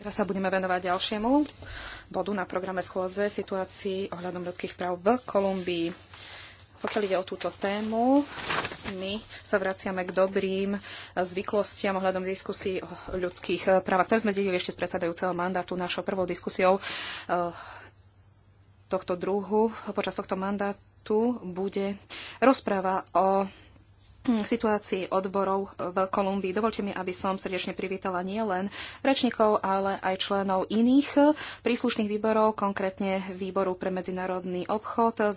Teraz sa budeme venovať ďalšiemu bodu na programe schôdze situácii ohľadom ľudských práv v Kolumbii. Pokiaľ ide o túto tému, my sa vraciame k dobrým zvyklostiam ohľadom diskusí o ľudských právach, ktoré sme delili ešte z predsedajúceho mandátu. Našou prvou diskusiou eh, tohto druhu počas tohto mandátu bude rozpráva o situácii odborov v Kolumbii. Dovolte mi, aby som srdečne privítala nielen rečníkov, ale aj členov iných príslušných výborov, konkrétne výboru pre medzinárodný obchod,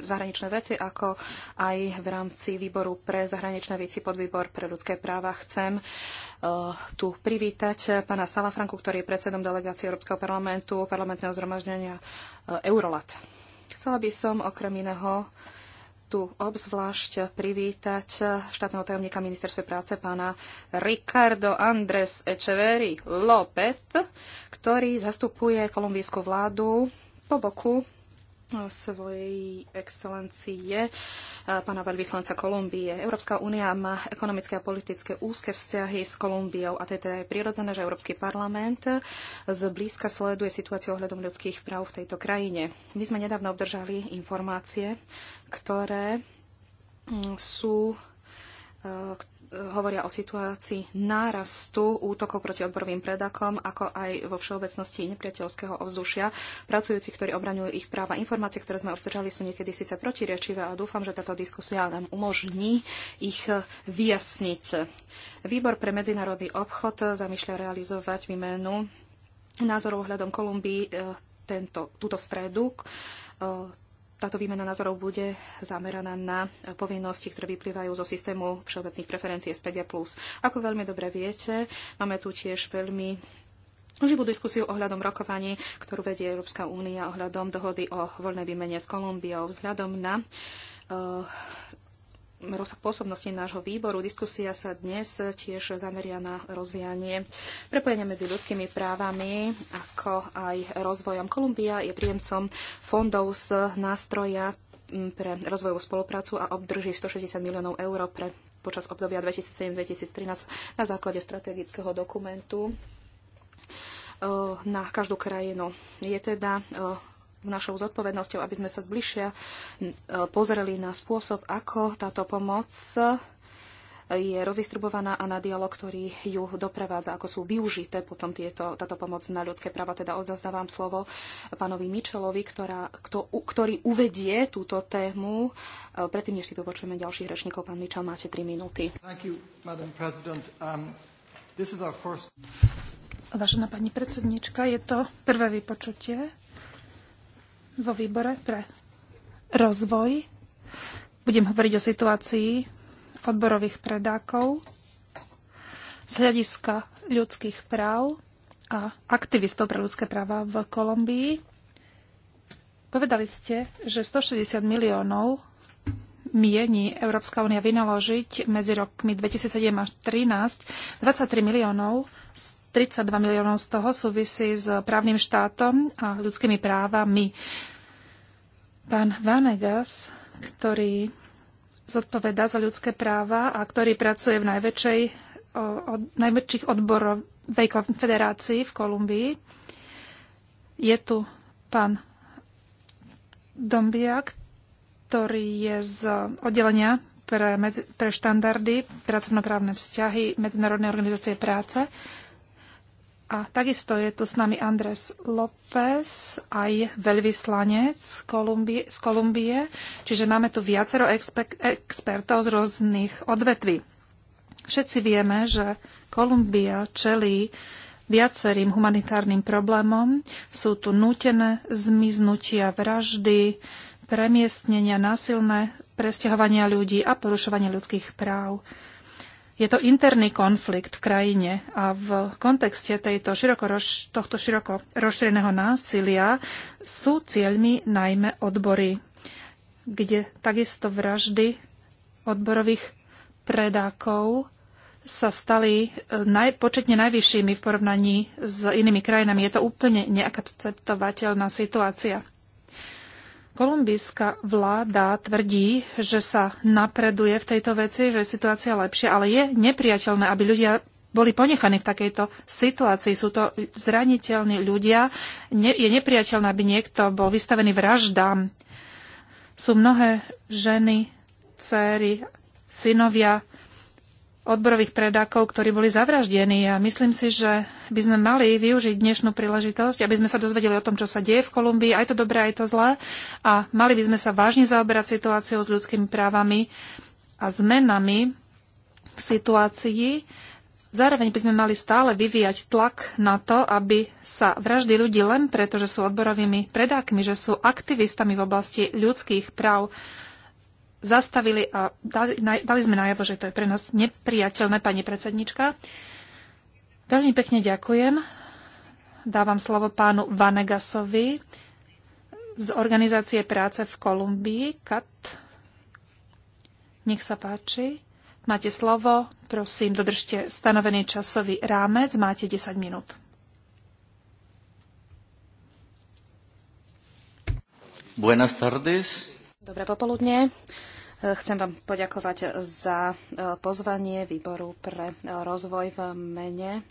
zahraničné veci, ako aj v rámci výboru pre zahraničné veci pod výbor pre ľudské práva. Chcem eh, tu privítať pána Salafranku, ktorý je predsedom delegácie Európskeho parlamentu, parlamentného zhromaždenia eh, Eurolat. Chcela by som okrem iného tu obzvlášť privítať štátneho tajomníka ministerstve práce pána Ricardo Andres Echeverry López, ktorý zastupuje kolumbijskú vládu po boku svojej excelencie e, pána veľvyslanca Kolumbie. Európska únia má ekonomické a politické úzke vzťahy s Kolumbiou a teda je prirodzené, že Európsky parlament zblízka sleduje situáciu ohľadom ľudských práv v tejto krajine. My sme nedávno obdržali informácie, ktoré mm, sú e, hovoria o situácii nárastu útokov proti odborovým predakom, ako aj vo všeobecnosti nepriateľského ovzdušia. Pracujúci, ktorí obraňujú ich práva informácie, ktoré sme obdržali, sú niekedy síce protiriečivé a dúfam, že táto diskusia nám umožní ich eh, vyjasniť. Výbor pre medzinárodný obchod zamýšľa realizovať výmenu názorov ohľadom Kolumbii eh, tento, túto stredu eh, táto výmena názorov bude zameraná na povinnosti, ktoré vyplývajú zo systému všeobecných preferencií SPG+. Ako veľmi dobre viete, máme tu tiež veľmi živú diskusiu ohľadom rokovaní, ktorú vedie Európska únia ohľadom dohody o voľnej výmene s Kolumbiou vzhľadom na eh, rozsah pôsobnosti nášho výboru. Diskusia sa dnes tiež zameria na rozvíjanie prepojenia medzi ľudskými právami, ako aj rozvojom. Kolumbia je príjemcom fondov z nástroja mm, pre rozvojovú spoluprácu a obdrží 160 miliónov eur pre počas obdobia 2007-2013 na základe strategického dokumentu eh, na každú krajinu. Je teda eh, našou zodpovednosťou, aby sme sa zbližšia e, pozreli na spôsob, ako táto pomoc e, je rozdistribovaná a na dialog, ktorý ju doprevádza, ako sú využité potom tieto, táto pomoc na ľudské práva. Teda odzazdávam slovo pánovi Mičelovi, ktorá, kto, ktorý uvedie túto tému. E, predtým, než si vypočujeme ďalších rečníkov, pán Mičel, máte 3 minúty. Um, Vážená pani predsednička, je to prvé vypočutie vo výbore pre rozvoj. Budem hovoriť o situácii odborových predákov z hľadiska ľudských práv a aktivistov pre ľudské práva v Kolumbii. Povedali ste, že 160 miliónov mieni Európska únia vynaložiť medzi rokmi 2007 až 2013. 23 miliónov z 32 miliónov z toho súvisí s právnym štátom a ľudskými právami. Pán Vanegas, ktorý zodpovedá za ľudské práva a ktorý pracuje v najväčšej, o, o, najväčších odborovej konfederácii v Kolumbii, je tu pán Dombia, ktorý je z oddelenia pre, medzi, pre štandardy, pracovnoprávne vzťahy Medzinárodnej organizácie práce a takisto je tu s nami Andres López, aj veľvyslanec z Kolumbie, z Kolumbie. Čiže máme tu viacero exper- expertov z rôznych odvetví. Všetci vieme, že Kolumbia čelí viacerým humanitárnym problémom. Sú tu nútené zmiznutia, vraždy, premiestnenia, násilné presťahovania ľudí a porušovanie ľudských práv. Je to interný konflikt v krajine a v kontexte tejto široko roz, tohto široko rozšíreného násilia sú cieľmi najmä odbory, kde takisto vraždy odborových predákov sa stali e, naj, početne najvyššími v porovnaní s inými krajinami. Je to úplne neakceptovateľná situácia. Kolumbijská vláda tvrdí, že sa napreduje v tejto veci, že je situácia lepšia, ale je nepriateľné, aby ľudia boli ponechaní v takejto situácii. Sú to zraniteľní ľudia. Ne, je nepriateľné, aby niekto bol vystavený vraždám. Sú mnohé ženy, céry, synovia odborových predákov, ktorí boli zavraždení. A myslím si, že by sme mali využiť dnešnú príležitosť, aby sme sa dozvedeli o tom, čo sa deje v Kolumbii, aj to dobré, aj to zlé. A mali by sme sa vážne zaoberať situáciou s ľudskými právami a zmenami v situácii. Zároveň by sme mali stále vyvíjať tlak na to, aby sa vraždy ľudí len preto, že sú odborovými predákmi, že sú aktivistami v oblasti ľudských práv, zastavili a dali, dali sme najavo, že to je pre nás nepriateľné, pani predsednička. Veľmi pekne ďakujem. Dávam slovo pánu Vanegasovi z Organizácie práce v Kolumbii, KAT. Nech sa páči. Máte slovo. Prosím, dodržte stanovený časový rámec. Máte 10 minút. Buenas tardes. Dobré popoludne. Chcem vám poďakovať za e, pozvanie výboru pre e, rozvoj v mene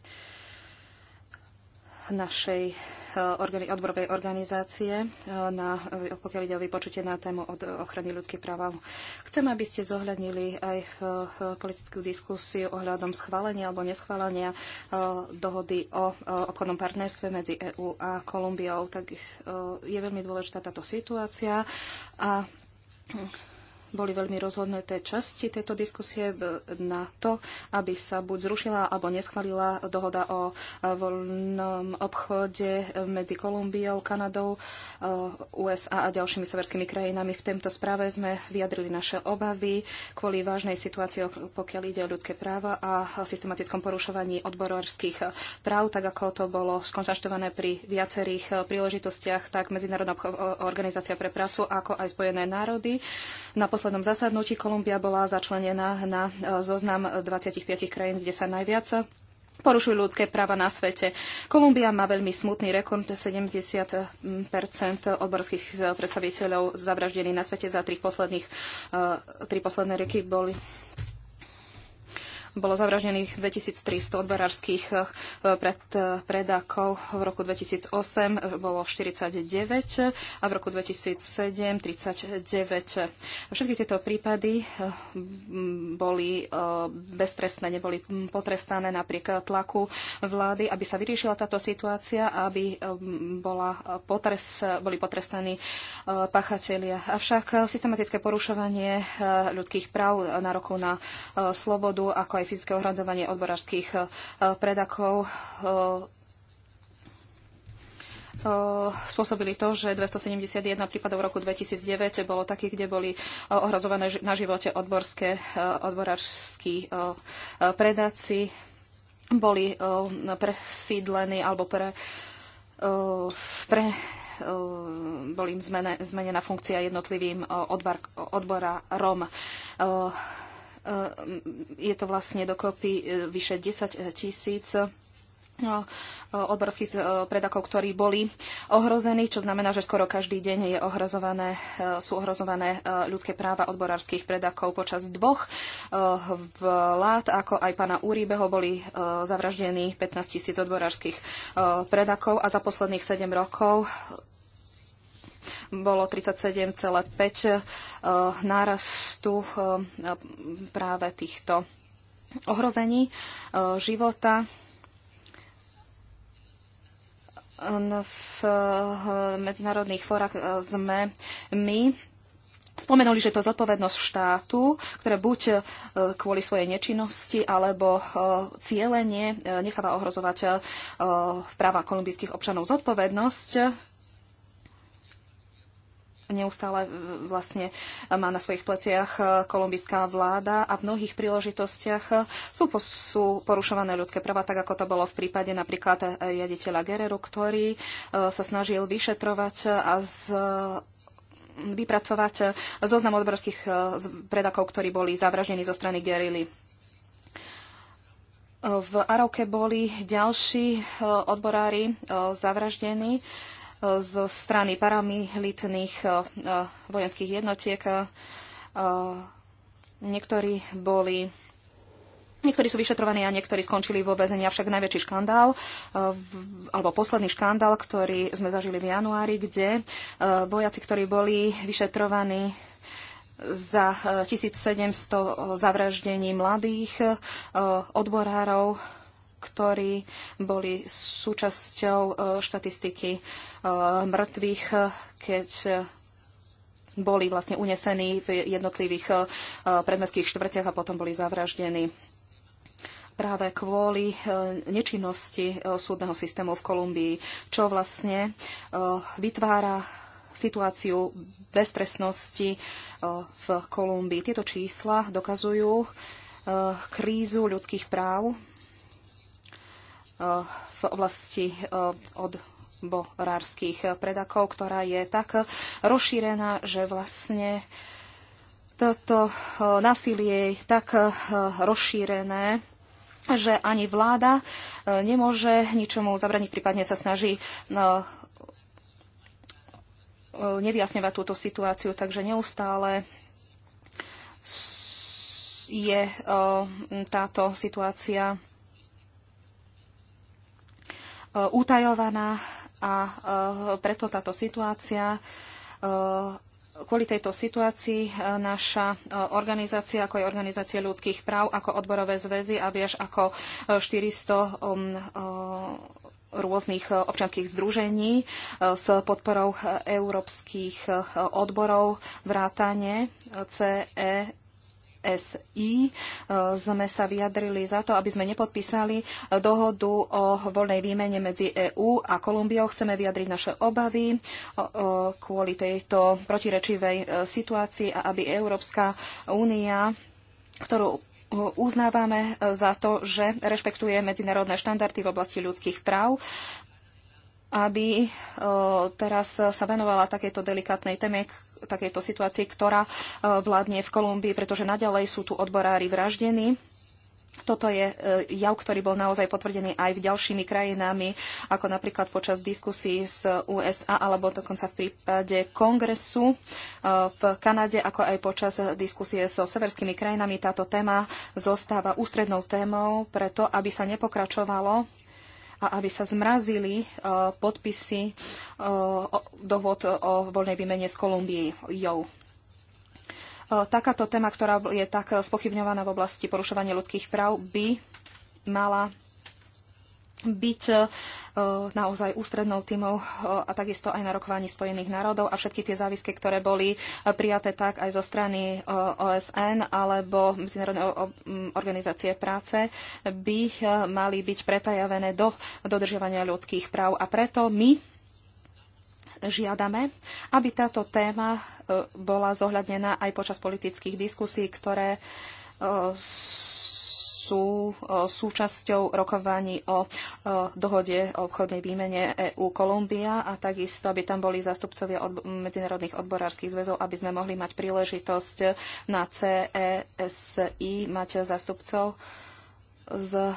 našej e, odborovej organizácie, na, pokiaľ ide o vypočutie na tému od ochrany ľudských práv. Chcem, aby ste zohľadnili aj v politickú diskusiu ohľadom schválenia alebo neschválenia dohody o obchodnom partnerstve medzi EÚ a Kolumbiou. Tak je veľmi dôležitá táto situácia a boli veľmi rozhodnuté časti tejto diskusie na to, aby sa buď zrušila alebo neschválila dohoda o e, voľnom obchode e, medzi Kolumbiou, Kanadou, e, USA a ďalšími severskými krajinami. V tomto správe sme vyjadrili naše obavy kvôli vážnej situácii, pokiaľ ide o ľudské práva a systematickom porušovaní odborovarských práv, tak ako to bolo skonštatované pri viacerých príležitostiach, tak Medzinárodná organizácia pre prácu, ako aj Spojené národy. Na poslednom zasadnutí Kolumbia bola začlenená na e, zoznam 25 e, krajín, kde sa najviac porušujú ľudské práva na svete. Kolumbia má veľmi smutný rekord, 70 oborských e, predstaviteľov zavraždených na svete za tri, posledných, tri posledné roky boli bolo zavraždených 2300 odborárských eh, pred, eh, predákov. V roku 2008 bolo 49 a v roku 2007 39. Všetky tieto prípady eh, boli beztrestné, neboli potrestané napriek tlaku vlády, aby sa vyriešila táto situácia a aby bola potres, boli potrestaní pachatelia. Avšak systematické porušovanie ľudských práv, nárokov na slobodu, ako aj aj fyzické ohradovanie odborárských e, predakov e, e, spôsobili to, že 271 prípadov v roku 2009 bolo takých, kde boli ohrozované na živote odborské, odborárskí predáci, boli presídlení alebo pre, pre boli im zmenená funkcia jednotlivým odborárom. Eh, je to vlastne dokopy eh, vyše 10 tisíc eh, odborských predakov, ktorí boli ohrození, čo znamená, že skoro každý deň je ohrozované, sú ohrozované ľudské práva odborárských predakov. Počas dvoch vlád, ako aj pána úrybeho, boli zavraždení 15 tisíc odborárskych predakov a za posledných 7 rokov bolo 37,5 eh, nárastu eh, práve týchto ohrození eh, života. V medzinárodných fórach sme my Spomenuli, že to je zodpovednosť štátu, ktoré buď kvôli svojej nečinnosti alebo cieľenie necháva ohrozovať práva kolumbijských občanov. Zodpovednosť neustále e, vlastne e, má na svojich pleciach e, kolumbijská vláda a v mnohých príležitostiach sú, sú porušované ľudské práva, tak ako to bolo v prípade napríklad jaditeľa Guerrero, ktorý sa snažil vyšetrovať a z vypracovať zoznam odborských predakov, ktorí boli zavraždení zo strany gerily. V Arauke boli ďalší odborári zavraždení zo strany paramilitných eh, eh, vojenských jednotiek. Eh, niektorí boli Niektorí sú vyšetrovaní a niektorí skončili vo väzení, avšak najväčší škandál, alebo posledný škandál, ktorý sme zažili v januári, kde vojaci, ktorí boli vyšetrovaní za 1700 zavraždení mladých odborárov, ktorí boli súčasťou e, štatistiky e, mŕtvych, e, keď boli vlastne unesení v jednotlivých predmestských štvrťach a potom boli zavraždení práve kvôli nečinnosti súdneho systému v Kolumbii, čo vlastne vytvára situáciu beztrestnosti v Kolumbii. Tieto čísla dokazujú krízu ľudských práv v oblasti eh, od borárských predakov, ktorá je tak rozšírená, že vlastne toto eh, násilie je tak eh, rozšírené, že ani vláda nemôže ničomu zabraniť, prípadne sa snaží nevyjasňovať túto situáciu, takže neustále je táto situácia E, utajovaná a e, preto táto situácia e, kvôli tejto situácii naša organizácia, ako je Organizácia ľudských práv, ako odborové zväzy a viac ako 400 um, rôznych občanských združení s podporou európskych odborov vrátane CE SI e, sme sa vyjadrili za to, aby sme nepodpísali dohodu o voľnej výmene medzi EÚ a Kolumbiou. Chceme vyjadriť naše obavy e, e, kvôli tejto protirečivej situácii a aby Európska únia ktorú uznávame za to, že rešpektuje medzinárodné štandardy v oblasti ľudských práv aby e, teraz sa venovala takejto delikátnej téme, takejto situácii, ktorá e, vládne v Kolumbii, pretože naďalej sú tu odborári vraždení. Toto je e, jav, ktorý bol naozaj potvrdený aj v ďalšími krajinami, ako napríklad počas diskusí z USA alebo dokonca v prípade kongresu v Kanade, ako aj počas diskusie so severskými krajinami. Táto téma zostáva ústrednou témou preto, aby sa nepokračovalo a aby sa zmrazili e, podpisy e, dohod o voľnej výmene s Kolumbiou e, takáto téma, ktorá je tak spochybňovaná v oblasti porušovania ľudských práv, by mala byť e, naozaj ústrednou týmou e, a takisto aj na rokovaní Spojených národov a všetky tie závisky, ktoré boli e, prijaté tak aj zo strany OSN alebo Medzinárodnej organizácie práce, by mali byť pretajavené do dodržiavania ľudských práv. A preto my žiadame, aby táto téma bola zohľadnená aj počas politických diskusí, ktoré sú e, súčasťou rokovaní o e, dohode o obchodnej výmene EU Kolumbia a takisto, aby tam boli zástupcovia od medzinárodných odborárských zväzov, aby sme mohli mať príležitosť na CESI mať zástupcov z e,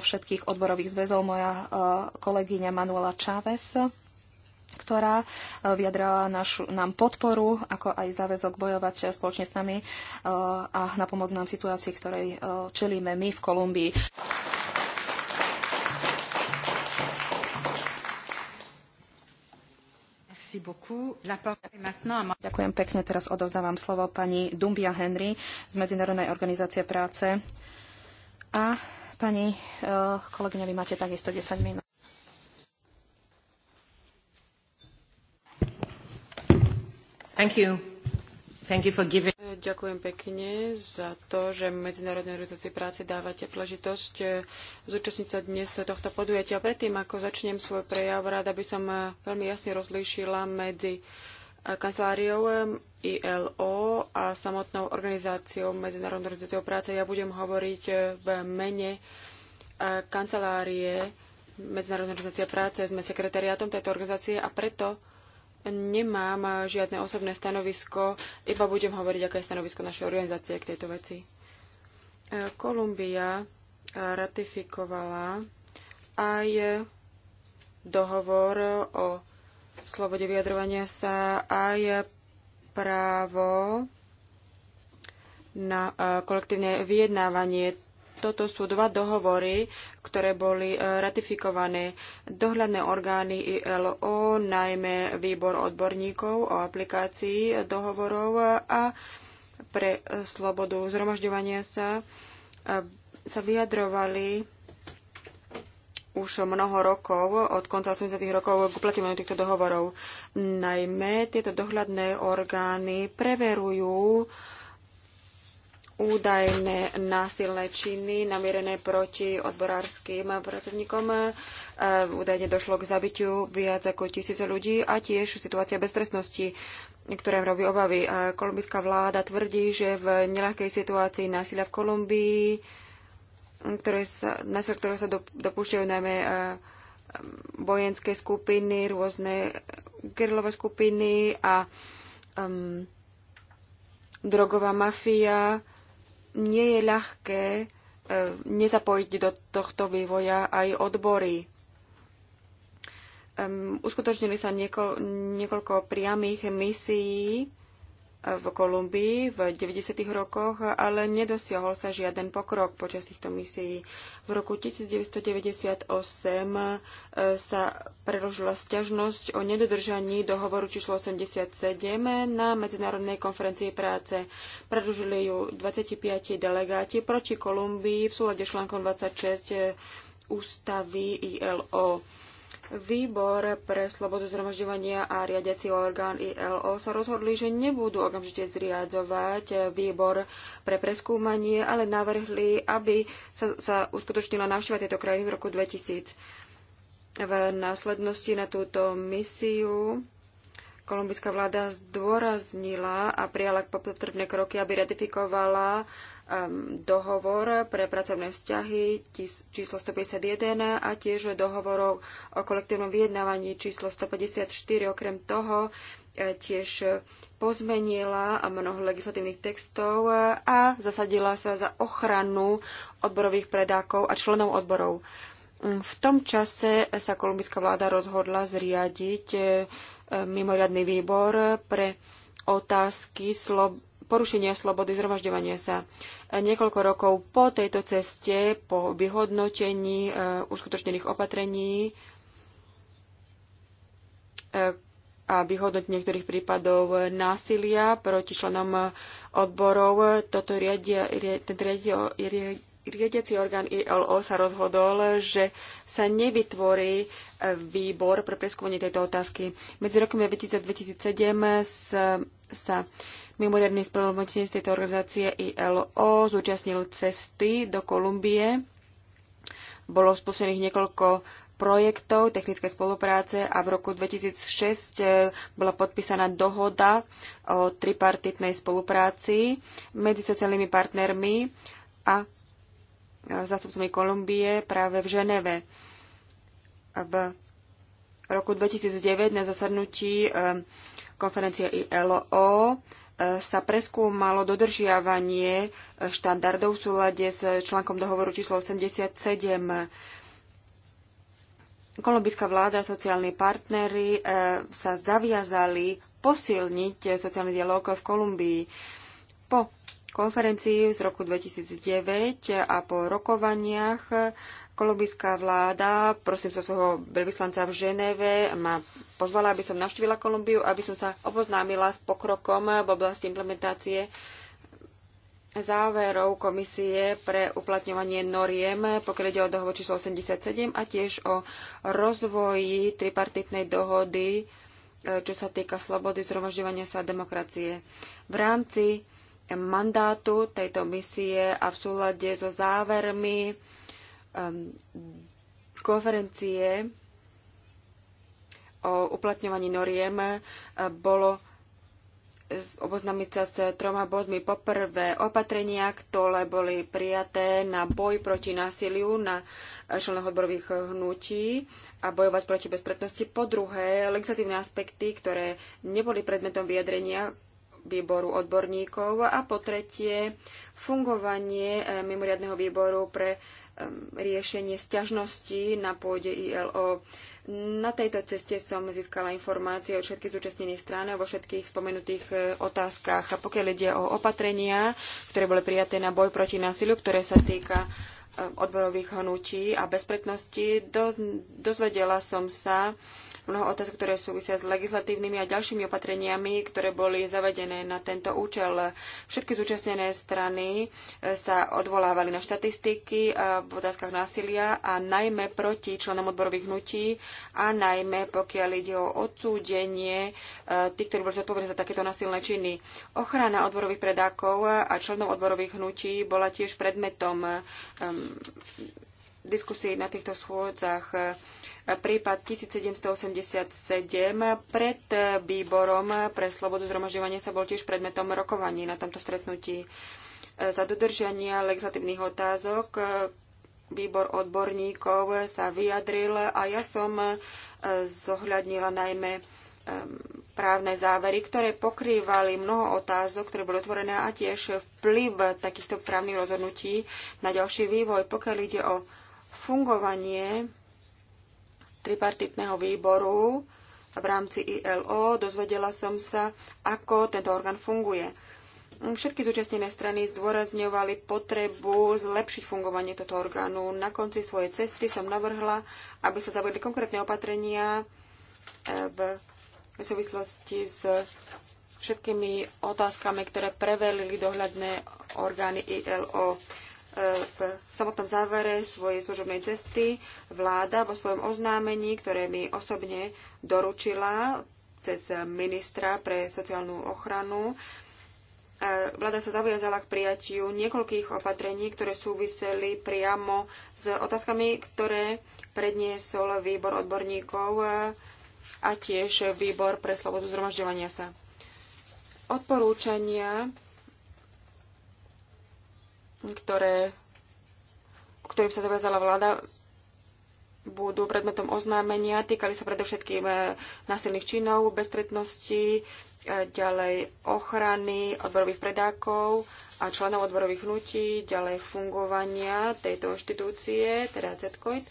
všetkých odborových zväzov. Moja kolegyňa Manuela Chávez ktorá e, vyjadrala našu, nám podporu, ako aj záväzok bojovať spoločne s nami e, a na pomoc nám situácii, ktorej e, čelíme my v Kolumbii. Ďakujem pekne. Teraz odovzdávam slovo pani Dumbia Henry z Medzinárodnej organizácie práce. A pani kolegyňa, vy máte takisto 10 minút. Ďakujem pekne za to, že Medzinárodnej organizácii práce dávate príležitosť eh, zúčastniť sa dnes tohto podujatia. Predtým, ako začnem svoj prejav, rada by som eh, veľmi jasne rozlíšila medzi eh, kanceláriou ILO a samotnou organizáciou Medzinárodnej organizáciou práce. Ja budem hovoriť v mene kancelárie Medzinárodnej organizácie práce. Sme sekretariátom tejto organizácie a preto Nemám žiadne osobné stanovisko, iba budem hovoriť, aké je stanovisko našej organizácie k tejto veci. E, Kolumbia ratifikovala aj dohovor o slobode vyjadrovania sa, aj právo na e, kolektívne vyjednávanie toto sú dva dohovory, ktoré boli e, ratifikované. Dohľadné orgány ILO, najmä výbor odborníkov o aplikácii dohovorov a pre slobodu zhromažďovania sa e, sa vyjadrovali už mnoho rokov, od konca 80. rokov k uplatňovaniu týchto dohovorov. Najmä tieto dohľadné orgány preverujú uh, údajné násilné činy namierené proti odborárským pracovníkom. E, údajne došlo k zabitiu viac ako tisíce ľudí a tiež situácia beztrestnosti, ktoré robí obavy. E, kolumbijská vláda tvrdí, že v nelahkej situácii násilia v Kolumbii, ktoré sa, násil, ktorého sa dopúšťajú najmä e, vojenské skupiny, rôzne gerilové skupiny a um, drogová mafia, nie je ľahké e, nezapojiť do tohto vývoja aj odbory. Uskutočnili sa niekoľko priamých misií v Kolumbii v 90. rokoch, ale nedosiahol sa žiaden pokrok počas týchto misií. V roku 1998 eh, sa preložila sťažnosť o nedodržaní dohovoru číslo 87 na Medzinárodnej konferencii práce. Predlžili ju 25 delegáti proti Kolumbii v súlade článkom 26 ústavy ILO Výbor pre slobodu zhromažďovania a riadiaci orgán ILO sa rozhodli, že nebudú okamžite zriadovať výbor pre preskúmanie, ale navrhli, aby sa, sa uskutočnila návšteva tejto krajiny v roku 2000. V následnosti na túto misiu Kolumbijská vláda zdôraznila a prijala potrebné kroky, aby ratifikovala um, dohovor pre pracovné vzťahy tis, číslo 151 a tiež dohovorov o kolektívnom vyjednávaní číslo 154. Okrem toho e, tiež pozmenila mnoho legislatívnych textov a zasadila sa za ochranu odborových predákov a členov odborov. V tom čase sa kolumbijská vláda rozhodla zriadiť e, mimoriadný výbor pre otázky slob- porušenia slobody zhromažďovania sa. Niekoľko rokov po tejto ceste, po vyhodnotení e, uskutočnených opatrení e, a vyhodnotení niektorých prípadov násilia proti členom odborov, toto riadia, tento riadiaci orgán ILO sa rozhodol, že sa nevytvorí výbor pre preskúmanie tejto otázky. Medzi rokmi 2000 a 2007 sa, mimoriadný spolomočník z tejto organizácie ILO zúčastnil cesty do Kolumbie. Bolo spustených niekoľko projektov technické spolupráce a v roku 2006 e, bola podpísaná dohoda o tripartitnej spolupráci medzi sociálnymi partnermi a e, zástupcami Kolumbie práve v Ženeve v roku 2009 na zasadnutí eh, konferencie ILO eh, sa preskúmalo dodržiavanie eh, štandardov v súlade s článkom dohovoru číslo 87. Kolumbijská vláda a sociálni partnery sa zaviazali posilniť sociálny dialog v Kolumbii. Po konferencii z roku 2009 a po rokovaniach Kolumbijská vláda, prosím sa svojho veľvyslanca v Ženeve, ma pozvala, aby som navštívila Kolumbiu, aby som sa oboznámila s pokrokom v oblasti implementácie záverov komisie pre uplatňovanie noriem, pokiaľ ide o dohovor číslo 87 a tiež o rozvoji tripartitnej dohody, eh, čo sa týka slobody, zhromažďovania sa a demokracie. V rámci mandátu tejto misie a v súlade so závermi um, konferencie o uplatňovaní noriem uh, bolo oboznámiť sa s troma bodmi. Poprvé, opatrenia, ktoré boli prijaté na boj proti násiliu na členoch odborových hnutí a bojovať proti bezpretnosti. Po druhé, legislatívne aspekty, ktoré neboli predmetom vyjadrenia výboru odborníkov. A po tretie, fungovanie eh, mimoriadného výboru pre Um, riešenie sťažnosti na pôde ILO. Na tejto ceste som získala informácie od všetkých zúčastnených strán vo všetkých spomenutých e, otázkach. A pokiaľ ide o opatrenia, ktoré boli prijaté na boj proti násiliu, ktoré sa týka odborových hnutí a bezpretnosti. Do, dozvedela som sa mnoho otázok, ktoré súvisia s legislatívnymi a ďalšími opatreniami, ktoré boli zavedené na tento účel. Všetky zúčastnené strany eh, sa odvolávali na štatistiky eh, v otázkach násilia a najmä proti členom odborových hnutí a najmä pokiaľ ide o odsúdenie eh, tých, ktorí boli zodpovední za takéto násilné činy. Ochrana odborových predákov a členov odborových hnutí bola tiež predmetom diskusii na týchto schôdzach prípad 1787 pred výborom pre slobodu zhromažďovania sa bol tiež predmetom rokovaní na tomto stretnutí. Za dodržania legislatívnych otázok výbor odborníkov sa vyjadril a ja som zohľadnila najmä právne závery, ktoré pokrývali mnoho otázok, ktoré boli otvorené a tiež vplyv takýchto právnych rozhodnutí na ďalší vývoj. Pokiaľ ide o fungovanie tripartitného výboru v rámci ILO, dozvedela som sa, ako tento orgán funguje. Všetky zúčastnené strany zdôrazňovali potrebu zlepšiť fungovanie tohto orgánu. Na konci svojej cesty som navrhla, aby sa zavedli konkrétne opatrenia eh, v v súvislosti s všetkými otázkami, ktoré preverili dohľadné orgány ILO. E, v samotnom závere svojej služobnej cesty vláda vo svojom oznámení, ktoré mi osobne doručila cez ministra pre sociálnu ochranu, e, vláda sa zaviazala k prijatiu niekoľkých opatrení, ktoré súviseli priamo s otázkami, ktoré predniesol výbor odborníkov e, a tiež výbor pre slobodu zhromažďovania sa. Odporúčania, ktoré, ktorým sa zaviazala vláda, budú predmetom oznámenia. Týkali sa predovšetkým eh, násilných činov, bestretnosti, eh, ďalej ochrany odborových predákov a členov odborových hnutí, ďalej fungovania tejto inštitúcie, teda CETCOIT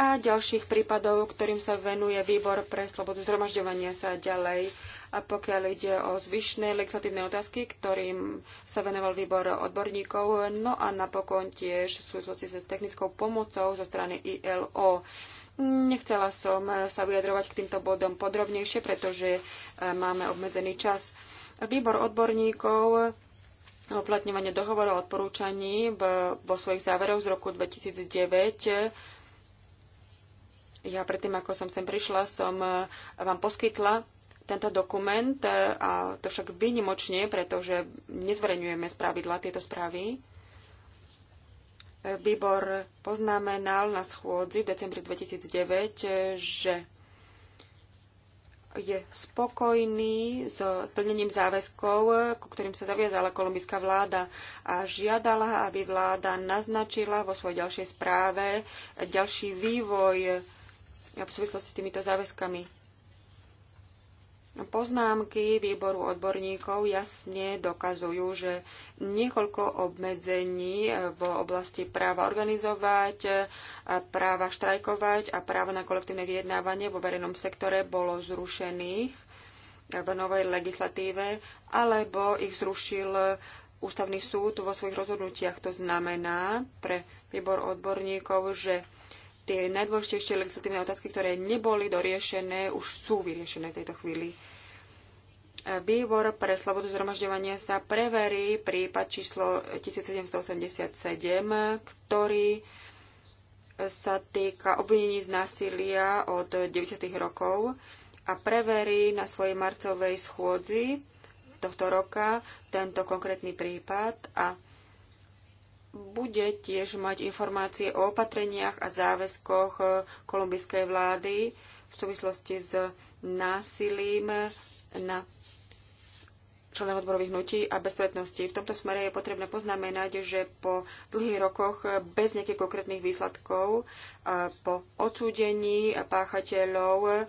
a ďalších prípadov, ktorým sa venuje výbor pre slobodu zhromažďovania sa ďalej. A pokiaľ ide o zvyšné legislatívne otázky, ktorým sa venoval výbor odborníkov, no a napokon tiež sú súvislosti s technickou pomocou zo strany ILO. Nechcela som sa vyjadrovať k týmto bodom podrobnejšie, pretože e, máme obmedzený čas. Výbor odborníkov uplatňovanie dohovorov a odporúčaní vo svojich záveroch z roku 2009 ja predtým, ako som sem prišla, som e, vám poskytla tento dokument, e, a to však výnimočne, pretože nezverejňujeme z pravidla tieto správy. E, Výbor poznamenal na schôdzi v decembri 2009, že je spokojný s plnením záväzkov, ku ktorým sa zaviazala kolumbijská vláda a žiadala, aby vláda naznačila vo svojej ďalšej správe ďalší vývoj v súvislosti s týmito záväzkami. Poznámky výboru odborníkov jasne dokazujú, že niekoľko obmedzení v oblasti práva organizovať, práva štrajkovať a práva na kolektívne vyjednávanie vo verejnom sektore bolo zrušených v novej legislatíve, alebo ich zrušil ústavný súd vo svojich rozhodnutiach. To znamená pre výbor odborníkov, že tie najdôležitejšie legislatívne otázky, ktoré neboli doriešené, už sú vyriešené v tejto chvíli. E, Výbor pre slobodu zhromažďovania sa preverí prípad číslo 1787, ktorý sa týka obvinení z násilia od 90. rokov a preverí na svojej marcovej schôdzi tohto roka tento konkrétny prípad a bude tiež mať informácie o opatreniach a záväzkoch e, kolumbijskej vlády v súvislosti s násilím na členov odborových hnutí a bezpredností. V tomto smere je potrebné poznamenať, že po dlhých rokoch e, bez nejakých konkrétnych výsledkov e, po odsúdení páchateľov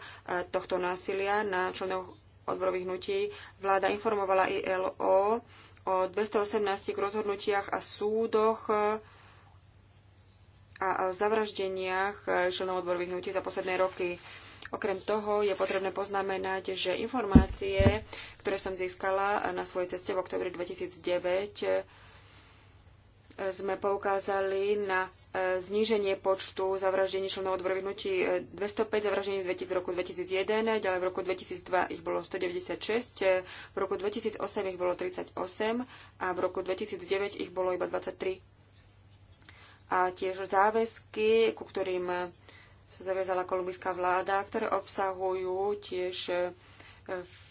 tohto násilia na členov odborových hnutí vláda informovala ILO o 218 rozhodnutiach a súdoch a zavraždeniach členov odborových hnutí za posledné roky. Okrem toho je potrebné poznamenať, že informácie, ktoré som získala na svojej ceste v oktobri 2009, sme poukázali na zníženie počtu zavraždení členov odboru vyhnutí 205, e, zavraždení v roku 2001, ďalej v roku 2002 ich bolo 196, e, v roku 2008 ich bolo 38 a v roku 2009 ich bolo iba 23. A tiež záväzky, ku ktorým sa zaviazala kolumbijská vláda, ktoré obsahujú tiež e,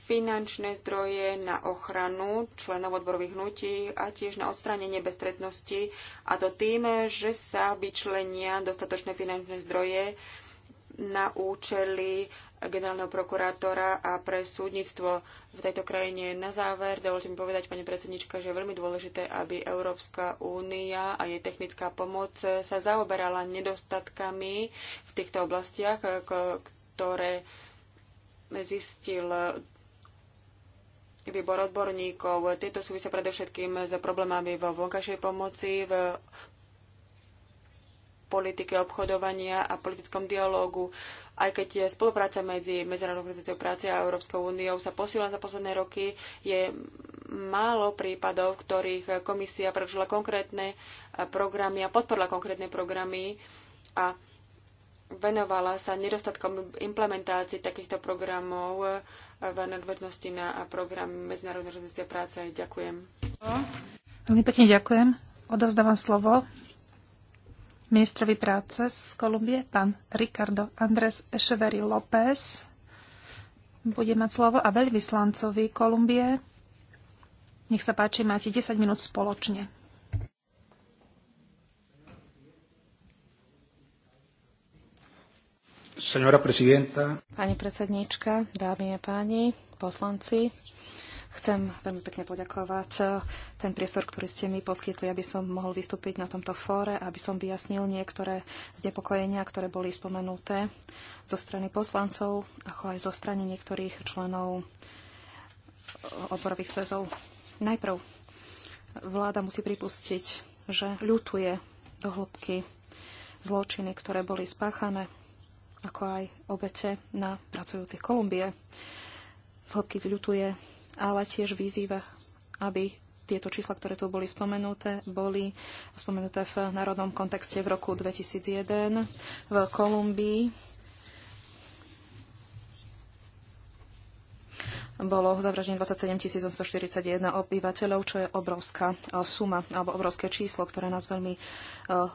finančné zdroje na ochranu členov odborových hnutí a tiež na odstránenie bezstretnosti, a to tým, že sa vyčlenia dostatočné finančné zdroje na účely generálneho prokurátora a pre súdnictvo v tejto krajine. Na záver, dovolte mi povedať, pani predsednička, že je veľmi dôležité, aby Európska únia a jej technická pomoc sa zaoberala nedostatkami v týchto oblastiach, ktoré zistil výbor odborníkov. Tieto súvisia predovšetkým s problémami vo vonkajšej pomoci, v politike obchodovania a politickom dialógu. Aj keď je spolupráca medzi Medzinárodnou organizáciou práce a Európskou úniou sa posíla za posledné roky, je málo prípadov, v ktorých komisia predložila konkrétne programy a podporila konkrétne programy a venovala sa nedostatkom implementácií takýchto programov eh, v nadvednosti na program Medzinárodnej organizácie práce. Ďakujem. Veľmi pekne ďakujem. Odovzdávam slovo ministrovi práce z Kolumbie, pán Ricardo Andrés Echeverry López. Bude mať slovo a veľvyslancovi Kolumbie. Nech sa páči, máte 10 minút spoločne. Pani predsedníčka, dámy a páni, poslanci, chcem veľmi pekne poďakovať eh, ten priestor, ktorý ste mi poskytli, aby som mohol vystúpiť na tomto fóre, aby som vyjasnil niektoré znepokojenia, ktoré boli spomenuté zo strany poslancov, ako aj zo strany niektorých členov eh, odborových svezov. Najprv vláda musí pripustiť, že ľutuje do hĺbky zločiny, ktoré boli spáchané ako aj obete na pracujúcich Kolumbie. Z hĺbky ľutuje, ale tiež vyzýva, aby tieto čísla, ktoré tu boli spomenuté, boli spomenuté v národnom kontexte v roku 2001 v Kolumbii bolo zavraždených 27 841 obyvateľov, čo je obrovská e, suma alebo obrovské číslo, ktoré nás veľmi e,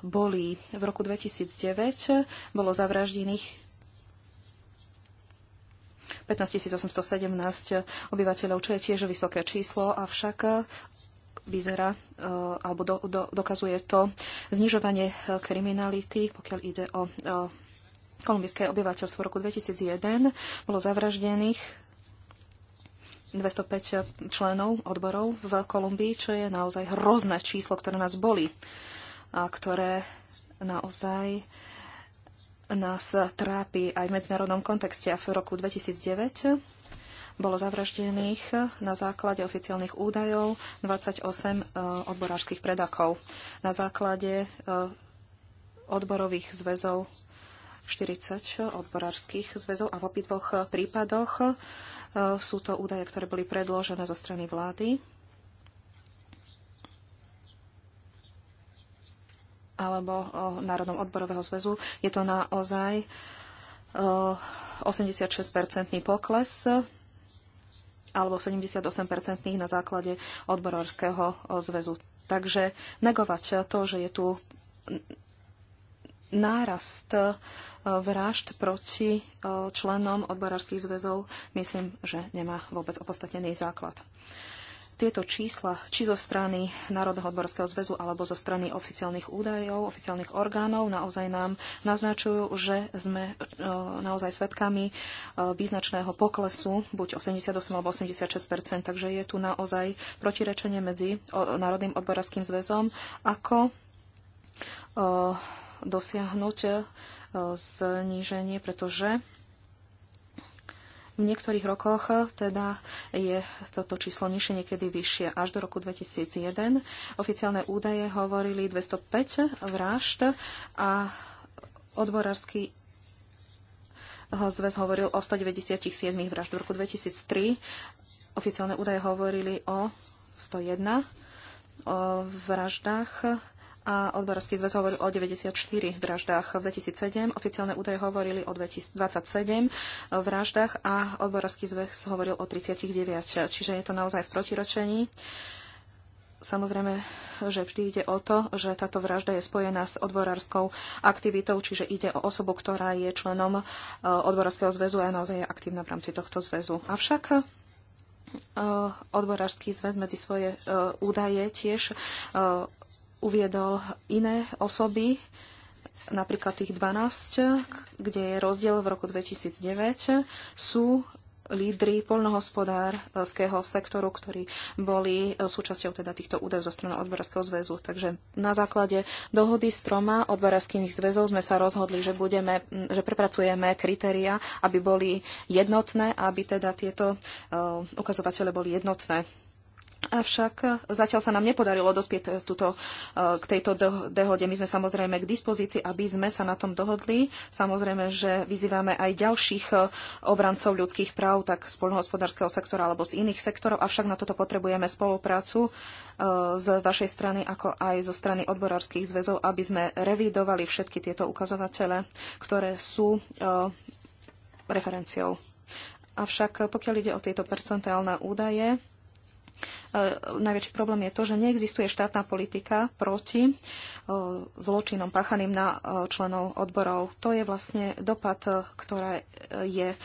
bolí. V roku 2009 bolo zavraždených 15 817 obyvateľov, čo je tiež vysoké číslo, avšak vyzerá e, alebo do, do, dokazuje to znižovanie kriminality, pokiaľ ide o kolumbijské obyvateľstvo v roku 2001 bolo zavraždených 205 členov odborov v Kolumbii, čo je naozaj hrozné číslo, ktoré nás boli a ktoré naozaj nás trápi aj v medzinárodnom kontexte. A v roku 2009 bolo zavraždených na základe oficiálnych údajov 28 e, odborážských predakov. Na základe e, odborových zväzov 40 odborárskych zväzov a v obidvoch prípadoch e, sú to údaje, ktoré boli predložené zo strany vlády. alebo e, Národnom odborového zväzu. Je to naozaj 86-percentný e, pokles alebo 78 percentný na základe odborárskeho zväzu. Takže negovať to, že je tu nárast e, vražd proti e, členom odborárských zväzov, myslím, že nemá vôbec opodstatnený základ. Tieto čísla, či zo strany Národného odborského zväzu alebo zo strany oficiálnych údajov, oficiálnych orgánov, naozaj nám naznačujú, že sme e, naozaj svedkami význačného poklesu, buď 88 alebo 86 takže je tu naozaj protirečenie medzi Národným odborárským zväzom ako dosiahnuť e, zníženie, pretože v niektorých rokoch e, teda je toto číslo nižšie, niekedy vyššie. Až do roku 2001 oficiálne údaje hovorili 205 vražd a odborársky zväz hovoril o 197 vražd. V roku 2003 oficiálne údaje hovorili o 101 o vraždách a odborovský zväz hovoril o 94 vraždách v 2007, oficiálne údaje hovorili o 27 vraždách a odborovský zväz hovoril o 39, čiže je to naozaj v protiročení. Samozrejme, že vždy ide o to, že táto vražda je spojená s odborárskou aktivitou, čiže ide o osobu, ktorá je členom e, odborárskeho zväzu a naozaj je aktívna v rámci tohto zväzu. Avšak e, odborársky zväz medzi svoje e, údaje tiež uviedol iné osoby, napríklad tých 12, kde je rozdiel v roku 2009, sú lídry polnohospodárskeho sektoru, ktorí boli súčasťou teda týchto údajov zo strany odborárskeho zväzu. Takže na základe dohody s troma odborárskymi zväzov sme sa rozhodli, že, budeme, že prepracujeme kritéria, aby boli jednotné, aby teda tieto uh, ukazovatele boli jednotné Avšak zatiaľ sa nám nepodarilo dospieť e, tuto, e, k tejto dohode. My sme samozrejme k dispozícii, aby sme sa na tom dohodli. Samozrejme, že vyzývame aj ďalších e, obrancov ľudských práv, tak z poľnohospodárskeho sektora alebo z iných sektorov. Avšak na toto potrebujeme spoluprácu z vašej strany, ako aj zo strany odborárskych zväzov, aby sme revidovali všetky tieto ukazovatele, ktoré sú referenciou. Avšak pokiaľ ide o tieto percentálne údaje, E, najväčší problém je to, že neexistuje štátna politika proti e, zločinom páchaným na e, členov odborov. To je vlastne dopad, ktoré je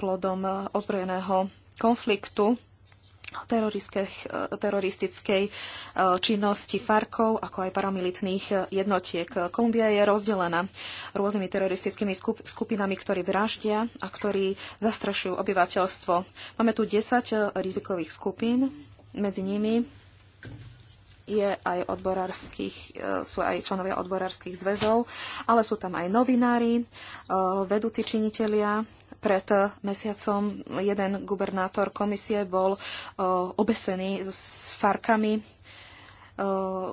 plodom ozbrojeného konfliktu teroristickej činnosti Farkov, ako aj paramilitných jednotiek. Kolumbia je rozdelená rôznymi teroristickými skupinami, ktorí vraždia a ktorí zastrašujú obyvateľstvo. Máme tu 10 rizikových skupín, medzi nimi je aj odborárskych, e, sú aj členovia odborárskych zväzov, ale sú tam aj novinári, e, vedúci činitelia. Pred mesiacom jeden gubernátor komisie bol e, obesený s farkami.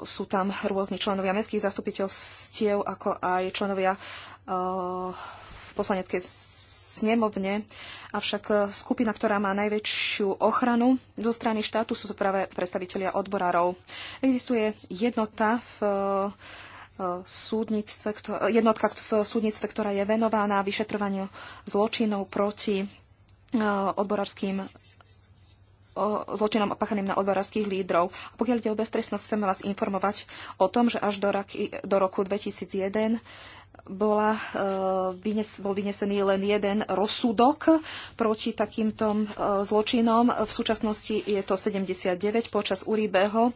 Sú tam rôzni členovia mestských zastupiteľstiev, ako aj členovia v poslaneckej snemovne Avšak eh, skupina, ktorá má najväčšiu ochranu zo strany štátu, sú to práve predstavitelia odborárov. Existuje jednota v eh, súdnictve, jednotka v súdnictve, ktorá je venovaná vyšetrovaniu zločinov proti eh, odborárským zločinom opáchaným na odborárských lídrov. A pokiaľ ide o bestresnosť, chceme vás informovať o tom, že až do roku 2001 bola, e, vynes, bol vynesený len jeden rozsudok proti takýmto e, zločinom. V súčasnosti je to 79 počas Uribeho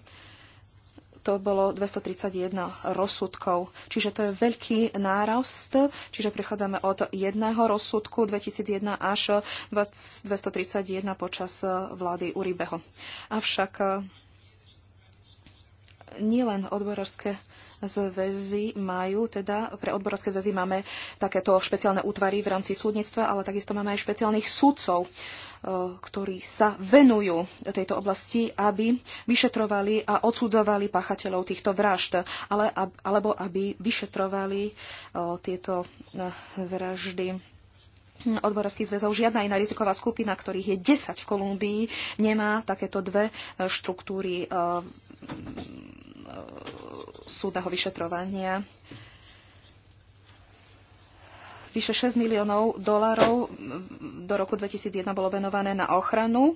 to bolo 231 rozsudkov. Čiže to je veľký nárast, čiže prechádzame od jedného rozsudku 2001 až 231 počas e, vlády Uribeho. Avšak nielen odborárske zväzy majú, teda pre odborovské zväzy máme takéto špeciálne útvary v rámci súdnictva, ale takisto máme aj špeciálnych súdcov, e, ktorí sa venujú tejto oblasti, aby vyšetrovali a odsudzovali páchateľov týchto vražd, ale, alebo aby vyšetrovali e, tieto e, vraždy odborovských zväzov. Žiadna iná riziková skupina, ktorých je 10 v Kolumbii, nemá takéto dve štruktúry E, súdaho vyšetrovania. Vyše 6 miliónov dolárov do roku 2001 bolo venované na ochranu e,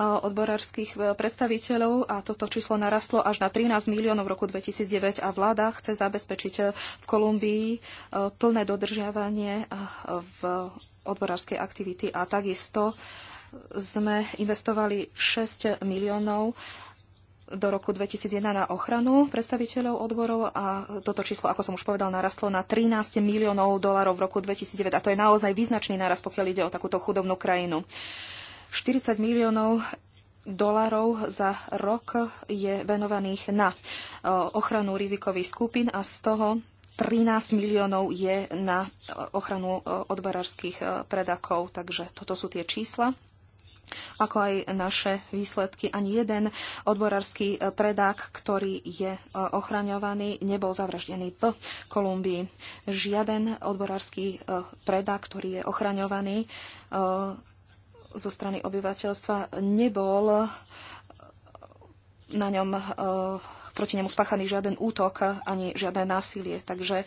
odborárskych e, predstaviteľov a toto číslo narastlo až na 13 miliónov v roku 2009 a vláda chce zabezpečiť v Kolumbii plné dodržiavanie v odborárskej aktivity a takisto sme investovali 6 miliónov do roku 2001 na ochranu predstaviteľov odborov a toto číslo, ako som už povedal, narastlo na 13 miliónov dolarov v roku 2009 a to je naozaj význačný narast, pokiaľ ide o takúto chudobnú krajinu. 40 miliónov dolarov za rok je venovaných na e, ochranu rizikových skupín a z toho 13 miliónov je na ochranu e, odborárskych e, predakov. Takže toto sú tie čísla ako aj naše výsledky. Ani jeden odborársky e, predák, ktorý je e, ochraňovaný, nebol zavraždený v Kolumbii. Žiaden odborársky e, predák, ktorý je ochraňovaný zo strany obyvateľstva, nebol na ňom proti nemu spáchaný žiaden útok ani žiadne násilie. Takže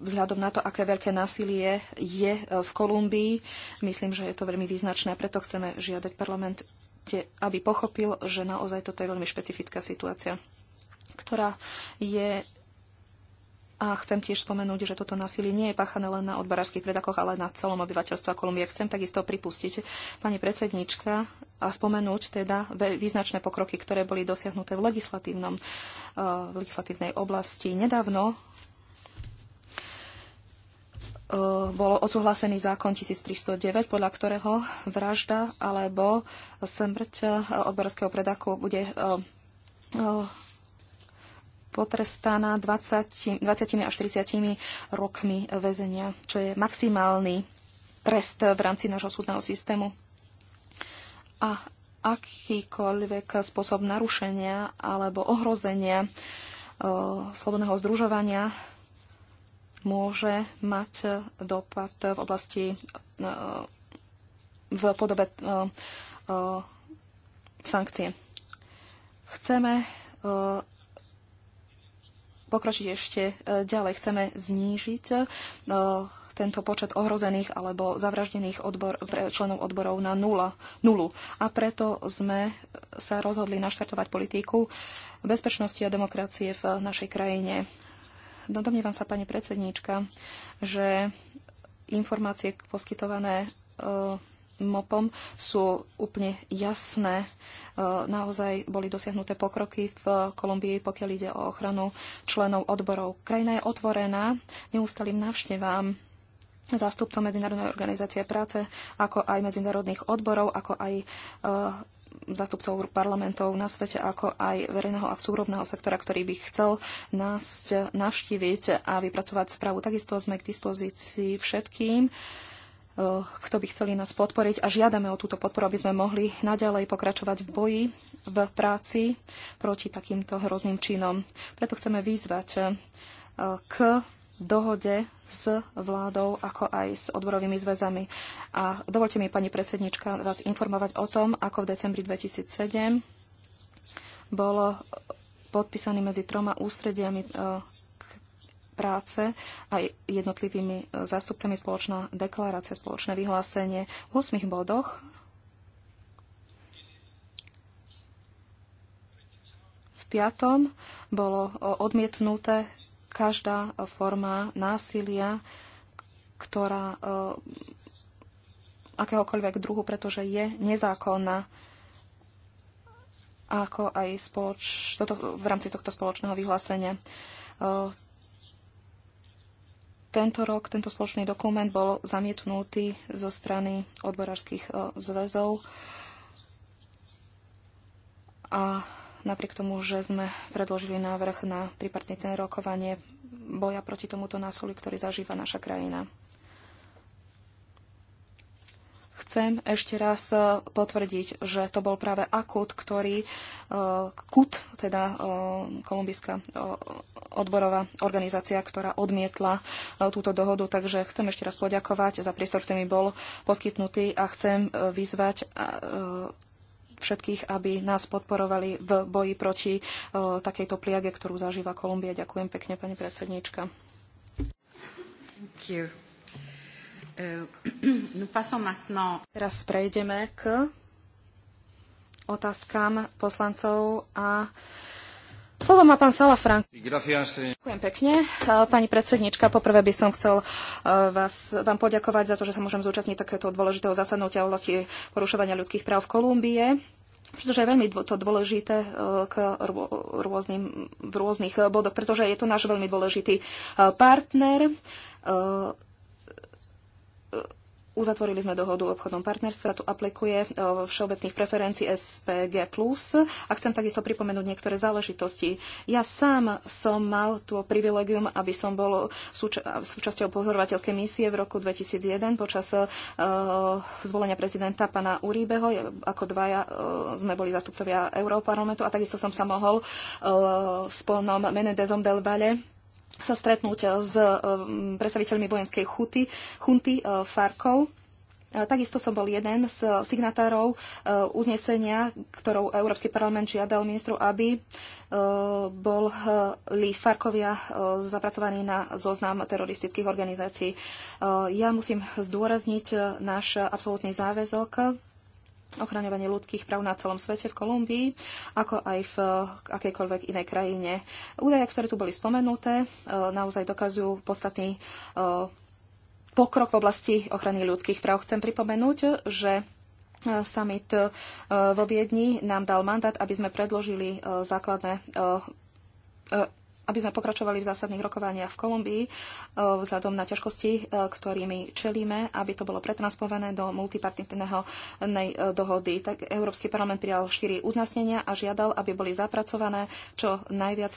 vzhľadom na to, aké veľké násilie je e, v Kolumbii. Myslím, že je to veľmi význačné, a preto chceme žiadať parlament, aby pochopil, že naozaj toto je veľmi špecifická situácia, ktorá je a chcem tiež spomenúť, že toto násilie nie je páchané len na odbarárských predakoch, ale na celom obyvateľstve Kolumbie. Chcem takisto pripustiť pani predsednička a spomenúť teda význačné pokroky, ktoré boli dosiahnuté v, legislatívnom, e, v legislatívnej oblasti. Nedávno Eh, bol odsúhlasený zákon 1309, podľa ktorého vražda alebo smrť eh, odborského predaku bude eh, potrestaná 20, 20 až 30 rokmi väzenia, čo je maximálny trest v rámci nášho súdneho systému. A akýkoľvek spôsob narušenia alebo ohrozenia slobodného združovania môže mať dopad v oblasti e, v podobe e, e, sankcie. Chceme pokročiť ešte ďalej. Chceme znížiť tento počet ohrozených alebo zavraždených odbor, členov odborov na nula, nulu. A preto sme sa rozhodli naštartovať politiku bezpečnosti a demokracie v našej krajine. No domnievam sa, pani predsedníčka, že informácie poskytované e, MOPom sú úplne jasné. E, naozaj boli dosiahnuté pokroky v Kolumbii, pokiaľ ide o ochranu členov odborov. Krajina je otvorená neustalým návštevám zástupcom Medzinárodnej organizácie práce, ako aj medzinárodných odborov, ako aj e, zástupcov parlamentov na svete, ako aj verejného a súkromného sektora, ktorý by chcel nás navštíviť a vypracovať správu. Takisto sme k dispozícii všetkým, eh, kto by chceli nás podporiť a žiadame o túto podporu, aby sme mohli naďalej pokračovať v boji, v práci proti takýmto hrozným činom. Preto chceme vyzvať eh, k dohode s vládou, ako aj s odborovými zväzami. A dovolte mi, pani predsednička, vás informovať o tom, ako v decembri 2007 bolo podpísaný medzi troma ústrediami e, práce a jednotlivými e, zástupcami spoločná deklarácia, spoločné vyhlásenie v 8 bodoch. V piatom bolo e, odmietnuté každá forma násilia, ktorá eh, akéhokoľvek druhu, pretože je nezákonná ako aj spoloč, toto, v rámci tohto spoločného vyhlásenia. Eh, tento rok tento spoločný dokument bol zamietnutý zo strany odborárskych eh, zväzov a napriek tomu, že sme predložili návrh na tripartitné rokovanie boja proti tomuto násoli, ktorý zažíva naša krajina. Chcem ešte raz e, potvrdiť, že to bol práve akut, ktorý e, KUT, teda e, kolumbijská odborová organizácia, ktorá odmietla túto dohodu. Takže chcem ešte raz poďakovať za priestor, ktorý mi bol poskytnutý a chcem vyzvať všetkých, aby nás podporovali v boji proti e, takejto pliage, ktorú zažíva Kolumbia. Ďakujem pekne, pani predsedníčka. E, Teraz prejdeme k otázkam poslancov a Slovo má pán Sala Frank. Ďakujem pekne. E, pani predsednička, poprvé by som chcel e, vás, vám poďakovať za to, že sa môžem zúčastniť takéto dôležitého zasadnutia o oblasti porušovania ľudských práv v Kolumbie pretože je veľmi to dôležité e, k rôznym, v rôznych bodoch, pretože je to náš veľmi dôležitý partner Uzatvorili sme dohodu o obchodnom partnerstve, tu aplikuje e, všeobecných preferencií SPG+. A chcem takisto pripomenúť niektoré záležitosti. Ja sám som mal to privilegium, aby som bol súča- súčasťou pozorovateľskej misie v roku 2001 počas uh, zvolenia prezidenta pana Uribeho. Ako dvaja uh, sme boli zastupcovia Európarlamentu a takisto som sa mohol uh, s pánom Menedezom del Valle sa stretnúť s eh, predstaviteľmi vojenskej chuty, chunty eh, Farkov. Eh, takisto som bol jeden z signatárov uznesenia, ktorou Európsky parlament žiadal ministru, aby bol Lee Farkovia zapracovaný na zoznam teroristických organizácií. Ja musím zdôrazniť náš absolútny záväzok ochraňovanie ľudských práv na celom svete v Kolumbii, ako aj v eh, akejkoľvek inej krajine. Údaje, ktoré tu boli spomenuté, eh, naozaj dokazujú podstatný eh, pokrok v oblasti ochrany ľudských práv. Chcem pripomenúť, že summit vo Viedni nám dal mandát, aby sme predložili základné aby sme pokračovali v zásadných rokovaniach v Kolumbii e, vzhľadom na ťažkosti, e, ktorými čelíme, aby to bolo pretransponované do multipartitného e, dohody. Tak Európsky parlament prijal štyri uznesenia a žiadal, aby boli zapracované čo najviac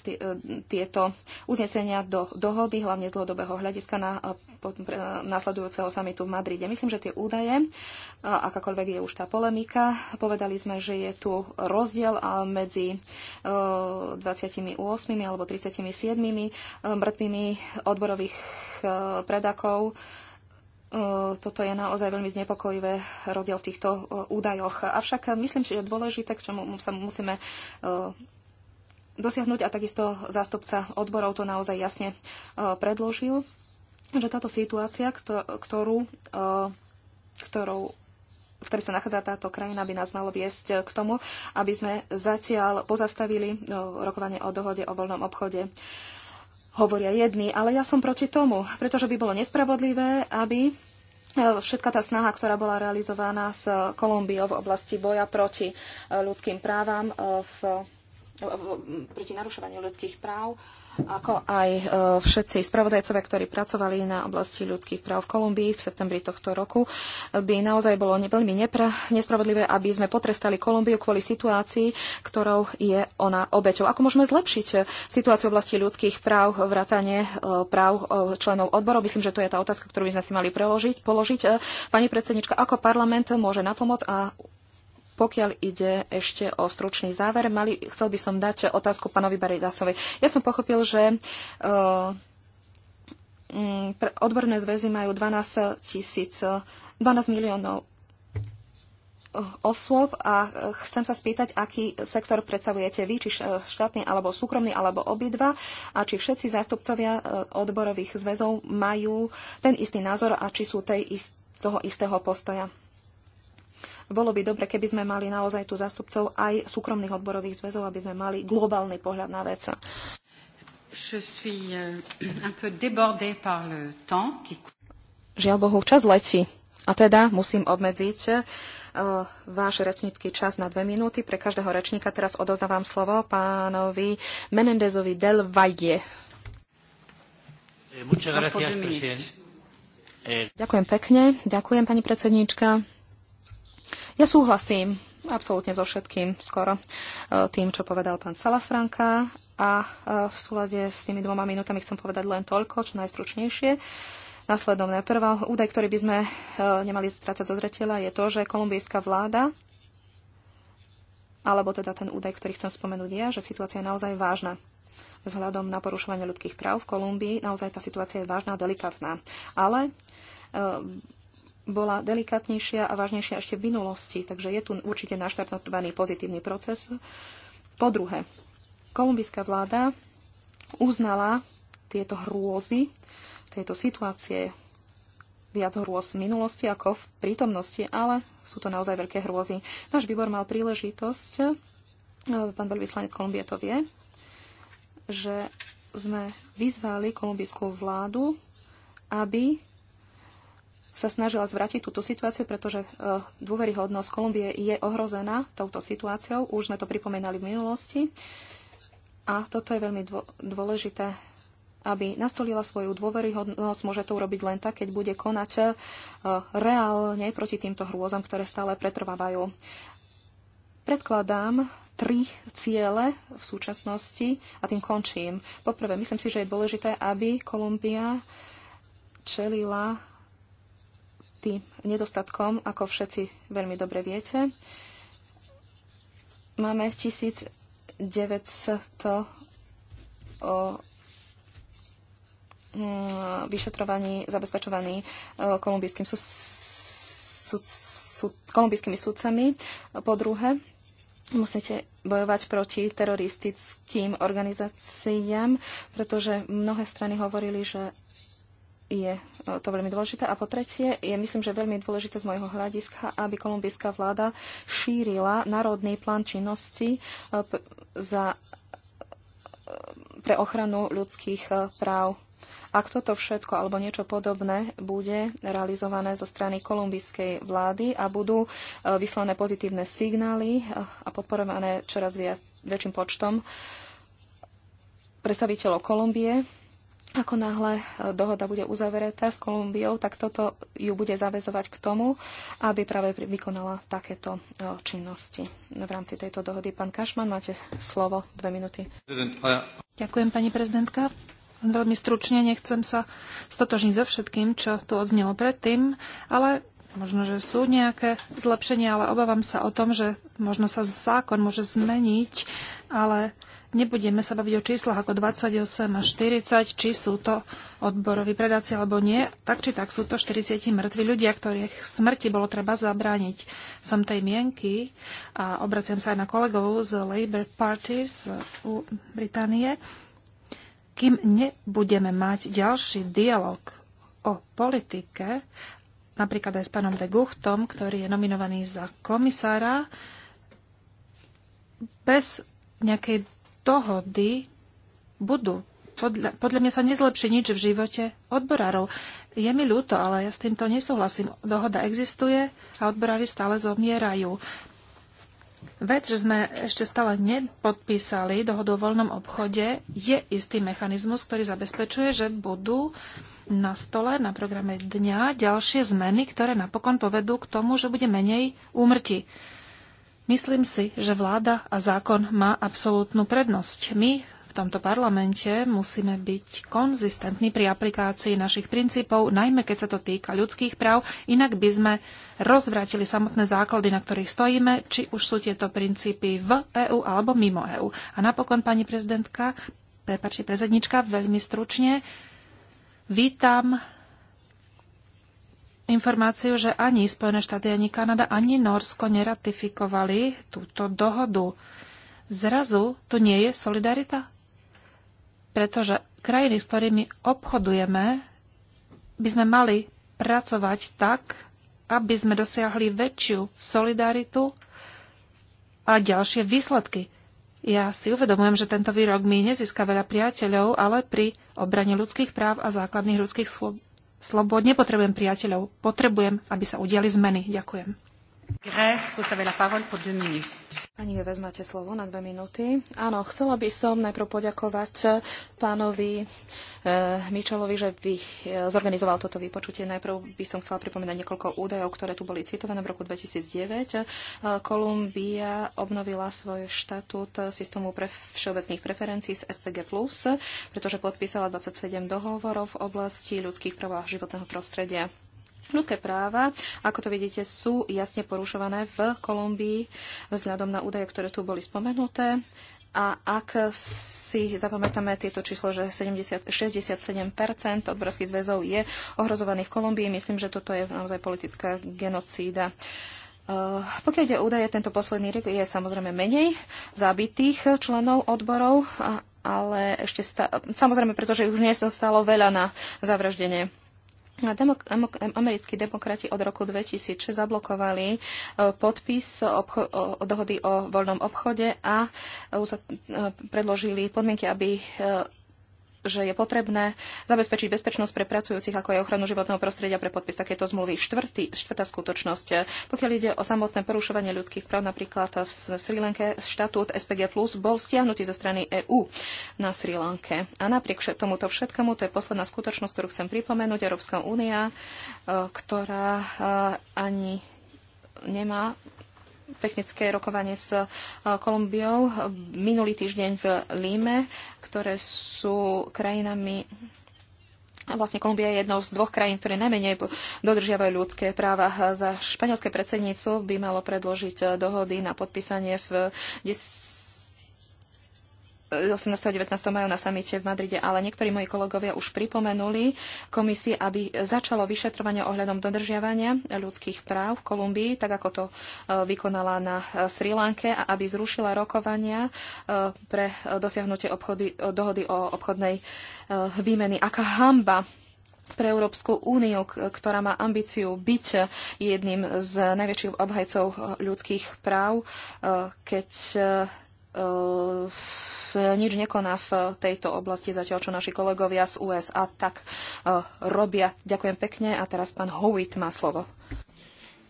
tieto uznesenia do dohody, hlavne z dlhodobého hľadiska na následujúceho samitu v Madride. Myslím, že tie údaje, akákoľvek je už tá polemika, povedali sme, že je tu rozdiel medzi 28 alebo 30 27 eh, mŕtvými odborových eh, predakov. Eh, toto je naozaj veľmi znepokojivé rozdiel v týchto údajoch. Avšak myslím, že je dôležité, k čomu sa musíme dosiahnuť a takisto zástupca odborov to naozaj jasne predložil, že táto situácia, ktorú, ktorou v ktorej sa nachádza táto krajina, by nás malo viesť eh, k tomu, aby sme zatiaľ pozastavili eh, rokovanie o dohode o voľnom obchode. Hovoria jedni, ale ja som proti tomu, pretože by bolo nespravodlivé, aby eh, všetka tá snaha, ktorá bola realizovaná s Kolumbiou v oblasti boja proti ľudským právam v proti narušovaniu ľudských práv, ako aj e, všetci spravodajcovia, ktorí pracovali na oblasti ľudských práv v Kolumbii v septembri tohto roku, by naozaj bolo veľmi nespravodlivé, aby sme potrestali Kolumbiu kvôli situácii, ktorou je ona obeťou. Ako môžeme zlepšiť situáciu v oblasti ľudských práv, vrátane e, práv e, členov odborov? Myslím, že to je tá otázka, ktorú by sme si mali preložiť, položiť. Pani predsednička, ako parlament môže napomôcť a pokiaľ ide ešte o stručný záver, mali, chcel by som dať otázku pánovi Baridasovi. Ja som pochopil, že uh, odborné zväzy majú 12 000, 12 miliónov eh, osôb a eh, chcem sa spýtať, aký sektor predstavujete vy, či štátny alebo súkromný, alebo obidva a či všetci zástupcovia odborových zväzov majú ten istý názor a či sú tej ist- toho istého postoja. Bolo by dobre, keby sme mali naozaj tu zástupcov aj súkromných odborových zväzov, aby sme mali globálny pohľad na vec. Euh, Žiaľ Bohu, čas letí. A teda musím obmedziť uh, váš rečnícky čas na dve minúty. Pre každého rečníka teraz odozdávam slovo pánovi Menendezovi del Valle. Eh, eh, Ďakujem pekne. Ďakujem, pani predsedníčka. Ja súhlasím absolútne so všetkým skoro e, tým, čo povedal pán Salafranka a e, v súlade s tými dvoma minútami chcem povedať len toľko, čo najstručnejšie. Nasledovné. Prvá údaj, ktorý by sme e, nemali strácať zo zretela, je to, že kolumbijská vláda alebo teda ten údaj, ktorý chcem spomenúť je, že situácia je naozaj vážna. Vzhľadom na porušovanie ľudských práv v Kolumbii naozaj tá situácia je vážna a delikatná. Ale bola delikatnejšia a vážnejšia ešte v minulosti, takže je tu určite naštartovaný pozitívny proces. Po druhé, kolumbijská vláda uznala tieto hrôzy, tieto situácie, viac hrôz v minulosti ako v prítomnosti, ale sú to naozaj veľké hrôzy. Náš výbor mal príležitosť, e, pán veľvyslanec Kolumbie to vie, že sme vyzvali kolumbijskú vládu, aby sa snažila zvratiť túto situáciu, pretože e, dôveryhodnosť Kolumbie je ohrozená touto situáciou. Už sme to pripomínali v minulosti. A toto je veľmi dôležité, aby nastolila svoju dôveryhodnosť. Môže to urobiť len tak, keď bude konať e, reálne proti týmto hrôzam, ktoré stále pretrvávajú. Predkladám tri ciele v súčasnosti a tým končím. Poprvé, myslím si, že je dôležité, aby Kolumbia čelila tým nedostatkom, ako všetci veľmi dobre viete. Máme 1900 mm, vyšetrovaní, zabezpečovaní kolumbijským kolumbijskými sudcami. Po druhé, musíte bojovať proti teroristickým organizáciám, pretože mnohé strany hovorili, že je e, to veľmi dôležité. A po tretie, je myslím, že veľmi dôležité z môjho hľadiska, aby kolumbijská vláda šírila národný plán činnosti e, za, e, pre ochranu ľudských práv. Ak toto všetko alebo niečo podobné bude realizované zo strany kolumbijskej vlády a budú vyslané pozitívne signály a podporované čoraz viac, väčším počtom predstaviteľov Kolumbie, ako náhle e, dohoda bude uzavretá s Kolumbiou, tak toto ju bude zavezovať k tomu, aby práve vykonala takéto e, činnosti. V rámci tejto dohody, pán Kašman, máte slovo, dve minúty. Ďakujem, pani prezidentka. Veľmi stručne nechcem sa stotožniť so všetkým, čo tu odznelo predtým, ale možno, že sú nejaké zlepšenia, ale obávam sa o tom, že možno sa zákon môže zmeniť, ale Nebudeme sa baviť o číslach ako 28 a 40, či sú to odboroví predáci alebo nie. Tak či tak sú to 40 mŕtvi ľudia, ktorých smrti bolo treba zabrániť. Som tej mienky a obraciam sa aj na kolegov z Labour Party z U Británie. Kým nebudeme mať ďalší dialog o politike, napríklad aj s pánom de Guchtom, ktorý je nominovaný za komisára, bez nejakej dy budú. Podľa, podľa mňa sa nezlepší nič v živote odborárov. Je mi ľúto, ale ja s týmto nesúhlasím. Dohoda existuje a odborári stále zomierajú. Vec, že sme ešte stále nepodpísali dohodu o voľnom obchode, je istý mechanizmus, ktorý zabezpečuje, že budú na stole, na programe dňa ďalšie zmeny, ktoré napokon povedú k tomu, že bude menej úmrtí. Myslím si, že vláda a zákon má absolútnu prednosť. My v tomto parlamente musíme byť konzistentní pri aplikácii našich princípov, najmä keď sa to týka ľudských práv, inak by sme rozvrátili samotné základy, na ktorých stojíme, či už sú tieto princípy v EÚ alebo mimo EÚ. A napokon, pani prezidentka, prepáčte, prezidnička, veľmi stručne, vítam informáciu, že ani Spojené štáty, ani Kanada, ani Norsko neratifikovali túto dohodu. Zrazu tu nie je solidarita? Pretože krajiny, s ktorými obchodujeme, by sme mali pracovať tak, aby sme dosiahli väčšiu solidaritu a ďalšie výsledky. Ja si uvedomujem, že tento výrok mi nezíska veľa priateľov, ale pri obrane ľudských práv a základných ľudských Slobodne potrebujem priateľov, potrebujem, aby sa udiali zmeny. Ďakujem. Pani Geves, máte slovo na dve minúty. Áno, chcela by som najprv poďakovať pánovi e, Mičelovi, že by eh, zorganizoval toto vypočutie. Najprv by som chcela pripomínať niekoľko údajov, ktoré tu boli citované v roku 2009. Eh, Kolumbia obnovila svoj štatút systému pre všeobecných preferencií z SPG+, pretože podpísala 27 dohovorov v oblasti ľudských práv a životného prostredia. Ľudské práva, ako to vidíte, sú jasne porušované v Kolumbii vzhľadom na údaje, ktoré tu boli spomenuté. A ak si zapamätáme tieto číslo, že 70, 67% odborských zväzov je ohrozovaných v Kolumbii, myslím, že toto je naozaj politická genocída. Uh, pokiaľ ide údaje, tento posledný rok je samozrejme menej zabitých členov odborov, ale ešte sta- samozrejme, pretože už nie zostalo veľa na zavraždenie. Demok- americkí demokrati od roku 2006 zablokovali e, podpis obcho- o dohody o voľnom obchode a e, e, predložili podmienky, aby že je potrebné zabezpečiť bezpečnosť pre pracujúcich, ako je ochranu životného prostredia pre podpis takéto zmluvy. Štvrtý, štvrtá skutočnosť. Eh, pokiaľ ide o samotné porušovanie ľudských práv, napríklad v Sri Lanke štatút SPG Plus bol stiahnutý zo strany EÚ na Sri Lanke. A napriek tomuto všetkému, to je posledná skutočnosť, ktorú chcem pripomenúť, Európska únia, eh, ktorá eh, ani nemá technické rokovanie s e, Kolumbiou minulý týždeň v Líme, ktoré sú krajinami Vlastne Kolumbia je jednou z dvoch krajín, ktoré najmenej dodržiavajú ľudské práva. Za španielské predsedníctvo by malo predložiť e, dohody na podpísanie v 10 18. a 19. majú na samite v Madride, ale niektorí moji kolegovia už pripomenuli komisii, aby začalo vyšetrovanie ohľadom dodržiavania ľudských práv v Kolumbii, tak ako to e, vykonala na e, Sri Lanke a aby zrušila rokovania e, pre dosiahnutie obchody, dohody o obchodnej výmeny. Aká hamba pre Európsku úniu, ktorá má ambíciu byť jedným z najväčších obhajcov ľudských práv, keď nič nekoná v tejto oblasti, zatiaľ čo naši kolegovia z USA tak e, robia. Ďakujem pekne a teraz pán Howitt má slovo.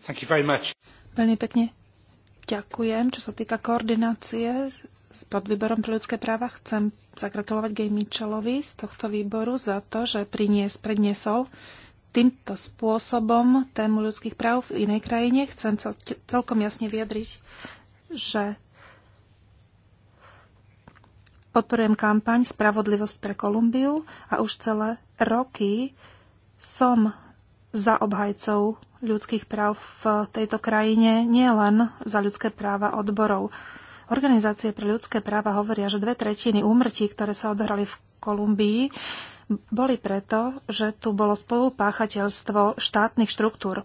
Thank you very much. Veľmi pekne. Ďakujem. Čo sa týka koordinácie s podvýborom pre ľudské práva, chcem zagratulovať Gay Mitchellovi z tohto výboru za to, že prinies, predniesol týmto spôsobom tému ľudských práv v inej krajine. Chcem celkom jasne vyjadriť, že Podporujem kampaň Spravodlivosť pre Kolumbiu a už celé roky som za obhajcov ľudských práv v tejto krajine, nielen za ľudské práva odborov. Organizácie pre ľudské práva hovoria, že dve tretiny úmrtí, ktoré sa odhrali v Kolumbii, boli preto, že tu bolo spolupáchateľstvo štátnych štruktúr.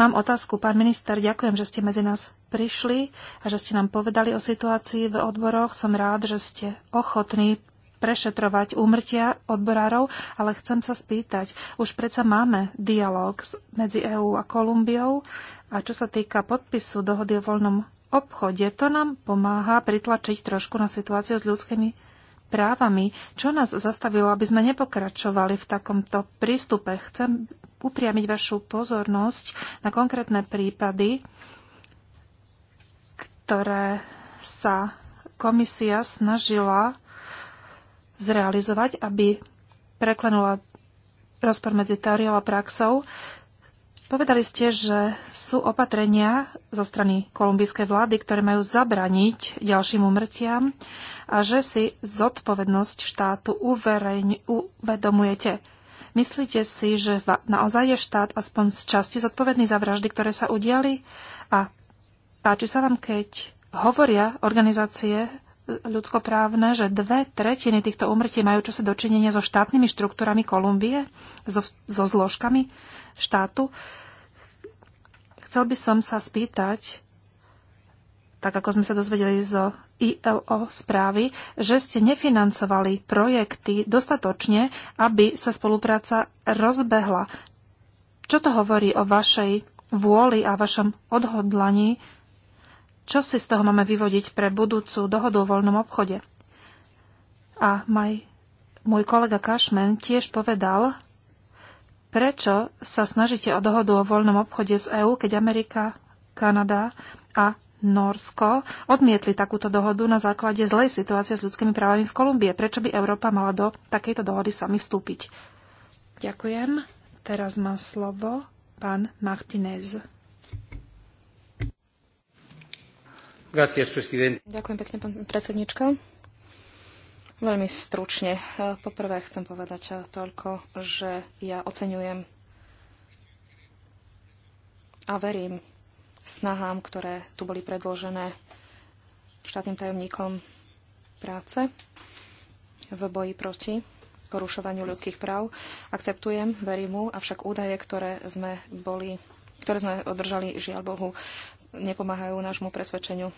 Mám otázku, pán minister, ďakujem, že ste medzi nás prišli a že ste nám povedali o situácii v odboroch. Som rád, že ste ochotní prešetrovať úmrtia odborárov, ale chcem sa spýtať, už predsa máme dialog medzi EÚ a Kolumbiou a čo sa týka podpisu dohody o voľnom obchode, to nám pomáha pritlačiť trošku na situáciu s ľudskými právami. Čo nás zastavilo, aby sme nepokračovali v takomto prístupe? Chcem upriamiť vašu pozornosť na konkrétne prípady, ktoré sa komisia snažila zrealizovať, aby preklenula rozpor medzi teóriou a praxou. Povedali ste, že sú opatrenia zo strany kolumbijskej vlády, ktoré majú zabraniť ďalším umrtiam a že si zodpovednosť štátu uvereň, uvedomujete. Myslíte si, že naozaj je štát aspoň z časti zodpovedný za vraždy, ktoré sa udiali? A Páči sa vám, keď hovoria organizácie ľudskoprávne, že dve tretiny týchto úmrtí majú sa dočinenia so štátnymi štruktúrami Kolumbie, so, so zložkami štátu. Chcel by som sa spýtať, tak ako sme sa dozvedeli zo ILO správy, že ste nefinancovali projekty dostatočne, aby sa spolupráca rozbehla. Čo to hovorí o vašej vôli a vašom odhodlaní čo si z toho máme vyvodiť pre budúcu dohodu o voľnom obchode? A maj, môj kolega Kašmen tiež povedal, prečo sa snažíte o dohodu o voľnom obchode z EÚ, keď Amerika, Kanada a Norsko odmietli takúto dohodu na základe zlej situácie s ľudskými právami v Kolumbie. Prečo by Európa mala do takejto dohody sami vstúpiť? Ďakujem. Teraz má slovo pán Martinez. Ďakujem pekne, pán predsednička. Veľmi stručne. Poprvé chcem povedať toľko, že ja oceňujem a verím snahám, ktoré tu boli predložené štátnym tajomníkom práce v boji proti porušovaniu ľudských práv. Akceptujem, verím mu, avšak údaje, ktoré sme boli ktoré sme održali, žiaľ Bohu, nepomáhajú nášmu presvedčeniu.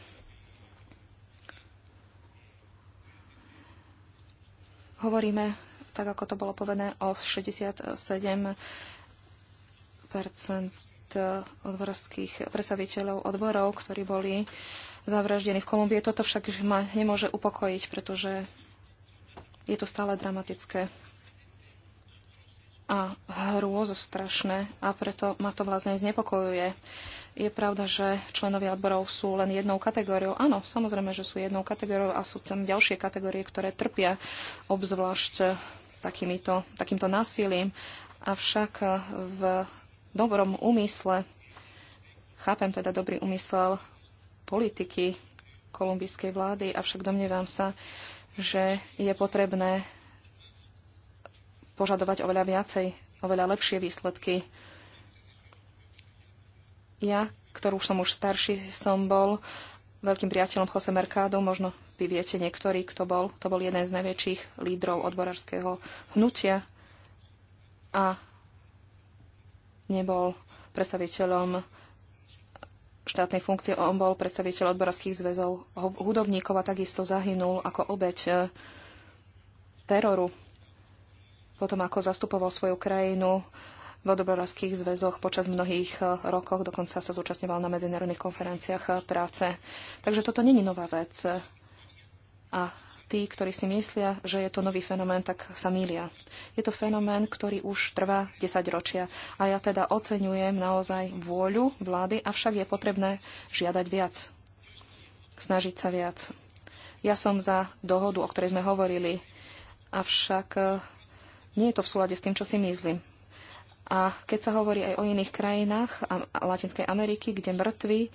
Hovoríme, tak ako to bolo povedané, o 67 odborských predstaviteľov odborov, ktorí boli zavraždení v Kolumbii. Toto však ma nemôže upokojiť, pretože je to stále dramatické a hrôzostrašné a preto ma to vlastne znepokojuje. Je pravda, že členovia odborov sú len jednou kategóriou. Áno, samozrejme, že sú jednou kategóriou a sú tam ďalšie kategórie, ktoré trpia obzvlášť eh, takýmito, takýmto násilím. Avšak eh, v dobrom úmysle, chápem teda dobrý úmysel politiky kolumbijskej vlády, avšak domnievam sa, že je potrebné požadovať oveľa viacej, oveľa lepšie výsledky ja, ktorú som už starší som bol, veľkým priateľom Jose Mercado, možno vy viete niektorí, kto bol. To bol jeden z najväčších lídrov odborárskeho hnutia a nebol predstaviteľom štátnej funkcie, on bol predstaviteľ odborárských zväzov hudobníkov a takisto zahynul ako obeď eh, teroru. Potom ako zastupoval svoju krajinu vodoborovských zväzoch počas mnohých eh, rokov, dokonca sa zúčastňoval na medzinárodných konferenciách eh, práce. Takže toto není nová vec. A tí, ktorí si myslia, že je to nový fenomén, tak sa mília. Je to fenomén, ktorý už trvá 10 ročia. A ja teda oceňujem naozaj vôľu vlády, avšak je potrebné žiadať viac. Snažiť sa viac. Ja som za dohodu, o ktorej sme hovorili, avšak eh, nie je to v súlade s tým, čo si myslím. A keď sa hovorí aj o iných krajinách a, Latinskej Ameriky, kde mŕtvi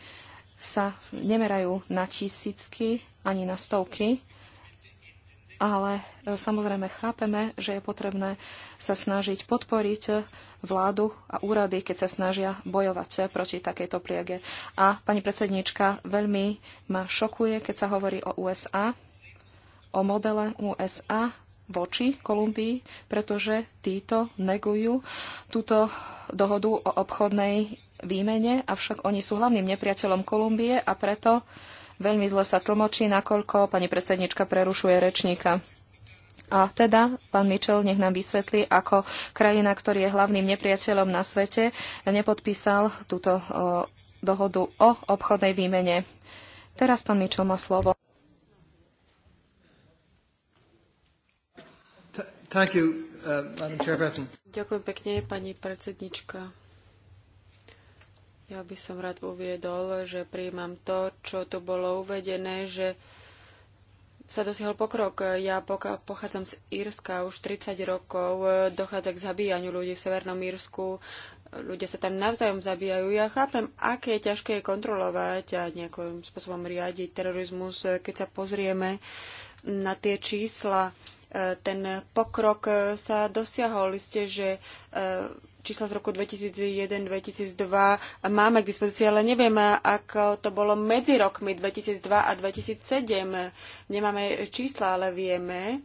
sa nemerajú na tisícky ani na stovky, ale e, samozrejme chápeme, že je potrebné sa snažiť podporiť vládu a úrady, keď sa snažia bojovať proti takejto pliege. A pani predsednička, veľmi ma šokuje, keď sa hovorí o USA, o modele USA, voči Kolumbii, pretože títo negujú túto dohodu o obchodnej výmene, avšak oni sú hlavným nepriateľom Kolumbie a preto veľmi zle sa tlmočí, nakoľko pani predsednička prerušuje rečníka. A teda, pán Mitchell, nech nám vysvetlí, ako krajina, ktorý je hlavným nepriateľom na svete, nepodpísal túto o, dohodu o obchodnej výmene. Teraz pán Mitchell má slovo. Thank you, uh, Ďakujem pekne, pani predsednička. Ja by som rád uviedol, že príjmam to, čo tu bolo uvedené, že sa dosiahol pokrok. Ja pochádzam z Írska už 30 rokov, e, dochádza k zabíjaniu ľudí v Severnom Írsku, ľudia sa tam navzájom zabíjajú. Ja chápem, aké je ťažké je kontrolovať a nejakým spôsobom riadiť terorizmus, e, keď sa pozrieme na tie čísla Eh, ten pokrok eh, sa dosiahol. ste, že eh, čísla z roku 2001-2002 máme k dispozícii, ale neviem, ako to bolo medzi rokmi 2002 a 2007. Nemáme čísla, ale vieme,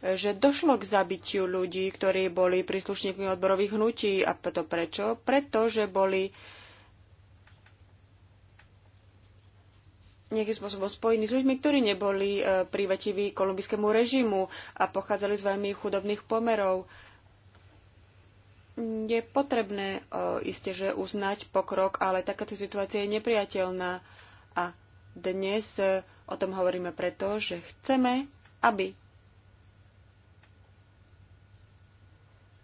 že došlo k zabitiu ľudí, ktorí boli príslušníkmi odborových hnutí. A to prečo? Pretože boli nejakým spôsobom spojení s ľuďmi, ktorí neboli e, prívetiví kolumbijskému režimu a pochádzali z veľmi chudobných pomerov. Je potrebné e, isté, že uznať pokrok, ale takáto situácia je nepriateľná. A dnes e, o tom hovoríme preto, že chceme, aby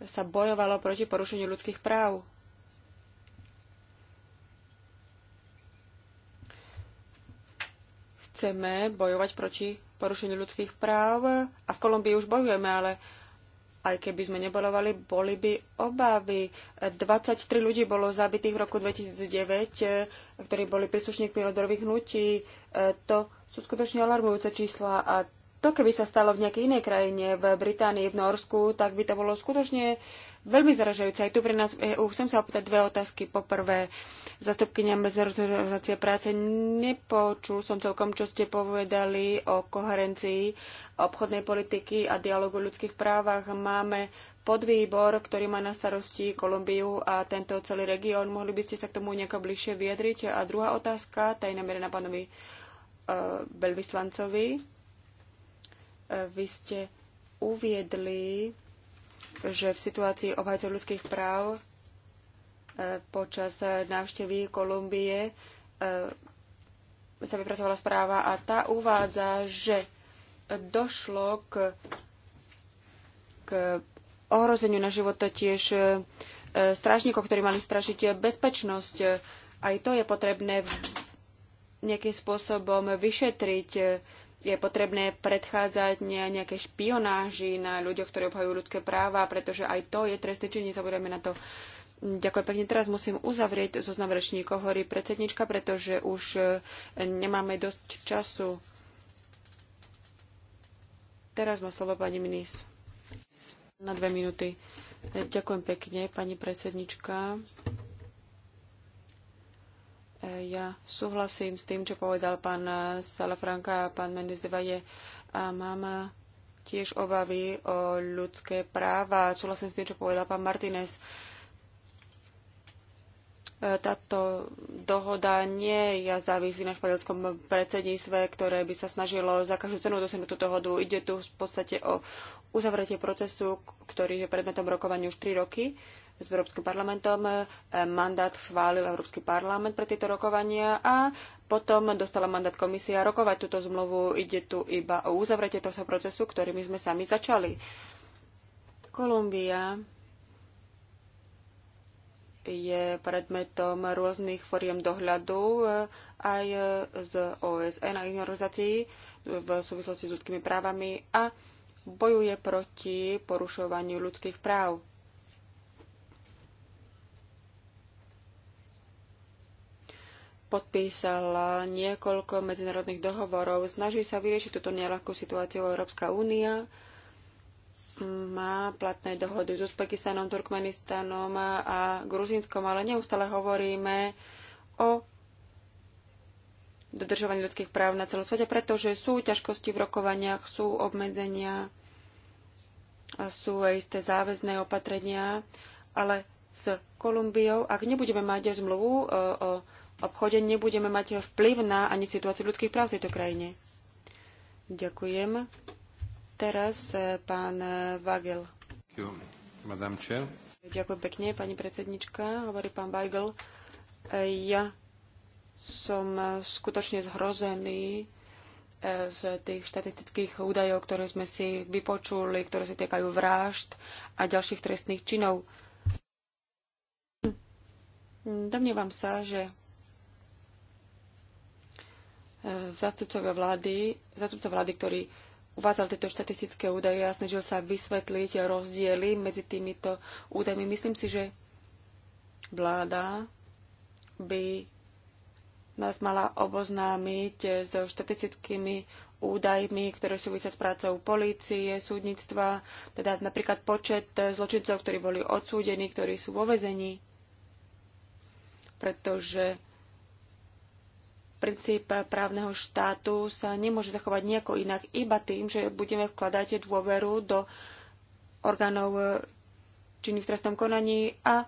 sa bojovalo proti porušeniu ľudských práv Chceme bojovať proti porušeniu ľudských práv a v Kolumbii už bojujeme, ale aj keby sme nebolovali, boli by obavy. 23 ľudí bolo zabitých v roku 2009, eh, ktorí boli príslušníkmi odorových hnutí. Eh, to sú skutočne alarmujúce čísla a to, keby sa stalo v nejakej inej krajine, v Británii, v Norsku, tak by to bolo skutočne veľmi zaražajúce aj tu pre nás v EÚ. Chcem sa opýtať dve otázky. Poprvé, zastupkynia Medzinárodnej práce, nepočul som celkom, čo ste povedali o koherencii obchodnej politiky a dialogu o ľudských právach. Máme podvýbor, ktorý má na starosti Kolumbiu a tento celý región. Mohli by ste sa k tomu nejako bližšie vyjadriť? A druhá otázka, tá je namerená pánovi uh, veľvyslancovi. Uh, vy ste uviedli že v situácii obhajcov ľudských práv e, počas návštevy Kolumbie e, sa vypracovala správa a tá uvádza, že došlo k, k ohrozeniu na života tiež e, strážnikov, ktorí mali stražiť bezpečnosť. Aj to je potrebné nejakým spôsobom vyšetriť je potrebné predchádzať nejaké špionáži na ľuďoch, ktorí obhajujú ľudské práva, pretože aj to je trestné činenie, nezabudeme na to. Ďakujem pekne. Teraz musím uzavrieť zoznam rečníkov, hovorí predsednička, pretože už e, nemáme dosť času. Teraz má slovo pani Minis. Na dve minúty. E, ďakujem pekne, pani predsednička. Eh, ja súhlasím s tým, čo povedal pán eh, Salafranka a pán Mendes de Valle a mám eh, tiež obavy o ľudské práva. Súhlasím s tým, čo povedal pán Martinez. Táto dohoda nie ja závisí na španielskom predsedníctve, ktoré by sa snažilo za každú cenu dosiahnuť túto dohodu. Ide tu v podstate o uzavretie procesu, ktorý je predmetom rokovania už 3 roky s Európskym parlamentom. E, mandát schválil Európsky parlament pre tieto rokovania a potom dostala mandát komisia rokovať túto zmluvu. Ide tu iba o uzavretie tohto procesu, ktorý my sme sami začali. Kolumbia je predmetom rôznych foriem dohľadu e, aj z OSN a iných organizácií v súvislosti s ľudskými právami a bojuje proti porušovaniu ľudských práv. podpísala niekoľko medzinárodných dohovorov. Snaží sa vyriešiť túto nelahkú situáciu Európska únia. Má platné dohody s Uzbekistanom, Turkmenistanom a Gruzínskom, ale neustále hovoríme o dodržovaní ľudských práv na celom svete, pretože sú ťažkosti v rokovaniach, sú obmedzenia, a sú aj isté záväzné opatrenia, ale s Kolumbiou, ak nebudeme mať zmluvu e, o, o obchode nebudeme mať vplyv na ani situáciu ľudských práv v tejto krajine. Ďakujem. Teraz e, pán Vagel. Ďakujem pekne, pani predsednička, hovorí pán Weigel. E, ja som skutočne zhrozený e, z tých štatistických údajov, ktoré sme si vypočuli, ktoré sa týkajú vražd a ďalších trestných činov. Domnievam sa, že Zástupcovia vlády, zástupca vlády, ktorý uvádzal tieto štatistické údaje a snažil sa vysvetliť rozdiely medzi týmito údajmi. Myslím si, že vláda by nás mala oboznámiť so štatistickými údajmi, ktoré súvisia s prácou polície, súdnictva, teda napríklad počet zločincov, ktorí boli odsúdení, ktorí sú vo vezení, pretože princíp právneho štátu sa nemôže zachovať nejako inak, iba tým, že budeme vkladať dôveru do orgánov činných v trestnom konaní a e,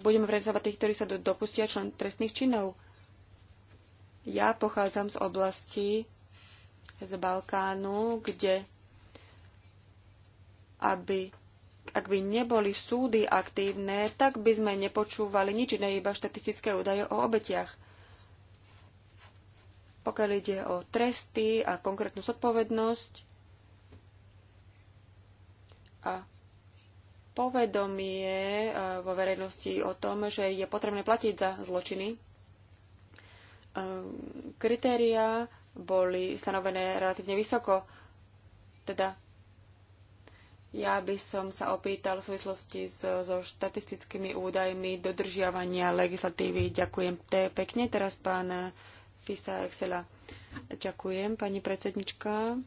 budeme vresovať tých, ktorí sa dopustia člen trestných činov. Ja pochádzam z oblasti z Balkánu, kde aby ak by neboli súdy aktívne, tak by sme nepočúvali nič iné, iba štatistické údaje o obetiach. Pokiaľ ide o tresty a konkrétnu zodpovednosť a povedomie e, vo verejnosti o tom, že je potrebné platiť za zločiny. E, kritéria boli stanovené relatívne vysoko. Teda ja by som sa opýtal v súvislosti so, so štatistickými údajmi dodržiavania legislatívy. Ďakujem pekne. Teraz pán Fisa Excela. Ďakujem, pani predsednička.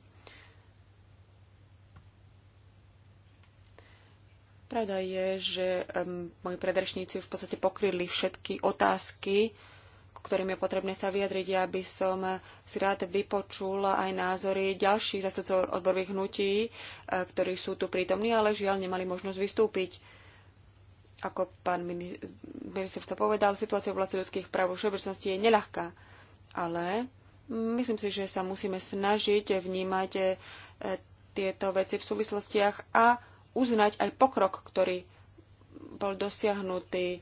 Pravda je, že um, moji predrečníci už v podstate pokryli všetky otázky, ktorým je potrebné sa vyjadriť. Ja by som eh, si rád vypočula aj názory ďalších zastupcov odborových hnutí, eh, ktorí sú tu prítomní, ale žiaľ nemali možnosť vystúpiť. Ako pán minister to povedal, situácia v oblasti ľudských práv v všeobecnosti je neľahká ale myslím si, že sa musíme snažiť vnímať e, tieto veci v súvislostiach a uznať aj pokrok, ktorý bol dosiahnutý e,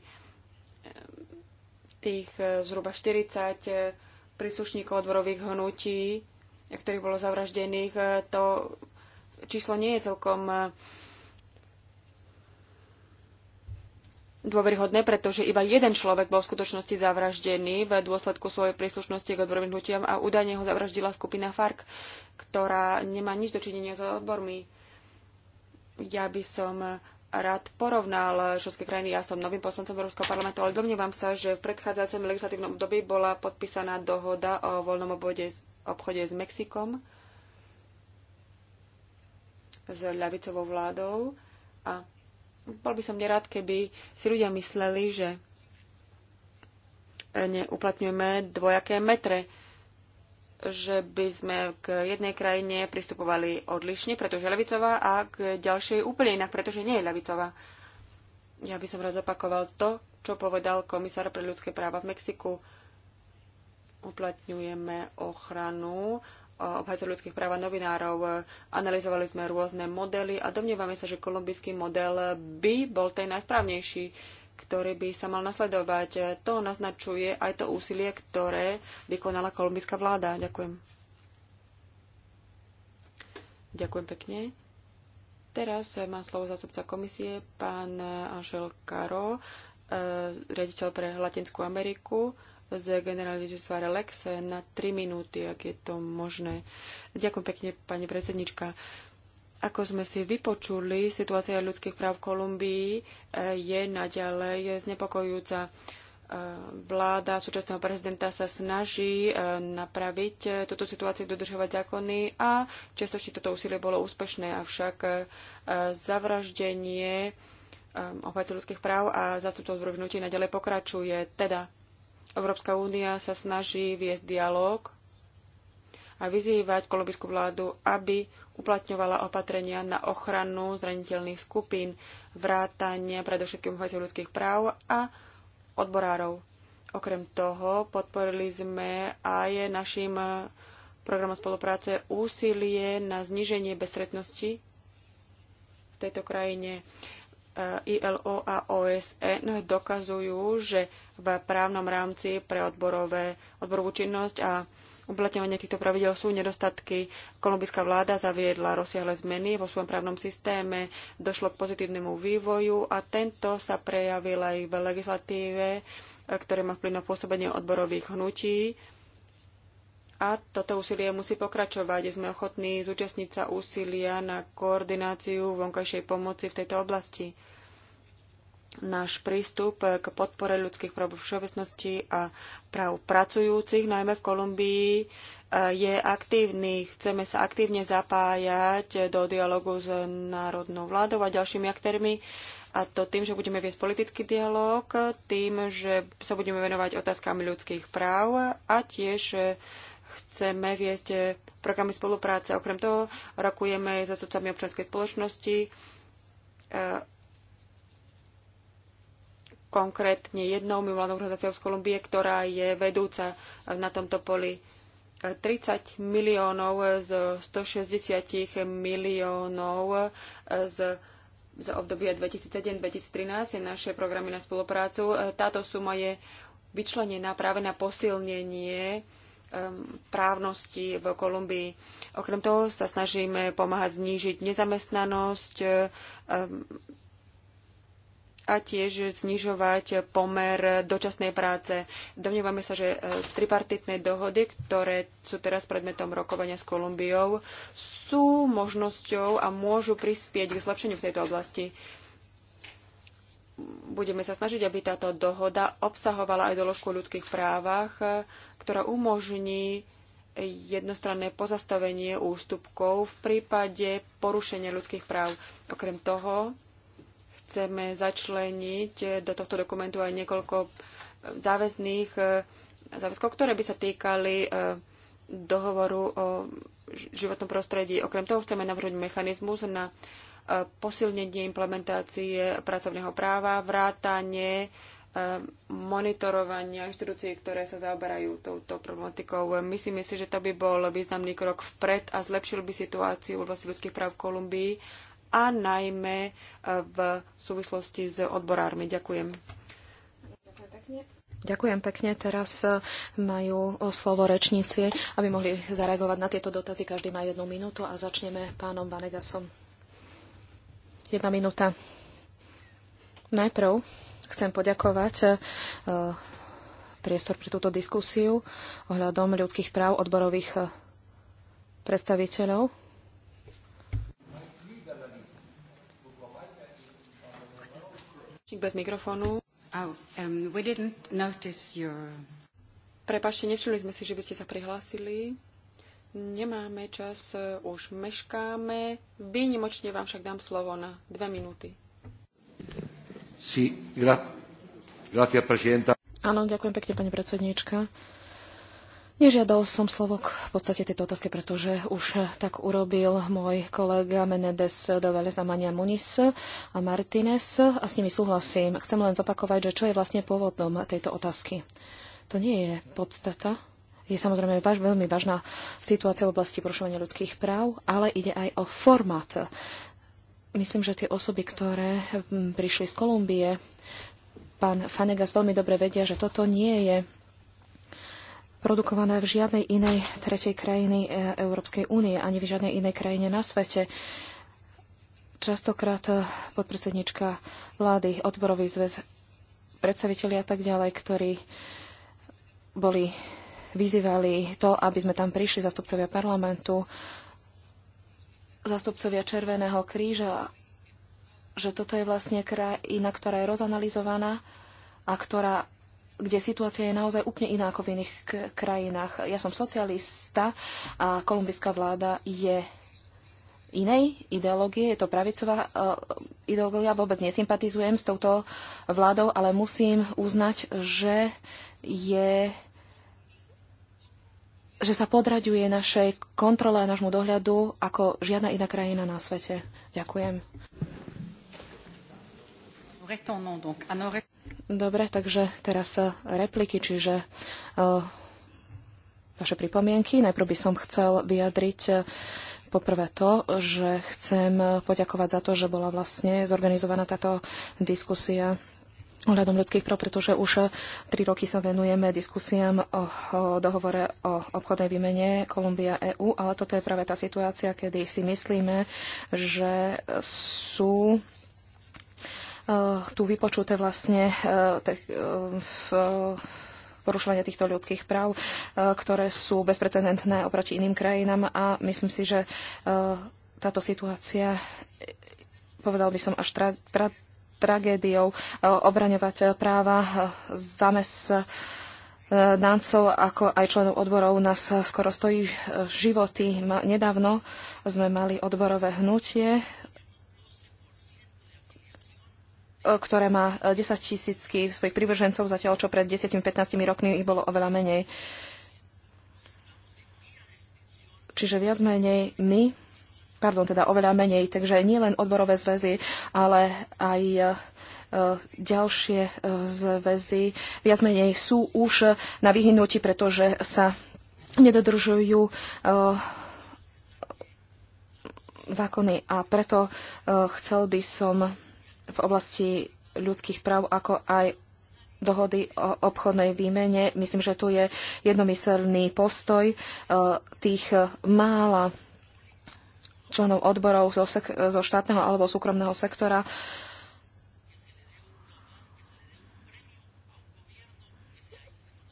tých e, zhruba 40 príslušníkov odborových hnutí, ktorých bolo zavraždených. To číslo nie je celkom dôveryhodné, pretože iba jeden človek bol v skutočnosti zavraždený v dôsledku svojej príslušnosti k odborovým hnutiam a údajne ho zavraždila skupina FARC, ktorá nemá nič dočinenia s odbormi. Ja by som rád porovnal členské krajiny. Ja som novým poslancom Európskeho parlamentu, ale domnievam sa, že v predchádzajúcom legislatívnom období bola podpísaná dohoda o voľnom obode, obchode s Mexikom s ľavicovou vládou a bol by som nerád, keby si ľudia mysleli, že neuplatňujeme dvojaké metre, že by sme k jednej krajine pristupovali odlišne, pretože je levicová, a k ďalšej úplne inak, pretože nie je levicová. Ja by som raz opakoval to, čo povedal komisár pre ľudské práva v Mexiku. Uplatňujeme ochranu obhajcov ľudských práv a novinárov. Analyzovali sme rôzne modely a domnievame sa, že kolumbijský model by bol ten najsprávnejší, ktorý by sa mal nasledovať. To naznačuje aj to úsilie, ktoré vykonala kolumbijská vláda. Ďakujem. Ďakujem pekne. Teraz má slovo zástupca komisie, pán Angel Caro, eh, riaditeľ pre Latinskú Ameriku z generálneho riaditeľstva Lexe na 3 minúty, ak je to možné. Ďakujem pekne, pani predsednička. Ako sme si vypočuli, situácia ľudských práv v Kolumbii eh, je naďalej znepokojujúca. Eh, vláda súčasného prezidenta sa snaží eh, napraviť túto situáciu, dodržovať zákony a čiastočne toto úsilie bolo úspešné, avšak zavraždenie obhajcov ľudských práv a zastupcov zrovnutí naďalej pokračuje. Teda Európska únia sa snaží viesť dialog a vyzývať kolumbijskú vládu, aby uplatňovala opatrenia na ochranu zraniteľných skupín, vrátanie predovšetkým obhajcov ľudských práv a odborárov. Okrem toho podporili sme aj našim programom spolupráce úsilie na zníženie bezstretnosti v tejto krajine. E, ILO a OSN e dokazujú, že v právnom rámci pre odborové, odborovú činnosť a uplatňovanie týchto pravidel sú nedostatky. Kolumbijská vláda zaviedla rozsiahle zmeny vo svojom právnom systéme, došlo k pozitívnemu vývoju a tento sa prejavil aj v legislatíve, ktoré má vplyv na pôsobenie odborových hnutí. A toto úsilie musí pokračovať. Sme ochotní zúčastniť sa úsilia na koordináciu vonkajšej pomoci v tejto oblasti náš prístup k podpore ľudských práv všeobecnosti a práv pracujúcich, najmä v Kolumbii, e, je aktívny. Chceme sa aktívne zapájať do dialogu s národnou vládou a ďalšími aktérmi. A to tým, že budeme viesť politický dialog, tým, že sa budeme venovať otázkam ľudských práv a tiež e, chceme viesť programy spolupráce. Okrem toho rokujeme so sudcami občianskej spoločnosti e, konkrétne jednou mimovládnou organizáciou z Kolumbie, ktorá je vedúca na tomto poli. 30 miliónov z 160 miliónov z za obdobie 2007-2013 naše programy na spoluprácu. Táto suma je vyčlenená práve na posilnenie um, právnosti v Kolumbii. Okrem toho sa snažíme pomáhať znížiť nezamestnanosť, um, a tiež znižovať pomer dočasnej práce. Domnievame sa, že e, tripartitné dohody, ktoré sú teraz predmetom rokovania s Kolumbiou, sú možnosťou a môžu prispieť k zlepšeniu v tejto oblasti. Budeme sa snažiť, aby táto dohoda obsahovala aj doložku o ľudských právach, e, ktorá umožní jednostranné pozastavenie ústupkov v prípade porušenia ľudských práv. Okrem toho, chceme začleniť do tohto dokumentu aj niekoľko e, záväzných e, záväzkov, ktoré by sa týkali e, dohovoru o životnom prostredí. Okrem toho chceme navrhnúť mechanizmus na posilnenie implementácie pracovného práva, vrátanie monitorovania inštitúcií, ktoré sa zaoberajú touto problematikou. Myslím si, že to by bol významný krok vpred a zlepšil by situáciu v oblasti ľudských práv v Kolumbii a najmä e, v súvislosti s odborármi. Ďakujem. Ďakujem pekne. Teraz e, majú e, slovo rečníci, aby mohli zareagovať na tieto dotazy. Každý má jednu minútu a začneme pánom Vanegasom. Jedna minúta. Najprv chcem poďakovať priestor pre túto diskusiu ohľadom ľudských práv odborových predstaviteľov Čík bez mikrofónu. Oh, um, we didn't notice your... Prepašte, nevšimli sme si, že by ste sa prihlásili. Nemáme čas, e, už meškáme. Výnimočne vám však dám slovo na dve minúty. Sí, gra... Gracias, presidenta. Áno, ďakujem pekne, pani predsedníčka. Nežiadal som slovo k podstate tejto otázke, pretože už tak urobil môj kolega Menedes de Amania Muniz a Martinez a s nimi súhlasím. Chcem len zopakovať, že čo je vlastne pôvodom tejto otázky. To nie je podstata. Je samozrejme váž, veľmi vážna situácia v oblasti porušovania ľudských práv, ale ide aj o formát. Myslím, že tie osoby, ktoré prišli z Kolumbie, pán Fanegas veľmi dobre vedia, že toto nie je produkované v žiadnej inej tretej krajiny e, Európskej únie ani v žiadnej inej krajine na svete. Častokrát e, podpredsednička vlády, odborový zväz, predstaviteľi a tak ďalej, ktorí boli vyzývali to, aby sme tam prišli zastupcovia parlamentu, zastupcovia Červeného kríža, že toto je vlastne krajina, ktorá je rozanalizovaná a ktorá kde situácia je naozaj úplne iná ako v iných krajinách. Ja som socialista a kolumbijská vláda je inej ideológie, je to pravicová uh, ideológia, vôbec nesympatizujem s touto vládou, ale musím uznať, že je že sa podraďuje našej kontrole a nášmu dohľadu ako žiadna iná krajina na svete. Ďakujem. Dobre, takže teraz eh, repliky, čiže eh, vaše pripomienky. Najprv by som chcel vyjadriť eh, poprvé to, že chcem poďakovať za to, že bola vlastne zorganizovaná táto diskusia ohľadom ľudských práv, pretože už tri roky sa venujeme diskusiám o, o dohovore o obchodnej výmene Kolumbia EU, ale toto je práve tá situácia, kedy si myslíme, že sú Eh, tu vypočuté vlastne eh, eh, v týchto ľudských práv, ktoré sú bezprecedentné oproti iným krajinám a myslím si, že táto situácia, povedal by som, až tra, tra, tragédiou obraňovať práva zamest náncov, ako aj členov odborov nás skoro stojí životy. Nedávno sme mali odborové hnutie ktoré má 10 e, tisícky svojich privržencov, zatiaľ čo pred 10-15 rokmi ich bolo oveľa menej. Čiže viac menej my, pardon, teda oveľa menej, takže nie len odborové zväzy, ale aj e, e, ďalšie zväzy viac menej sú už na vyhnutí, pretože sa nedodržujú zákony a preto chcel by som v oblasti ľudských práv, ako aj dohody o obchodnej výmene. Myslím, že tu je jednomyselný postoj e, tých mála členov odborov zo, zo štátneho alebo súkromného sektora,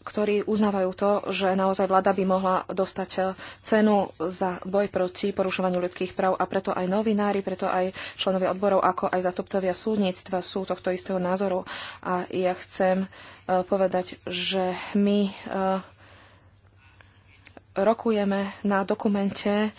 ktorí uznávajú to, že naozaj vláda by mohla dostať eh, cenu za boj proti porušovaniu ľudských práv a preto aj novinári, preto aj členovia odborov, ako aj zastupcovia súdnictva sú tohto istého názoru. A ja chcem eh, povedať, že my eh, rokujeme na dokumente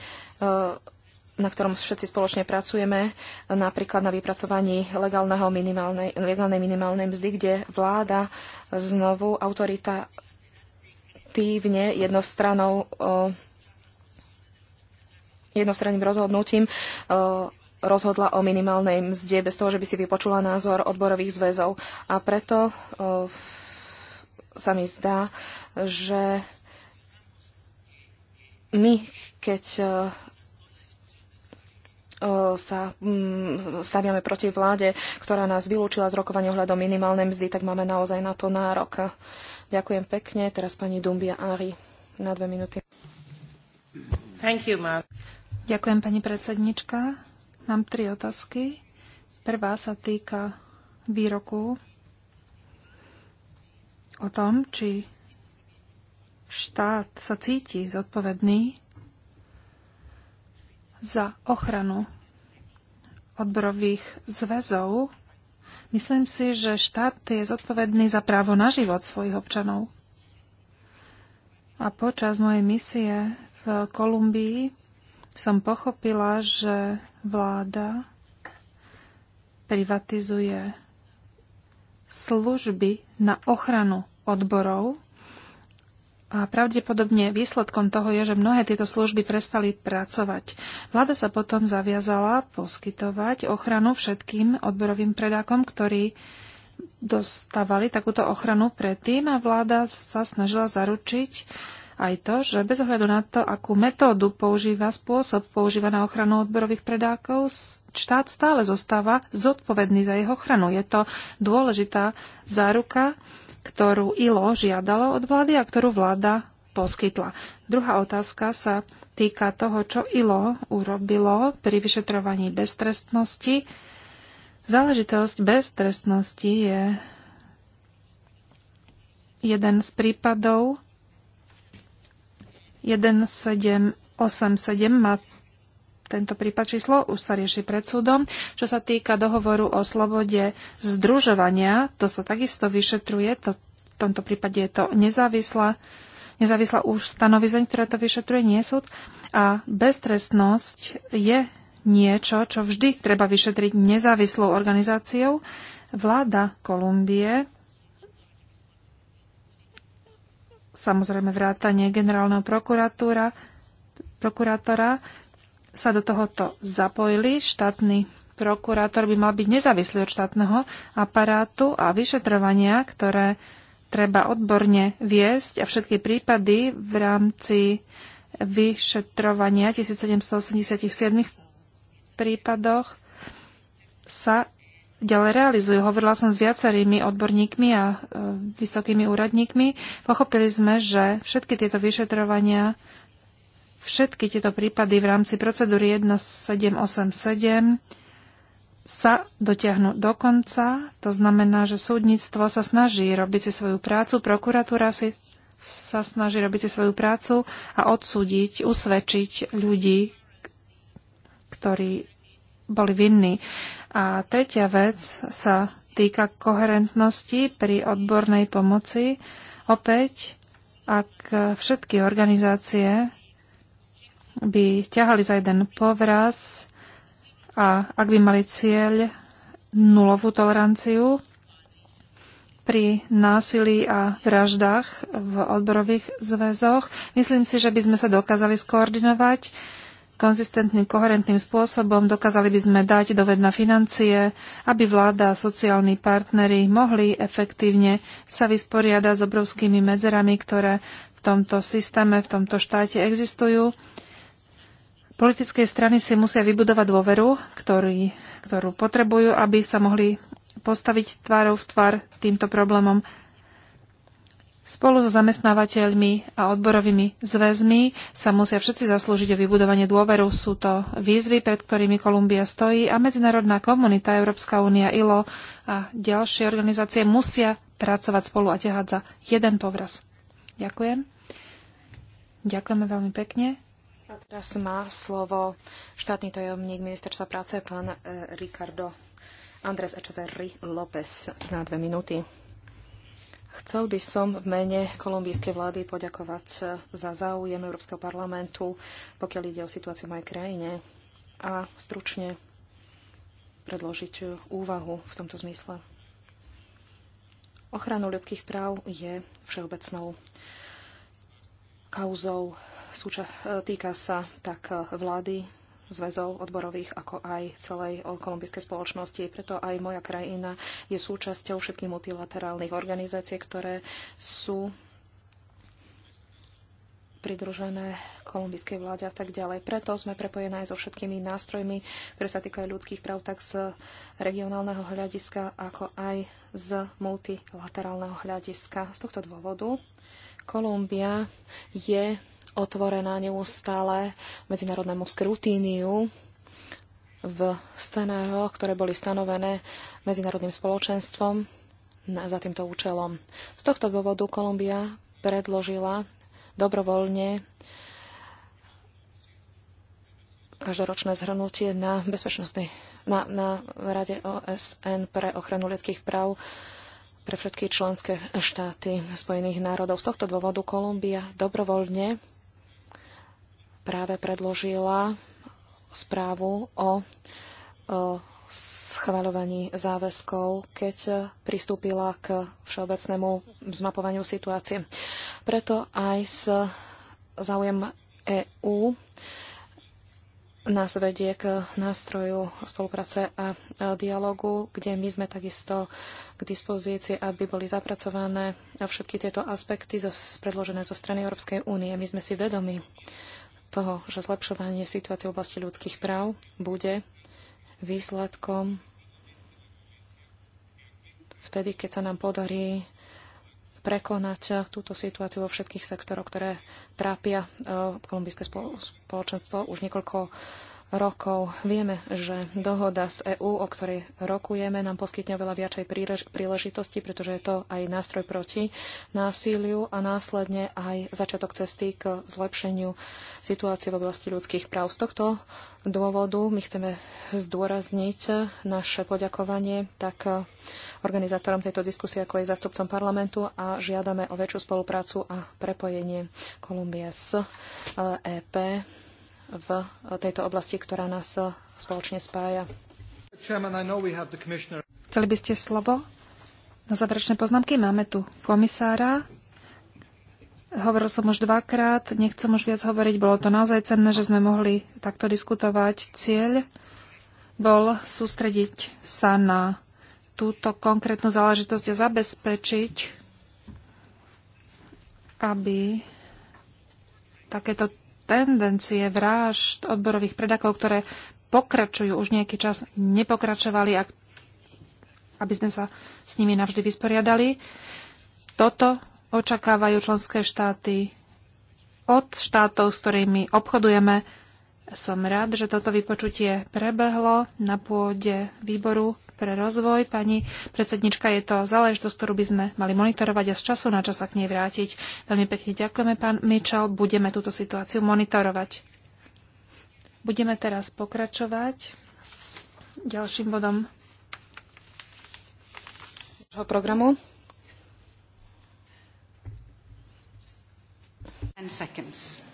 na ktorom všetci spoločne pracujeme, napríklad na vypracovaní legálneho minimálnej, legálnej minimálnej mzdy, kde vláda znovu autoritatívne jednostranou jednostranným rozhodnutím rozhodla o minimálnej mzde bez toho, že by si vypočula názor odborových zväzov. A preto sa mi zdá, že my, keď sa mm, staviame proti vláde, ktorá nás vylúčila z rokovania ohľadom minimálnej mzdy, tak máme naozaj na to nárok. Ďakujem pekne. Teraz pani Dumbia Ari na dve minúty. Thank you, Ďakujem, pani predsednička. Mám tri otázky. Prvá sa týka výroku o tom, či štát sa cíti zodpovedný za ochranu odborových zväzov, myslím si, že štát je zodpovedný za právo na život svojich občanov. A počas mojej misie v Kolumbii som pochopila, že vláda privatizuje služby na ochranu odborov a pravdepodobne výsledkom toho je, že mnohé tieto služby prestali pracovať. Vláda sa potom zaviazala poskytovať ochranu všetkým odborovým predákom, ktorí dostávali takúto ochranu predtým a vláda sa snažila zaručiť aj to, že bez ohľadu na to, akú metódu používa, spôsob používa na ochranu odborových predákov, štát stále zostáva zodpovedný za jeho ochranu. Je to dôležitá záruka ktorú ILO žiadalo od vlády a ktorú vláda poskytla. Druhá otázka sa týka toho, čo ILO urobilo pri vyšetrovaní beztrestnosti. Záležitosť beztrestnosti je jeden z prípadov 1787 má tento prípad číslo už sa rieši pred súdom. Čo sa týka dohovoru o slobode združovania, to sa takisto vyšetruje. To, v tomto prípade je to nezávislá, nezávislá už stanovizeň, ktoré to vyšetruje, nie súd. A beztrestnosť je niečo, čo vždy treba vyšetriť nezávislou organizáciou. Vláda Kolumbie samozrejme vrátanie generálneho prokuratúra, prokurátora sa do tohoto zapojili. Štátny prokurátor by mal byť nezávislý od štátneho aparátu a vyšetrovania, ktoré treba odborne viesť a všetky prípady v rámci vyšetrovania 1787 prípadoch sa ďalej realizujú. Hovorila som s viacerými odborníkmi a e, vysokými úradníkmi. Pochopili sme, že všetky tieto vyšetrovania všetky tieto prípady v rámci procedúry 1787 sa dotiahnu do konca. To znamená, že súdnictvo sa snaží robiť si svoju prácu, prokuratúra si sa snaží robiť si svoju prácu a odsúdiť, usvedčiť ľudí, ktorí boli vinní. A tretia vec sa týka koherentnosti pri odbornej pomoci. Opäť, ak všetky organizácie by ťahali za jeden povraz a ak by mali cieľ nulovú toleranciu pri násilí a vraždách v odborových zväzoch, myslím si, že by sme sa dokázali skoordinovať konzistentným, koherentným spôsobom. Dokázali by sme dať dovedna financie, aby vláda a sociálni partnery mohli efektívne sa vysporiadať s obrovskými medzerami, ktoré v tomto systéme, v tomto štáte existujú Politické strany si musia vybudovať dôveru, ktorý, ktorú potrebujú, aby sa mohli postaviť tvárou v tvár týmto problémom Spolu so zamestnávateľmi a odborovými zväzmi sa musia všetci zaslúžiť o vybudovanie dôveru. Sú to výzvy, pred ktorými Kolumbia stojí a medzinárodná komunita, Európska únia, ILO a ďalšie organizácie musia pracovať spolu a ťahať za jeden povraz. Ďakujem. Ďakujeme veľmi pekne. A teraz má slovo štátny tajomník ministerstva práce, pán e, Ricardo Andres Echeverry López na dve minúty. Chcel by som v mene kolumbijskej vlády poďakovať e, za záujem Európskeho parlamentu, pokiaľ ide o situáciu v mojej krajine a stručne predložiť úvahu v tomto zmysle. Ochranu ľudských práv je všeobecnou kauzou. Súča- e, týka sa tak vlády, zväzov odborových, ako aj celej kolumbijskej spoločnosti. Preto aj moja krajina je súčasťou všetkých multilaterálnych organizácií, ktoré sú pridružené kolumbijskej vláde a tak ďalej. Preto sme prepojené aj so všetkými nástrojmi, ktoré sa týkajú ľudských práv, tak z regionálneho hľadiska, ako aj z multilaterálneho hľadiska. Z tohto dôvodu Kolumbia je otvorená neustále medzinárodnému skrutíniu v scenároch, ktoré boli stanovené medzinárodným spoločenstvom za týmto účelom. Z tohto dôvodu Kolumbia predložila dobrovoľne každoročné zhrnutie na na, na Rade OSN pre ochranu ľudských práv pre všetky členské štáty Spojených národov. Z tohto dôvodu Kolumbia dobrovoľne práve predložila správu o, o schvaľovaní záväzkov, keď pristúpila k všeobecnému zmapovaniu situácie. Preto aj s záujem EÚ nás vedie k nástroju spolupráce a dialogu, kde my sme takisto k dispozícii, aby boli zapracované všetky tieto aspekty predložené zo strany Európskej únie. My sme si vedomi toho, že zlepšovanie situácie v oblasti ľudských práv bude výsledkom vtedy, keď sa nám podarí prekonať túto situáciu vo všetkých sektoroch, ktoré trápia eh, kolumbijské spoločenstvo už niekoľko rokov. Vieme, že dohoda z EÚ, o ktorej rokujeme, nám poskytne veľa viacej príležitosti, pretože je to aj nástroj proti násiliu a následne aj začiatok cesty k zlepšeniu situácie v oblasti ľudských práv. Z tohto dôvodu my chceme zdôrazniť naše poďakovanie tak organizátorom tejto diskusie, ako aj zastupcom parlamentu a žiadame o väčšiu spoluprácu a prepojenie Kolumbie s EP e v tejto oblasti, ktorá nás eh, spoločne spája. Chceli by ste slovo? Na záverečné poznámky máme tu komisára. Hovoril som už dvakrát, nechcem už viac hovoriť. Bolo to naozaj cenné, že sme mohli takto diskutovať. Cieľ bol sústrediť sa na túto konkrétnu záležitosť a zabezpečiť, aby takéto tendencie vražd odborových predakov, ktoré pokračujú už nejaký čas, nepokračovali, aby sme sa s nimi navždy vysporiadali. Toto očakávajú členské štáty od štátov, s ktorými obchodujeme. Som rád, že toto vypočutie prebehlo na pôde výboru pre rozvoj. Pani predsednička, je to záležitosť, ktorú by sme mali monitorovať a z času na čas sa k nej vrátiť. Veľmi pekne ďakujeme, pán Mitchell. Budeme túto situáciu monitorovať. Budeme teraz pokračovať ďalším bodom programu. seconds.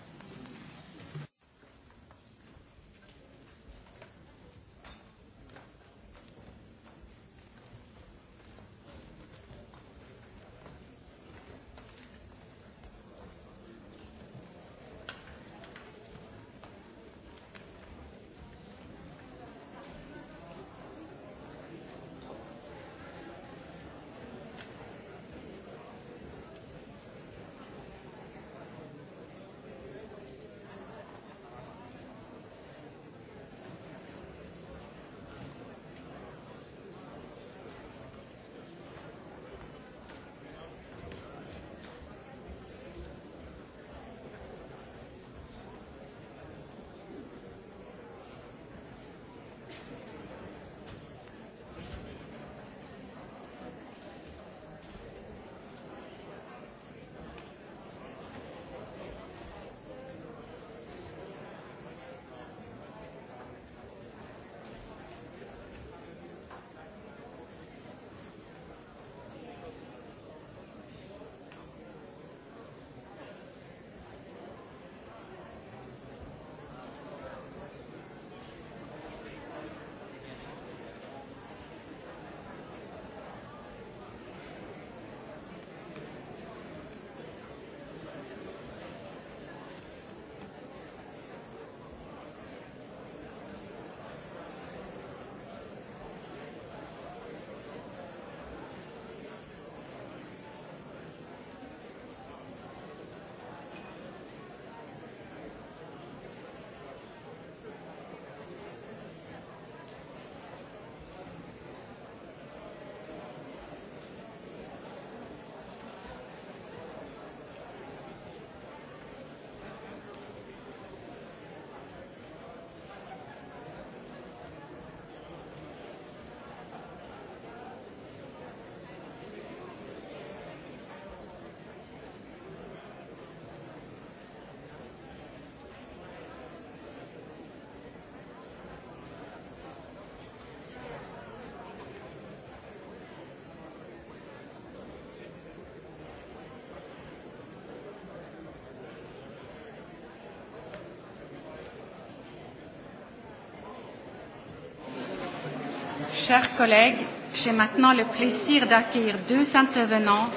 Chers collègues, j'ai maintenant le plaisir d'accueillir deux intervenants.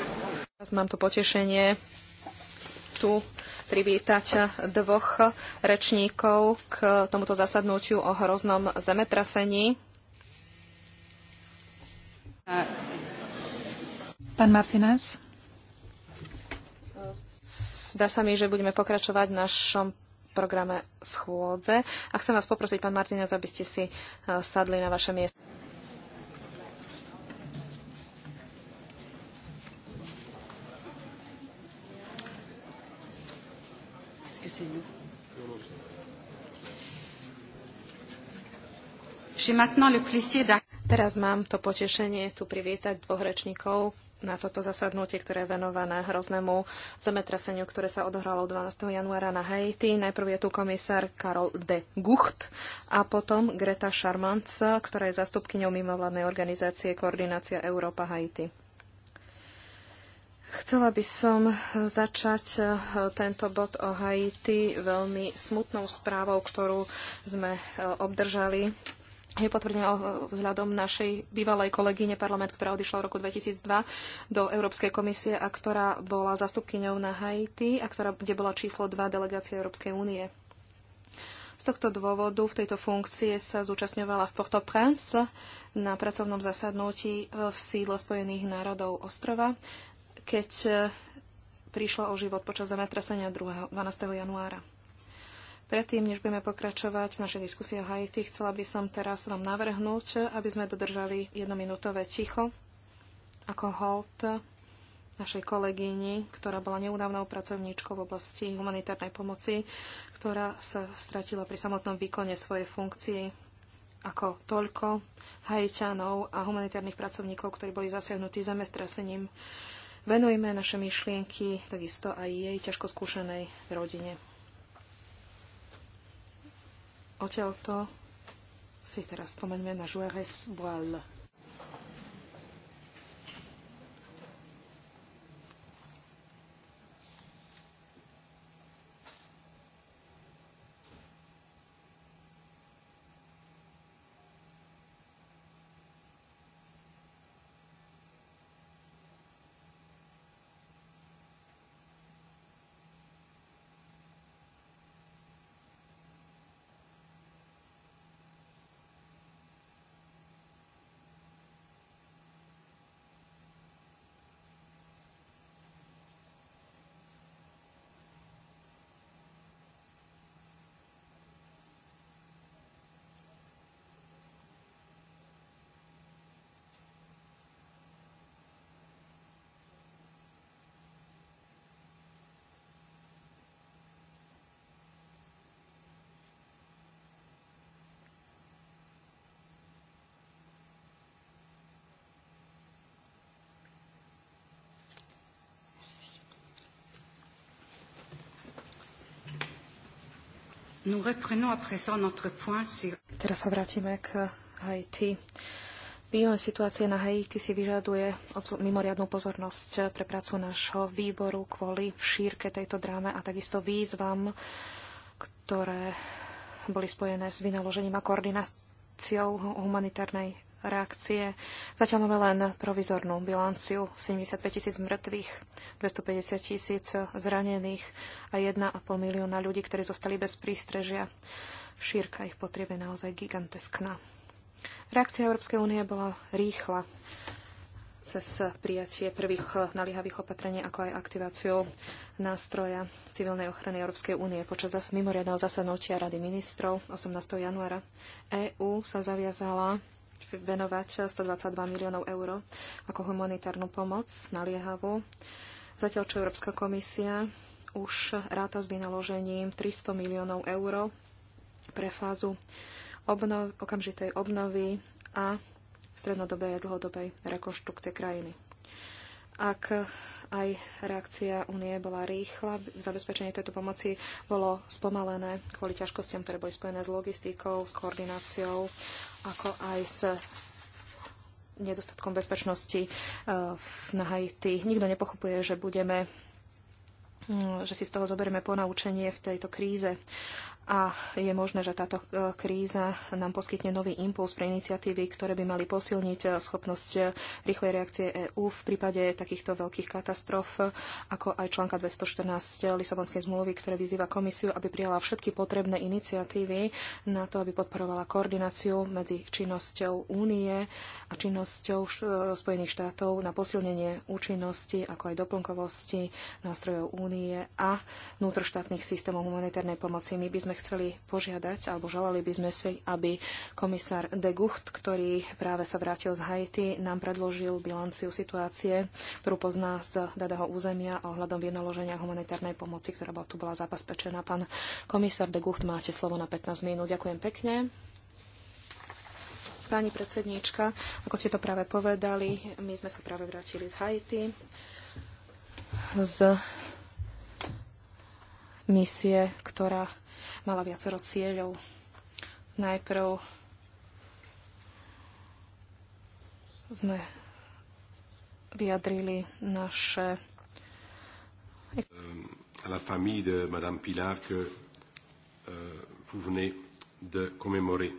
Mám to potešenie tu privítať dvoch rečníkov k tomuto zasadnutiu o hroznom zemetrasení. Pán Martinez. Zdá sa mi, že budeme pokračovať v našom programe schôdze. A chcem vás poprosiť, pán Martinez, aby ste si eh, sadli na vaše miesto. Teraz mám to potešenie tu privítať dvoch rečníkov na toto zasadnutie, ktoré je venované hroznému zemetraseniu, ktoré sa odohralo 12. januára na Haiti. Najprv je tu komisár Karol de Gucht a potom Greta Charmant, ktorá je zastupkyňou mimovládnej organizácie Koordinácia Európa Haiti. Chcela by som začať eh, tento bod o Haiti veľmi smutnou správou, ktorú sme eh, obdržali je potvrdené vzhľadom našej bývalej kolegyne parlament, ktorá odišla v roku 2002 do Európskej komisie a ktorá bola zastupkyňou na Haiti a ktorá, kde bola číslo 2 delegácie Európskej únie. Z tohto dôvodu v tejto funkcie sa zúčastňovala v Port-au-Prince na pracovnom zasadnutí v sídle Spojených národov ostrova, keď prišla o život počas zemetrasenia 2. 12. januára. Predtým, než budeme pokračovať v našej diskusii o Haiti, chcela by som teraz vám navrhnúť, aby sme dodržali jednominútové ticho ako hold našej kolegyni, ktorá bola neúdavnou pracovníčkou v oblasti humanitárnej pomoci, ktorá sa stratila pri samotnom výkone svojej funkcii ako toľko hajťanov a humanitárnych pracovníkov, ktorí boli zasiahnutí zamestrasením. Venujme naše myšlienky takisto aj jej ťažko skúšanej rodine. Odtiaľto si teraz spomeňme na Juarez Boal. Teraz sa vrátime k Haiti. Vývoj situácie na Haiti si vyžaduje mimoriadnú pozornosť pre prácu nášho výboru kvôli šírke tejto dráme a takisto výzvam, ktoré boli spojené s vynaložením a koordináciou humanitárnej reakcie. Zatiaľ máme len provizornú bilanciu 75 tisíc mŕtvych, 250 tisíc zranených a 1,5 milióna ľudí, ktorí zostali bez prístrežia. Šírka ich potrieb je naozaj giganteskná. Reakcia Európskej únie bola rýchla cez prijatie prvých naliehavých opatrení, ako aj aktiváciou nástroja civilnej ochrany Európskej únie počas mimoriadného zasadnutia Rady ministrov 18. januára. EÚ sa zaviazala venovať 122 miliónov eur ako humanitárnu pomoc naliehavú. Zatiaľ, čo Európska komisia už ráta s vynaložením 300 miliónov eur pre fázu obnov, okamžitej obnovy a strednodobej a dlhodobej rekonštrukcie krajiny. Ak aj reakcia únie bola rýchla, zabezpečenie tejto pomoci bolo spomalené kvôli ťažkostiam, ktoré boli spojené s logistikou, s koordináciou ako aj s nedostatkom bezpečnosti eh, na Haiti. Nikto nepochopuje, že budeme mm, že si z toho zoberieme ponaučenie v tejto kríze a je možné, že táto e, kríza nám poskytne nový impuls pre iniciatívy, ktoré by mali posilniť e, schopnosť e, rýchlej reakcie EÚ v prípade takýchto veľkých katastrof, ako aj článka 214 Lisabonskej zmluvy, ktoré vyzýva komisiu, aby prijala všetky potrebné iniciatívy na to, aby podporovala koordináciu medzi činnosťou únie a činnosťou Spojených štátov na posilnenie účinnosti, ako aj doplnkovosti nástrojov únie a vnútroštátnych systémov humanitárnej pomoci. My by sme chceli požiadať, alebo želali by sme si, aby komisár de Gucht, ktorý práve sa vrátil z Haiti, nám predložil bilanciu situácie, ktorú pozná z daného územia ohľadom vynaloženia humanitárnej pomoci, ktorá tu bola zabezpečená. Pán komisár de Gucht, máte slovo na 15 minút. Ďakujem pekne. Pani predsedníčka, ako ste to práve povedali, my sme sa práve vrátili z Haiti z misie, ktorá mala viacero cieľov. Najprv sme vyjadrili naše um, la famille de Madame Pilar que euh, vous venez de commémorer.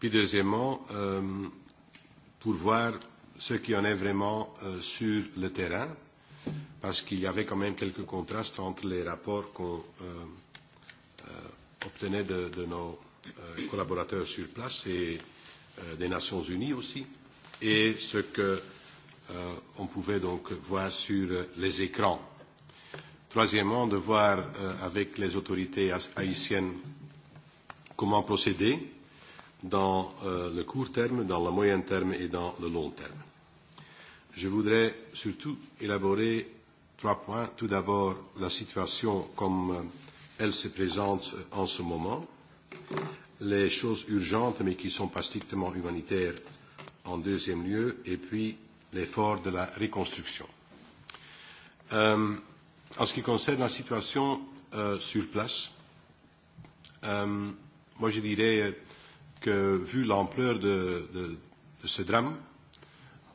Puis deuxièmement, euh, pour voir ce qu'il en est vraiment euh, sur le terrain, parce qu'il y avait quand même quelques contrastes entre les rapports qu'on euh, obtenait de, de nos euh, collaborateurs sur place et euh, des Nations Unies aussi, et ce que euh, on pouvait donc voir sur les écrans. Troisièmement, de voir euh, avec les autorités haïtiennes comment procéder dans euh, le court terme, dans le moyen terme et dans le long terme. Je voudrais surtout élaborer trois points. Tout d'abord, la situation comme elle se présente en ce moment. Les choses urgentes, mais qui ne sont pas strictement humanitaires, en deuxième lieu, et puis l'effort de la reconstruction. Euh, en ce qui concerne la situation euh, sur place, euh, moi je dirais que vu l'ampleur de, de, de ce drame,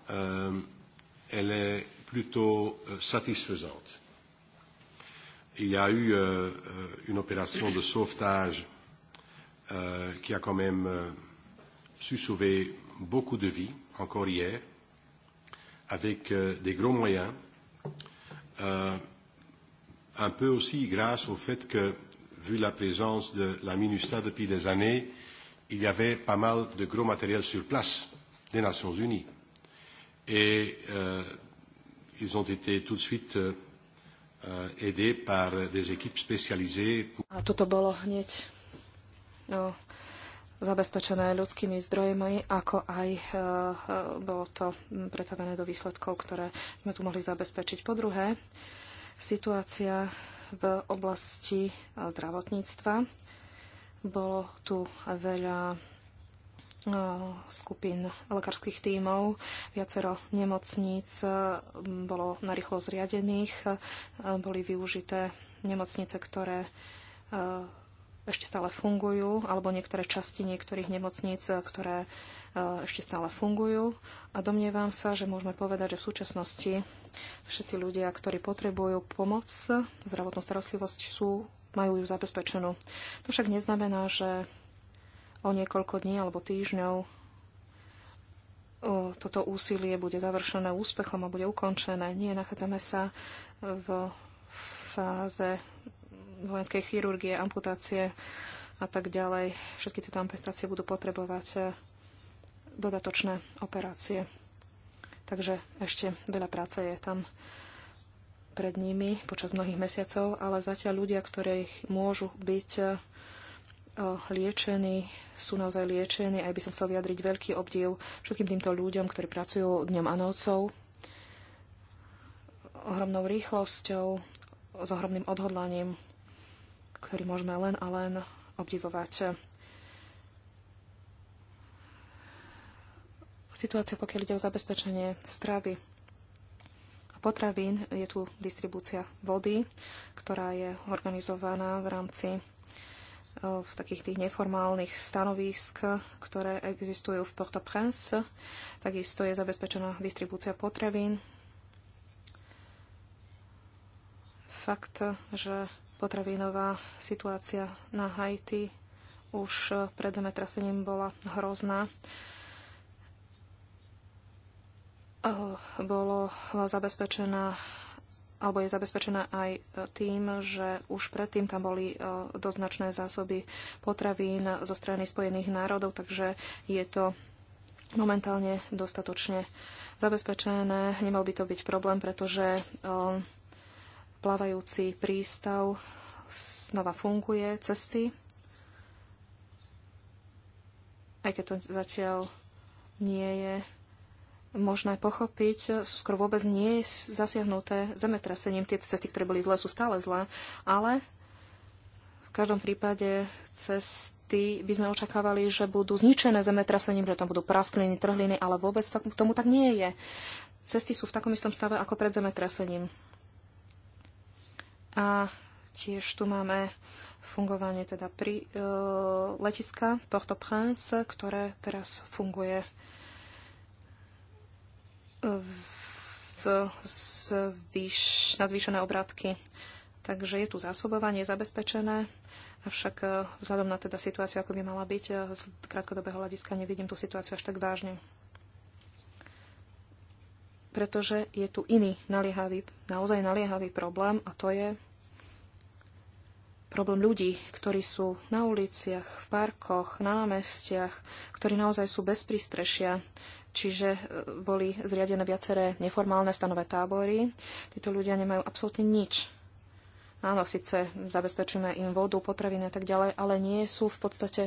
euh, elle est plutôt euh, satisfaisante il y a eu euh, euh, une opération de sauvetage euh, qui a quand même euh, su sauver beaucoup de vies, encore hier, avec euh, des gros moyens, euh, un peu aussi grâce au fait que, vu la présence de la MINUSTA depuis des années, il y avait pas mal de gros matériel sur place des Nations Unies. Et euh, ils ont été tout de suite euh, Euh, par des équipes spécialisées. A toto bolo hneď no, zabezpečené ľudskými zdrojmi, ako aj eh, eh, bolo to pretavené do výsledkov, ktoré sme tu mohli zabezpečiť. Po druhé, situácia v oblasti eh, zdravotníctva. Bolo tu veľa skupín lekárskych tímov. Viacero nemocníc bolo narýchlo zriadených, boli využité nemocnice, ktoré ešte stále fungujú, alebo niektoré časti niektorých nemocníc, ktoré ešte stále fungujú. A domnievam sa, že môžeme povedať, že v súčasnosti všetci ľudia, ktorí potrebujú pomoc, zdravotnú starostlivosť sú, majú ju zabezpečenú. To však neznamená, že o niekoľko dní alebo týždňov toto úsilie bude završené úspechom a bude ukončené. Nie, nachádzame sa v fáze vojenskej chirurgie, amputácie a tak ďalej. Všetky tieto amputácie budú potrebovať e, dodatočné operácie. Takže ešte veľa práce je tam pred nimi počas mnohých mesiacov, ale zatiaľ ľudia, ktorí môžu byť e, liečení, sú naozaj liečení. Aj by som chcel vyjadriť veľký obdiv všetkým týmto ľuďom, ktorí pracujú dňom a nocou ohromnou rýchlosťou, s ohromným odhodlaním, ktorý môžeme len a len obdivovať. Situácia, pokiaľ ide o zabezpečenie stravy a potravín, je tu distribúcia vody, ktorá je organizovaná v rámci v takých tých neformálnych stanovisk, ktoré existujú v Port-au-Prince. Takisto je zabezpečená distribúcia potravín. Fakt, že potravinová situácia na Haiti už pred zemetrasením bola hrozná, eh, bolo zabezpečená alebo je zabezpečená aj e, tým, že už predtým tam boli e, doznačné zásoby potravín zo strany Spojených národov, takže je to momentálne dostatočne zabezpečené. Nemal by to byť problém, pretože e, plávajúci prístav znova funguje, cesty, aj keď to zatiaľ nie je možné pochopiť, e, sú skoro vôbec nie zasiahnuté zemetrasením. Tie cesty, ktoré boli zlé, sú stále zlé, ale v každom prípade cesty by sme očakávali, že budú zničené zemetrasením, že tam budú praskliny, trhliny, ale vôbec tomu tak nie je. Cesty sú v takom istom stave ako pred zemetrasením. A tiež tu máme fungovanie teda pri e, letiska Port-au-Prince, ktoré teraz funguje v zvýš, na zvýšené obrátky. Takže je tu zásobovanie zabezpečené, avšak e, vzhľadom na teda situáciu, ako by mala byť, e, z krátkodobého hľadiska nevidím tú situáciu až tak vážne. Pretože je tu iný naliehavý, naozaj naliehavý problém a to je problém ľudí, ktorí sú na uliciach, v parkoch, na námestiach, ktorí naozaj sú bez prístrešia, Čiže e, boli zriadené viaceré neformálne stanové tábory. Títo ľudia nemajú absolútne nič. Áno, síce zabezpečujeme im vodu, potraviny a tak ďalej, ale nie sú v podstate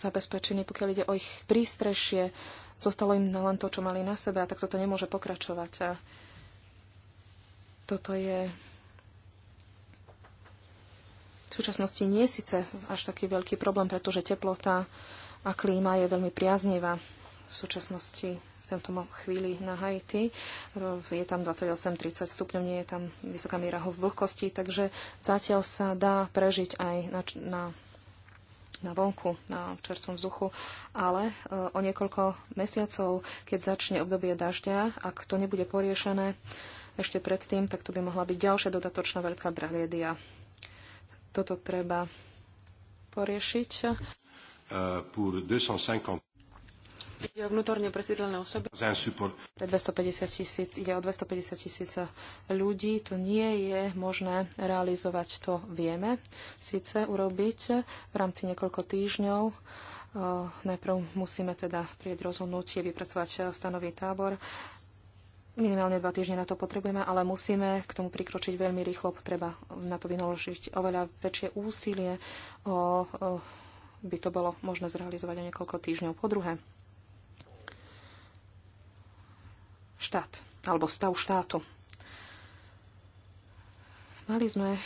zabezpečení, pokiaľ ide o ich prístrešie. Zostalo im len to, čo mali na sebe a tak toto nemôže pokračovať. A toto je v súčasnosti nie je síce až taký veľký problém, pretože teplota a klíma je veľmi priaznivá v súčasnosti v tomto chvíli na Haiti. Je tam 28-30 stupňov, nie je tam vysoká miera vlhkosti, takže zatiaľ sa dá prežiť aj na, na, na vonku, na čerstvom vzduchu, ale eh, o niekoľko mesiacov, keď začne obdobie dažďa, ak to nebude poriešené ešte predtým, tak to by mohla byť ďalšia dodatočná veľká tragédia. Toto treba poriešiť. Euh, pour 250 Ide o vnútorne presídlené osoby. Pre 250 tisíc, ide o 250 tisíc ľudí. To nie je možné realizovať, to vieme. Sice urobiť v rámci niekoľko týždňov eh, Najprv musíme teda prieť rozhodnutie, vypracovať stanový tábor. Minimálne dva týždne na to potrebujeme, ale musíme k tomu prikročiť veľmi rýchlo. Treba na to vynaložiť oveľa väčšie úsilie o, o by to bolo možné zrealizovať o niekoľko týždňov. Po druhé, štát alebo stav štátu. Mali sme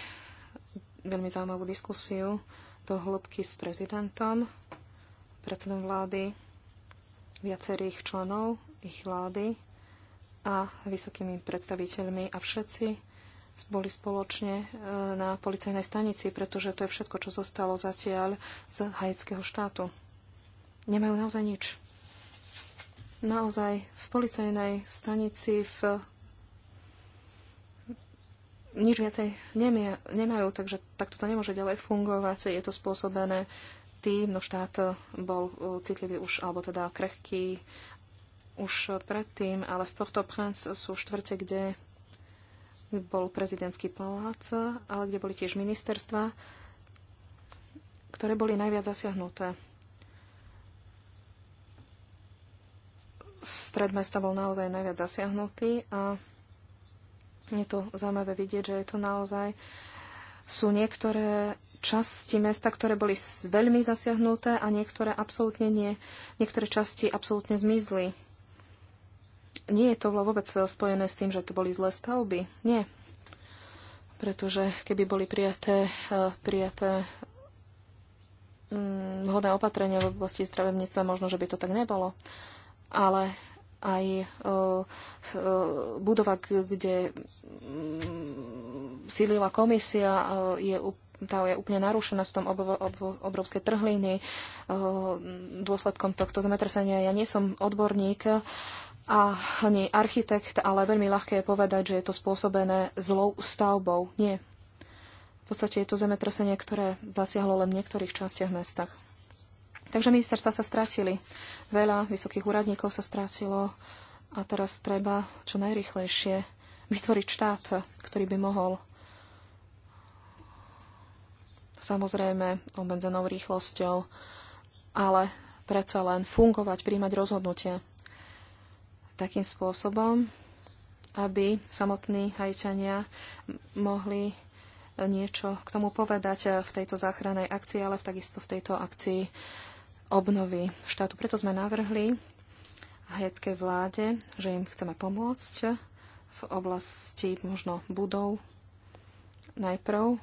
veľmi zaujímavú diskusiu do hĺbky s prezidentom, predsedom vlády, viacerých členov ich vlády a vysokými predstaviteľmi a všetci boli spoločne e, na policajnej stanici, pretože to je všetko, čo zostalo zatiaľ z haitského štátu. Nemajú naozaj nič. Naozaj v policajnej stanici v nič viacej nemia, nemajú, takže takto to nemôže ďalej fungovať. Je to spôsobené tým, no štát bol e, citlivý už, alebo teda krehký už predtým, ale v Port-au-Prince sú štvrte, kde bol prezidentský palác, ale kde boli tiež ministerstva, ktoré boli najviac zasiahnuté. Stred mesta bol naozaj najviac zasiahnutý a je to zaujímavé vidieť, že je to naozaj sú niektoré časti mesta, ktoré boli veľmi zasiahnuté a niektoré absolútne nie. Niektoré časti absolútne zmizli nie je to vôbec spojené s tým, že to boli zlé stavby. Nie. Pretože keby boli prijaté, e, prijaté mm, vhodné opatrenia v oblasti stravebníctva, možno, že by to tak nebolo. Ale aj e, e, budova, kde mm, sídlila komisia, je tá je úplne narušená s tom ob, ob, obrovské trhliny dôsledkom tohto zemetrasenia. Ja nie som odborník a nie architekt, ale veľmi ľahké je povedať, že je to spôsobené zlou stavbou. Nie. V podstate je to zemetrasenie, ktoré zasiahlo len v niektorých častiach mesta. Takže ministerstva sa stratili. Veľa vysokých úradníkov sa stratilo a teraz treba čo najrychlejšie vytvoriť štát, ktorý by mohol samozrejme obmedzenou rýchlosťou, ale predsa len fungovať, príjmať rozhodnutie takým spôsobom, aby samotní hajčania mohli niečo k tomu povedať v tejto záchrannej akcii, ale takisto v tejto akcii obnovy štátu. Preto sme navrhli hajeckej vláde, že im chceme pomôcť v oblasti možno budov najprv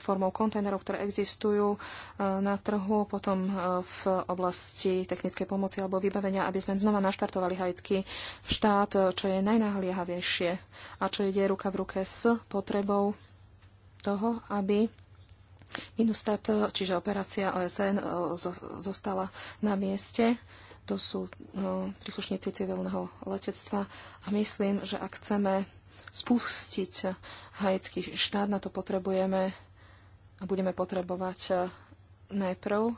formou kontajnerov, ktoré existujú e, na trhu, potom e, v oblasti technickej pomoci alebo vybavenia, aby sme znova naštartovali haitský štát, e, čo je najnáhliehavejšie a čo ide ruka v ruke s potrebou toho, aby Minustat, čiže operácia OSN, zostala na mieste. To sú príslušníci civilného letectva a myslím, že ak chceme spustiť haitský štát, na to potrebujeme budeme potrebovať eh, najprv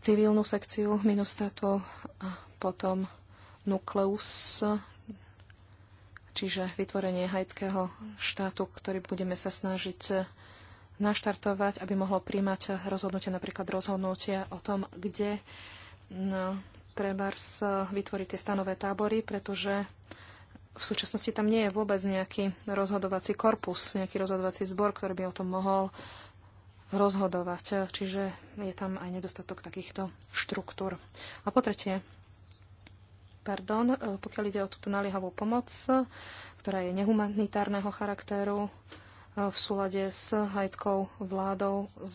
civilnú sekciu Minustatu a potom nukleus, čiže vytvorenie haitského štátu, ktorý budeme sa snažiť eh, naštartovať, aby mohlo príjmať eh, rozhodnutie, napríklad rozhodnutie o tom, kde no, mm, treba vytvoriť tie stanové tábory, pretože v súčasnosti tam nie je vôbec nejaký rozhodovací korpus, nejaký rozhodovací zbor, ktorý by o tom mohol rozhodovať. Čiže je tam aj nedostatok takýchto štruktúr. A po tretie, pardon, e, pokiaľ ide o túto naliehavú pomoc, ktorá je nehumanitárneho charakteru, e, v súlade s hajtkou vládou v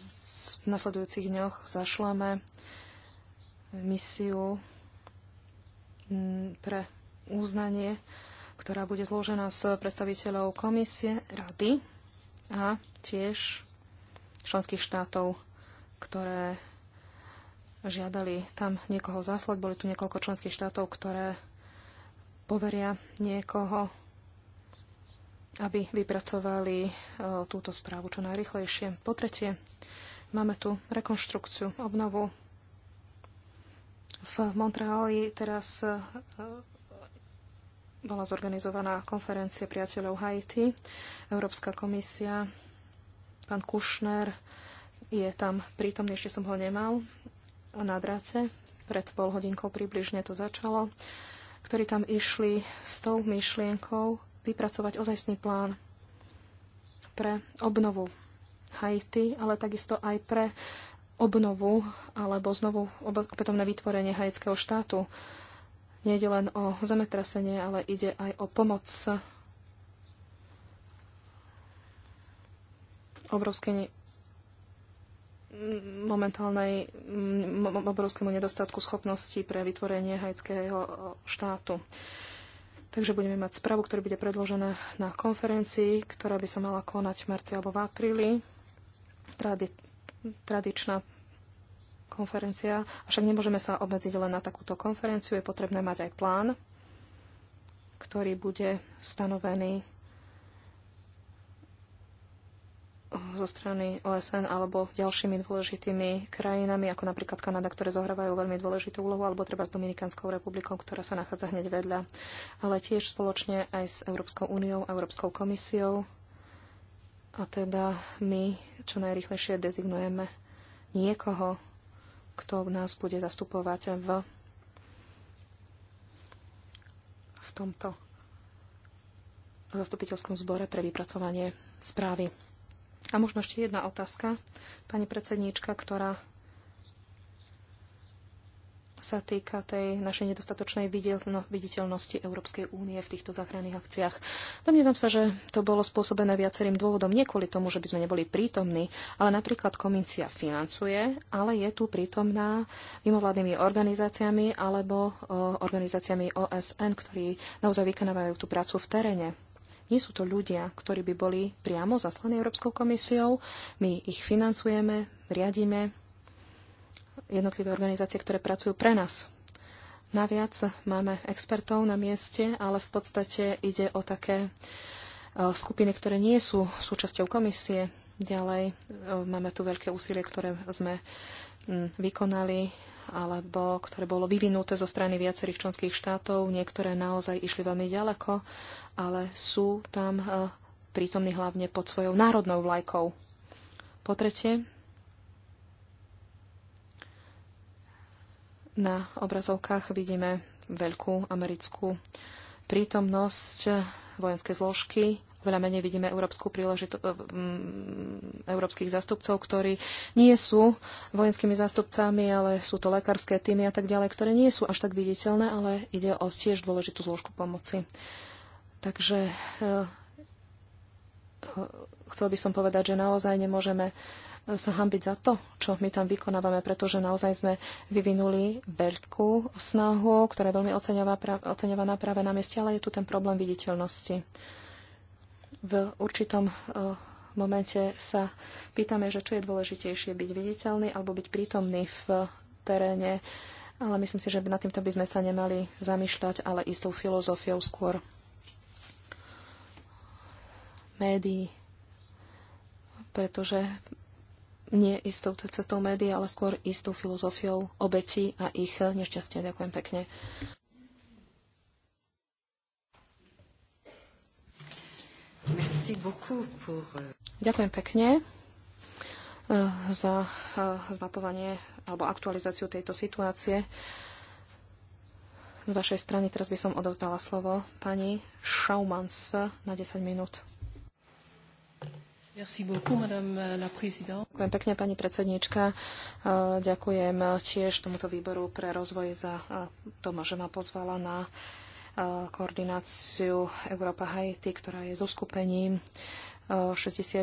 nasledujúcich dňoch zašleme misiu pre uznanie, ktorá bude zložená z predstaviteľov komisie, rady a tiež členských štátov, ktoré žiadali tam niekoho zaslať. Boli tu niekoľko členských štátov, ktoré poveria niekoho, aby vypracovali e, túto správu čo najrychlejšie. Po tretie, máme tu rekonštrukciu, obnovu. V Montreali teraz e, bola zorganizovaná konferencia priateľov Haiti. Európska komisia Pán Kušner je tam prítomný, ešte som ho nemal na dráce. Pred pol hodinkou približne to začalo, ktorí tam išli s tou myšlienkou vypracovať ozajstný plán pre obnovu Haiti, ale takisto aj pre obnovu alebo znovu opätovné vytvorenie haitského štátu. Nejde len o zemetrasenie, ale ide aj o pomoc obrovskej momentálnej obrovskému nedostatku schopností pre vytvorenie haitského štátu. Takže budeme mať správu, ktorá bude predložená na konferencii, ktorá by sa mala konať v marci alebo v apríli. Tradi- tradičná konferencia. Avšak nemôžeme sa obmedziť len na takúto konferenciu. Je potrebné mať aj plán, ktorý bude stanovený zo strany OSN alebo ďalšími dôležitými krajinami, ako napríklad Kanada, ktoré zohrávajú veľmi dôležitú úlohu, alebo treba s Dominikánskou republikou, ktorá sa nachádza hneď vedľa, ale tiež spoločne aj s Európskou úniou, Európskou komisiou. A teda my čo najrychlejšie dezignujeme niekoho, kto nás bude zastupovať v, v tomto zastupiteľskom zbore pre vypracovanie správy. A možno ešte jedna otázka, pani predsedníčka, ktorá sa týka tej našej nedostatočnej viditeľnosti Európskej únie v týchto záchranných akciách. Domnievam sa, že to bolo spôsobené viacerým dôvodom, nie kvôli tomu, že by sme neboli prítomní, ale napríklad komícia financuje, ale je tu prítomná mimovládnymi organizáciami alebo organizáciami OSN, ktorí naozaj vykonávajú tú prácu v teréne. Nie sú to ľudia, ktorí by boli priamo zaslaní Európskou komisiou. My ich financujeme, riadíme jednotlivé organizácie, ktoré pracujú pre nás. Naviac máme expertov na mieste, ale v podstate ide o také e, skupiny, ktoré nie sú súčasťou komisie. Ďalej e, máme tu veľké úsilie, ktoré sme mm, vykonali alebo ktoré bolo vyvinuté zo strany viacerých členských štátov. Niektoré naozaj išli veľmi ďaleko, ale sú tam e, prítomní hlavne pod svojou národnou vlajkou. Po tretie, na obrazovkách vidíme veľkú americkú prítomnosť vojenskej zložky Veľa menej vidíme európsku príležito- eh, mm, európskych zástupcov, ktorí nie sú vojenskými zástupcami, ale sú to lekárske týmy a tak ďalej, ktoré nie sú až tak viditeľné, ale ide o tiež dôležitú zložku pomoci. Takže eh, chcel by som povedať, že naozaj nemôžeme eh, sa hambiť za to, čo my tam vykonávame, pretože naozaj sme vyvinuli veľkú snahu, ktorá je veľmi oceňovaná práve na mieste, ale je tu ten problém viditeľnosti v určitom e, momente sa pýtame, že čo je dôležitejšie, byť viditeľný alebo byť prítomný v teréne. Ale myslím si, že na týmto by sme sa nemali zamýšľať, ale istou filozofiou skôr médií. Pretože nie istou cestou médií, ale skôr istou filozofiou obetí a ich nešťastie. Ďakujem pekne. Euh, ďakujem pekne eh, za eh, zmapovanie alebo aktualizáciu tejto situácie. Z vašej strany teraz by som odovzdala slovo pani Schaumans na 10 minút. Ďakujem pekne, pani predsednička. Eh, ďakujem tiež tomuto výboru pre rozvoj za to, že ma pozvala na Eh, koordináciu Európa Haiti, ktorá je zoskupením eh, 60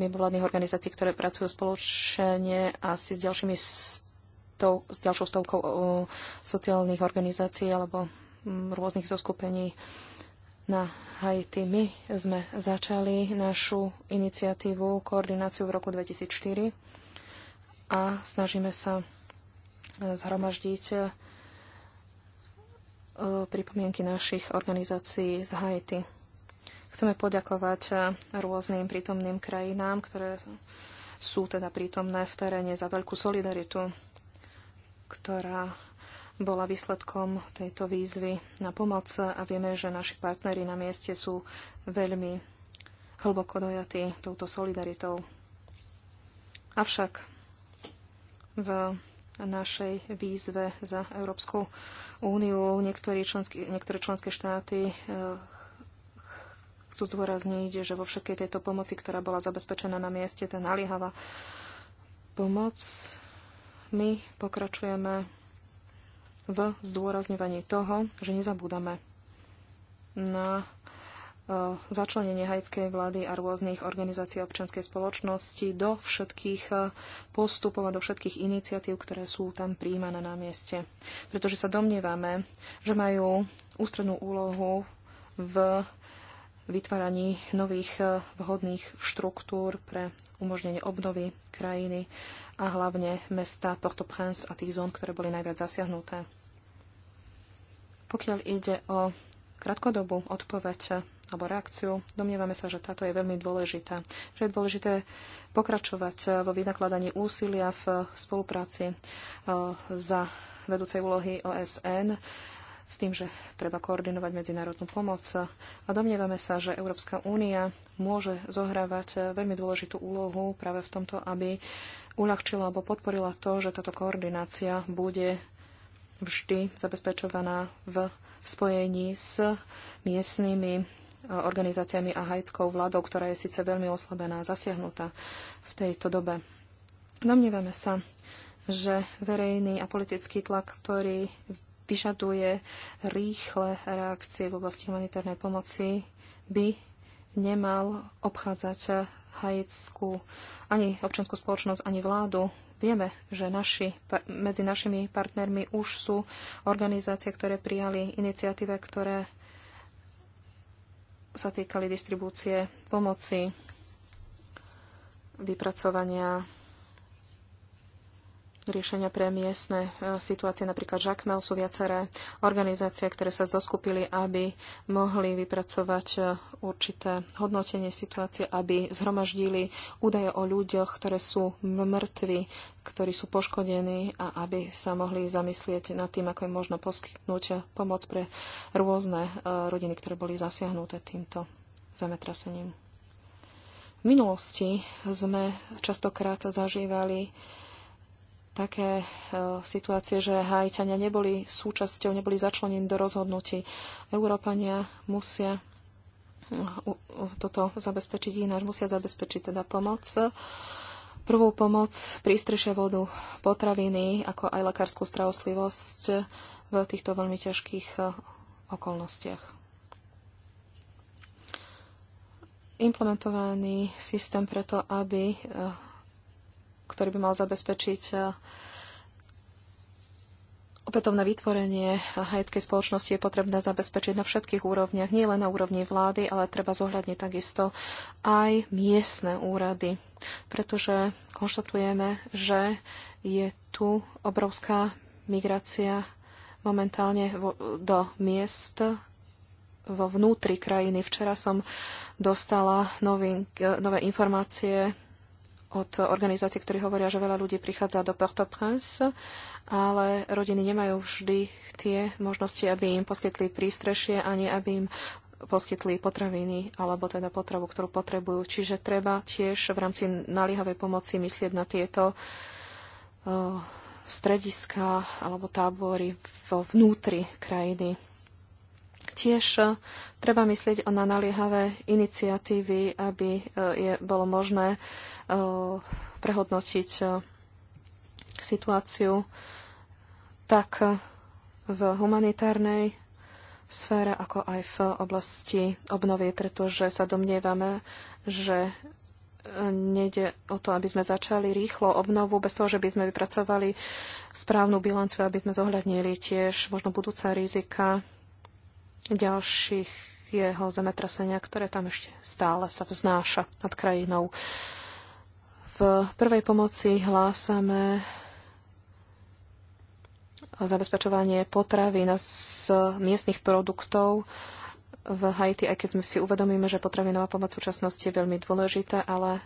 mimovládnych organizácií, ktoré pracujú spoločne asi s, ďalšími stov, s ďalšou stovkou eh, sociálnych organizácií alebo mm, rôznych zoskupení na Haiti. My sme začali našu iniciatívu koordináciu v roku 2004 a snažíme sa zhromaždiť E, pripomienky našich organizácií z Haiti. Chceme poďakovať e, rôznym prítomným krajinám, ktoré sú teda prítomné v teréne za veľkú solidaritu, ktorá bola výsledkom tejto výzvy na pomoc a vieme, že naši partnery na mieste sú veľmi hlboko dojatí touto solidaritou. Avšak v našej výzve za Európsku úniu. Niektoré členské, niektoré členské štáty eh, chcú zdôrazniť, že vo všetkej tejto pomoci, ktorá bola zabezpečená na mieste, tá naliehavá pomoc, my pokračujeme v zdôrazňovaní toho, že nezabúdame na E, začlenenie haitskej vlády a rôznych organizácií občianskej spoločnosti do všetkých e, postupov a do všetkých iniciatív, ktoré sú tam príjmané na mieste. Pretože sa domnievame, že majú ústrednú úlohu v vytváraní nových e, vhodných štruktúr pre umožnenie obnovy krajiny a hlavne mesta Port-au-Prince a tých zón, ktoré boli najviac zasiahnuté. Pokiaľ ide o krátkodobú odpoveď alebo reakciu. Domnievame sa, že táto je veľmi dôležitá. Že je dôležité pokračovať vo vynakladaní úsilia v spolupráci e, za vedúcej úlohy OSN s tým, že treba koordinovať medzinárodnú pomoc. A domnievame sa, že Európska únia môže zohrávať veľmi dôležitú úlohu práve v tomto, aby uľahčila alebo podporila to, že táto koordinácia bude vždy zabezpečovaná v spojení s miestnymi organizáciami a haitskou vládou, ktorá je síce veľmi oslabená a zasiahnutá v tejto dobe. Domnívame sa, že verejný a politický tlak, ktorý vyžaduje rýchle reakcie v oblasti humanitárnej pomoci, by nemal obchádzať haitskú ani občanskú spoločnosť, ani vládu. Vieme, že naši, medzi našimi partnermi už sú organizácie, ktoré prijali iniciatíve, ktoré sa týkali distribúcie pomoci, vypracovania riešenia pre miestne e, situácie, napríklad Žakmel, sú viaceré organizácie, ktoré sa zoskupili, aby mohli vypracovať e, určité hodnotenie situácie, aby zhromaždili údaje o ľuďoch, ktoré sú mŕtvi, ktorí sú poškodení a aby sa mohli zamyslieť nad tým, ako im možno poskytnúť pomoc pre rôzne e, rodiny, ktoré boli zasiahnuté týmto zametrasením. V minulosti sme častokrát zažívali také e, situácie, že Haitania neboli súčasťou, neboli začlenení do rozhodnutí. Európania musia e, toto zabezpečiť ináč, musia zabezpečiť teda pomoc prvú pomoc, prístrešia vodu, potraviny, ako aj lekárskú starostlivosť v týchto veľmi ťažkých e, okolnostiach. Implementovaný systém preto, aby ktorý by mal zabezpečiť e, Opätovné vytvorenie hajeckej spoločnosti je potrebné zabezpečiť na všetkých úrovniach, nielen na úrovni vlády, ale treba zohľadniť takisto aj miestne úrady, pretože konštatujeme, že je tu obrovská migrácia momentálne do miest vo vnútri krajiny. Včera som dostala novink, e, nové informácie od organizácií, ktorí hovoria, že veľa ľudí prichádza do Port-au-Prince, ale rodiny nemajú vždy tie možnosti, aby im poskytli prístrešie, ani aby im poskytli potraviny alebo teda potravu, ktorú potrebujú. Čiže treba tiež v rámci naliehavej pomoci myslieť na tieto uh, strediska alebo tábory vo vnútri krajiny. Tiež e, treba myslieť na naliehavé iniciatívy, aby e, je bolo možné e, prehodnotiť situáciu tak v humanitárnej sfére, ako aj v oblasti obnovy, pretože sa domnievame, že nejde o to, aby sme začali rýchlo obnovu, bez toho, že by sme vypracovali správnu bilanciu, aby sme zohľadnili tiež možno budúce rizika ďalších jeho zemetrasenia, ktoré tam ešte stále sa vznáša nad krajinou. V prvej pomoci hlásame zabezpečovanie potravy z miestnych produktov v Haiti, aj keď sme si uvedomíme, že potravinová pomoc v súčasnosti je veľmi dôležitá, ale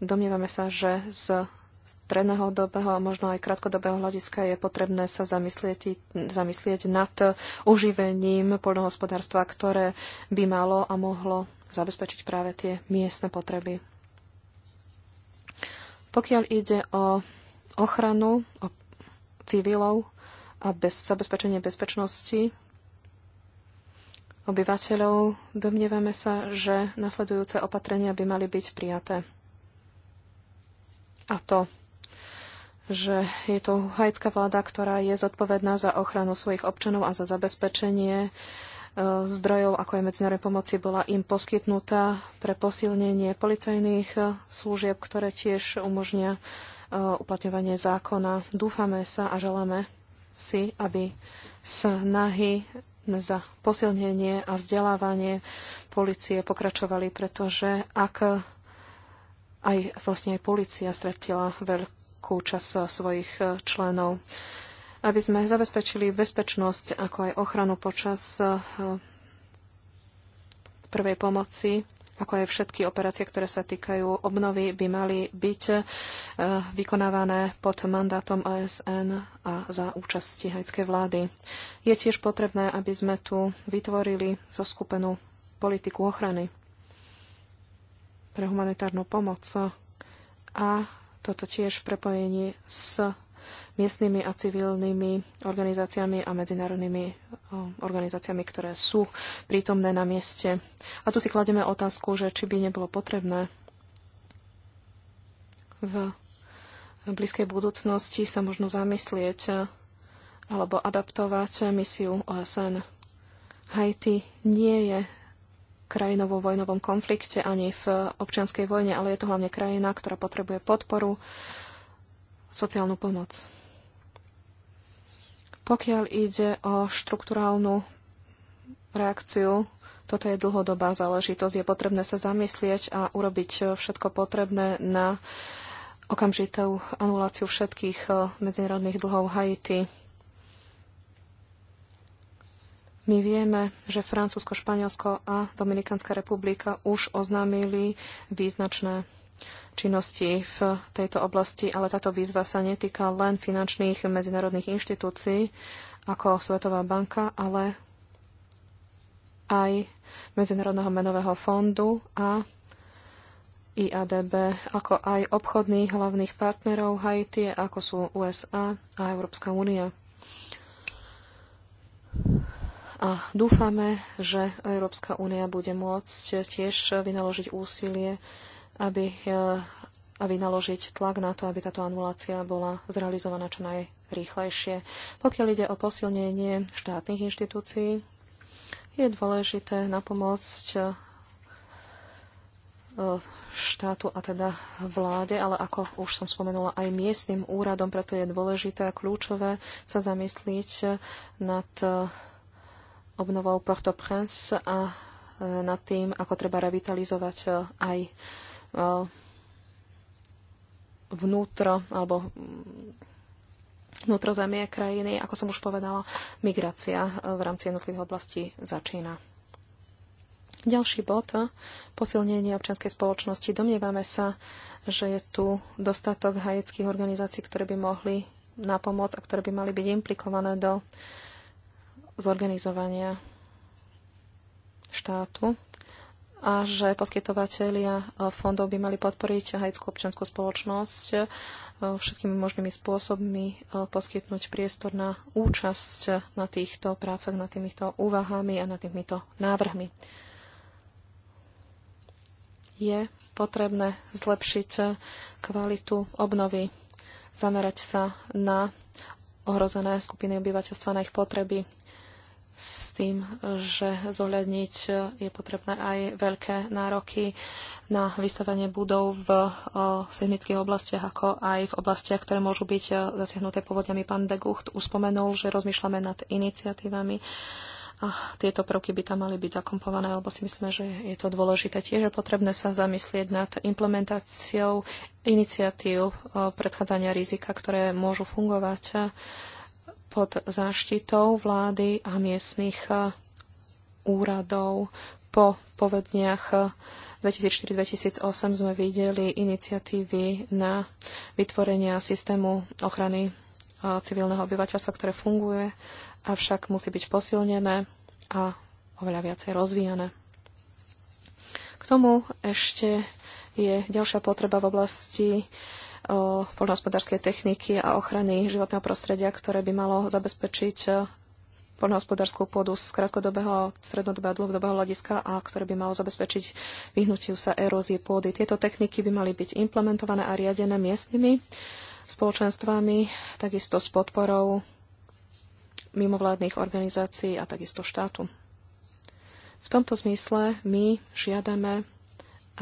domnievame sa, že z stredného dobého a možno aj krátkodobého hľadiska je potrebné sa zamyslieť, zamyslieť nad uživením poľnohospodárstva, ktoré by malo a mohlo zabezpečiť práve tie miestne potreby. Pokiaľ ide o ochranu o civilov a bez, zabezpečenie bezpečnosti obyvateľov, domnievame sa, že nasledujúce opatrenia by mali byť prijaté a to, že je to haitská vláda, ktorá je zodpovedná za ochranu svojich občanov a za zabezpečenie e, zdrojov, ako je medzinárodnej pomoci, bola im poskytnutá pre posilnenie policajných e, služieb, ktoré tiež umožnia e, uplatňovanie zákona. Dúfame sa a želáme si, aby snahy za posilnenie a vzdelávanie policie pokračovali, pretože ak aj vlastne aj policia stratila veľkú časť svojich e, členov. Aby sme zabezpečili bezpečnosť ako aj ochranu počas e, prvej pomoci, ako aj všetky operácie, ktoré sa týkajú obnovy, by mali byť e, vykonávané pod mandátom ASN a za účasti hajckej vlády. Je tiež potrebné, aby sme tu vytvorili zo skupenú politiku ochrany pre humanitárnu pomoc a toto tiež prepojenie s miestnymi a civilnými organizáciami a medzinárodnými organizáciami, ktoré sú prítomné na mieste. A tu si klademe otázku, že či by nebolo potrebné v blízkej budúcnosti sa možno zamyslieť alebo adaptovať misiu OSN. Haiti nie je krajinou vo vojnovom konflikte ani v občianskej vojne, ale je to hlavne krajina, ktorá potrebuje podporu, sociálnu pomoc. Pokiaľ ide o štruktúrálnu reakciu, toto je dlhodobá záležitosť. Je potrebné sa zamyslieť a urobiť všetko potrebné na okamžitú anuláciu všetkých eh, medzinárodných dlhov Haiti my vieme, že Francúzsko, Španielsko a Dominikánska republika už oznámili význačné činnosti v tejto oblasti, ale táto výzva sa netýka len finančných medzinárodných inštitúcií ako Svetová banka, ale aj Medzinárodného menového fondu a IADB, ako aj obchodných hlavných partnerov Haiti, ako sú USA a Európska únia. A dúfame, že Európska únia bude môcť tiež vynaložiť úsilie, aby e, a vynaložiť tlak na to, aby táto anulácia bola zrealizovaná čo najrýchlejšie. Pokiaľ ide o posilnenie štátnych inštitúcií, je dôležité napomôcť e, štátu a teda vláde, ale ako už som spomenula, aj miestnym úradom, preto je dôležité a kľúčové sa zamyslieť nad e, obnovou Port-au-Prince a e, nad tým, ako treba revitalizovať e, aj e, vnútro alebo mm, zemie krajiny, ako som už povedala, migrácia v rámci jednotlivých oblastí začína. Ďalší bod, posilnenie občianskej spoločnosti. Domnievame sa, že je tu dostatok hajeckých organizácií, ktoré by mohli na pomoc a ktoré by mali byť implikované do uh, zorganizovania štátu a že poskytovateľia eh, fondov by mali podporiť haitskú občianskú spoločnosť eh, všetkými možnými spôsobmi eh, poskytnúť priestor na účasť na týchto prácach, na týmito úvahami a na týmito návrhmi. Je potrebné zlepšiť kvalitu obnovy, zamerať sa na ohrozené skupiny obyvateľstva, na ich potreby s tým, že zohľadniť e, je potrebné aj veľké nároky na vystavanie budov v e, sejmických oblastiach, ako aj v oblastiach, ktoré môžu byť e, zasiahnuté povodňami. Pán de Gucht už spomenul, že rozmýšľame nad iniciatívami a tieto prvky by tam mali byť zakompované, lebo si myslíme, že je to dôležité. Tiež je potrebné sa zamyslieť nad implementáciou iniciatív predchádzania rizika, ktoré môžu fungovať pod záštitou vlády a miestnych e, úradov. Po povedniach 2004-2008 e, sme videli iniciatívy na vytvorenia systému ochrany e, civilného obyvateľstva, ktoré funguje, avšak musí byť posilnené a oveľa viacej rozvíjane. K tomu ešte je ďalšia potreba v oblasti poľnohospodárskej techniky a ochrany životného prostredia, ktoré by malo zabezpečiť e, poľnohospodárskú pôdu z krátkodobého, strednodobého a dlhodobého hľadiska a ktoré by malo zabezpečiť vyhnutiu sa erózie pôdy. Tieto techniky by mali byť implementované a riadené miestnymi spoločenstvami, takisto s podporou mimovládnych organizácií a takisto štátu. V tomto zmysle my žiadame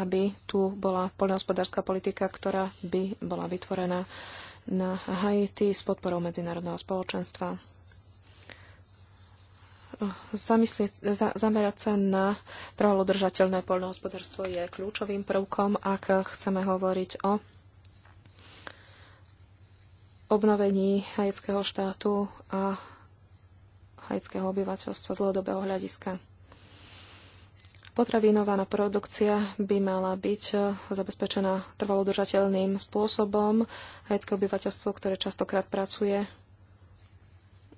aby tu bola poľnohospodárska politika, ktorá by bola vytvorená na Haiti s podporou medzinárodného spoločenstva. Zamyslie, za, zamerať sa na trvalodržateľné poľnohospodárstvo je kľúčovým prvkom, ak chceme hovoriť o obnovení haitského štátu a haitského obyvateľstva z dlhodobého hľadiska. Potravinová produkcia by mala byť eh, zabezpečená trvalodržateľným spôsobom. Haitské obyvateľstvo, ktoré častokrát pracuje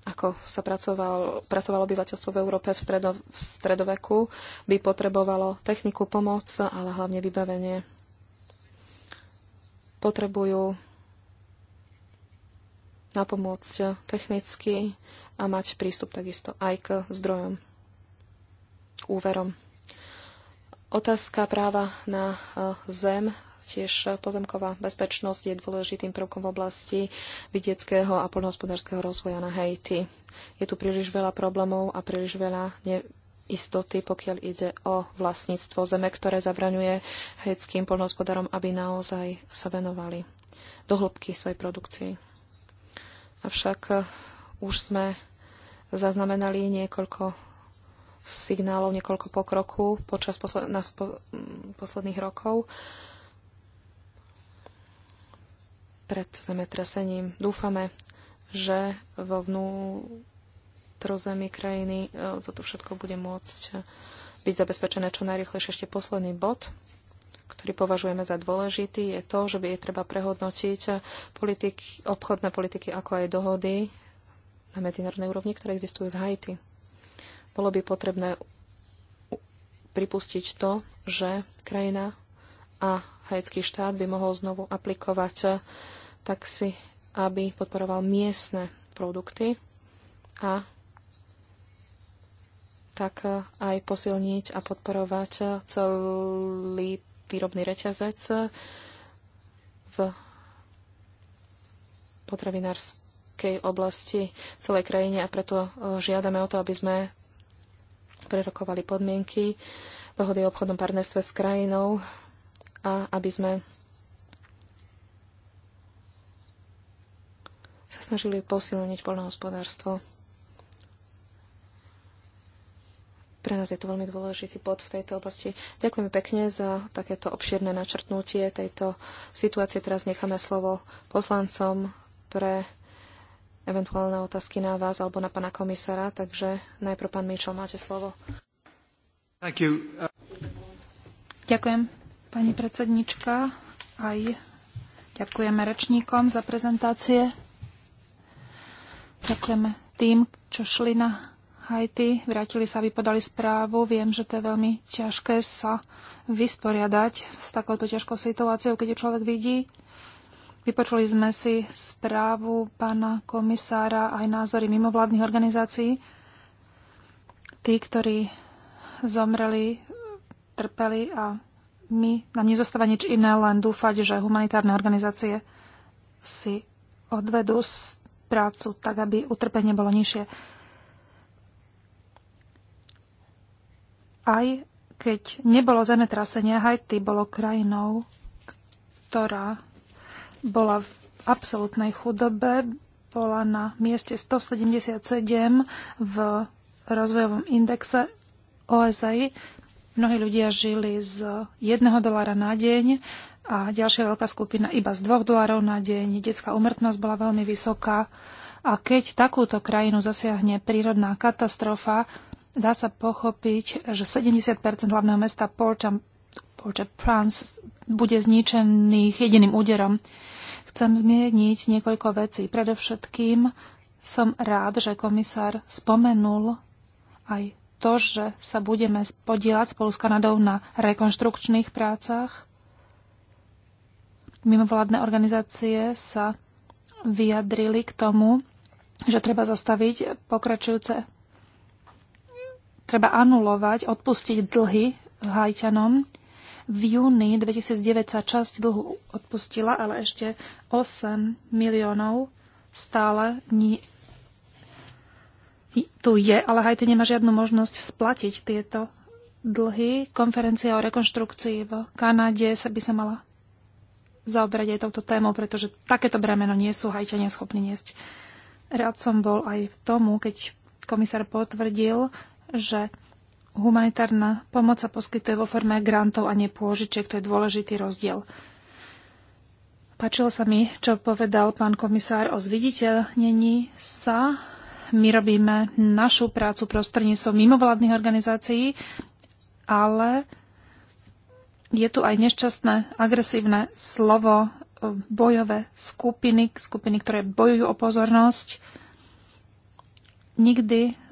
ako sa pracoval, pracovalo obyvateľstvo v Európe v, stredo, v stredoveku, by potrebovalo techniku, pomoc, ale hlavne vybavenie. Potrebujú napomôcť technicky a mať prístup takisto aj k zdrojom, úverom. Otázka práva na eh, zem, tiež eh, pozemková bezpečnosť je dôležitým prvkom v oblasti vidieckého a poľnohospodárskeho rozvoja na Haiti. Je tu príliš veľa problémov a príliš veľa istoty, pokiaľ ide o vlastníctvo zeme, ktoré zabraňuje hejtským poľnohospodárom, aby naozaj sa venovali do hĺbky svojej produkcii. Avšak eh, už sme zaznamenali niekoľko signálov, niekoľko pokroku počas po, mm, posledných rokov pred zemetrasením. Dúfame, že vo vnútrozemí krajiny e, toto všetko bude môcť byť zabezpečené čo najrychlejšie. Ešte posledný bod, ktorý považujeme za dôležitý, je to, že by je treba prehodnotiť obchodné politiky, ako aj dohody na medzinárodnej úrovni, ktoré existujú z Haiti bolo by potrebné pripustiť to, že krajina a haitský štát by mohol znovu aplikovať si, aby podporoval miestne produkty a tak aj posilniť a podporovať celý výrobný reťazec v potravinárskej oblasti celej krajine a preto eh, žiadame o to, aby sme prerokovali podmienky dohody o obchodnom partnerstve s krajinou a aby sme sa snažili posilniť poľnohospodárstvo. Pre nás je to veľmi dôležitý bod v tejto oblasti. Ďakujem pekne za takéto obširné načrtnutie tejto situácie. Teraz necháme slovo poslancom pre eventuálne otázky na vás alebo na pana komisára. Takže najprv pán Mitchell, máte slovo. Ďakujem, pani predsednička. Aj ďakujeme rečníkom za prezentácie. Ďakujeme tým, čo šli na Haiti, vrátili sa, vypodali správu. Viem, že to je veľmi ťažké sa vysporiadať s takouto ťažkou situáciou, keď človek vidí Vypočuli sme si správu pána komisára aj názory mimovládnych organizácií. Tí, ktorí zomreli, trpeli a my, nám nezostáva nič iné, len dúfať, že humanitárne organizácie si odvedú prácu tak, aby utrpenie bolo nižšie. Aj keď nebolo zemetrasenie, Haiti bolo krajinou, ktorá bola v absolútnej chudobe, bola na mieste 177 v rozvojovom indexe OSI. Mnohí ľudia žili z 1 dolára na deň a ďalšia veľká skupina iba z 2 dolárov na deň. Detská umrtnosť bola veľmi vysoká. A keď takúto krajinu zasiahne prírodná katastrofa, dá sa pochopiť, že 70 hlavného mesta Port-au-Prince bude zničených jediným úderom. Chcem zmieniť niekoľko vecí. Predovšetkým som rád, že komisár spomenul aj to, že sa budeme podielať spolu s Kanadou na rekonštrukčných prácach. Mimovládne organizácie sa vyjadrili k tomu, že treba zastaviť pokračujúce, treba anulovať, odpustiť dlhy Haitianom v júni 2009 sa časť dlhu odpustila, ale ešte 8 miliónov stále ni- tu je, ale Haiti nemá žiadnu možnosť splatiť tieto dlhy. Konferencia o rekonštrukcii v Kanade sa by sa mala zaoberať aj touto témou, pretože takéto bremeno nie sú Haitania schopní niesť. Rád som bol aj v tomu, keď komisár potvrdil, že humanitárna pomoc sa poskytuje vo forme grantov a nepôžičiek. To je dôležitý rozdiel. Pačilo sa mi, čo povedal pán komisár o zviditeľnení sa. My robíme našu prácu prostredníctvom mimovládnych organizácií, ale je tu aj nešťastné, agresívne slovo, e, bojové skupiny, skupiny, ktoré bojujú o pozornosť. Nikdy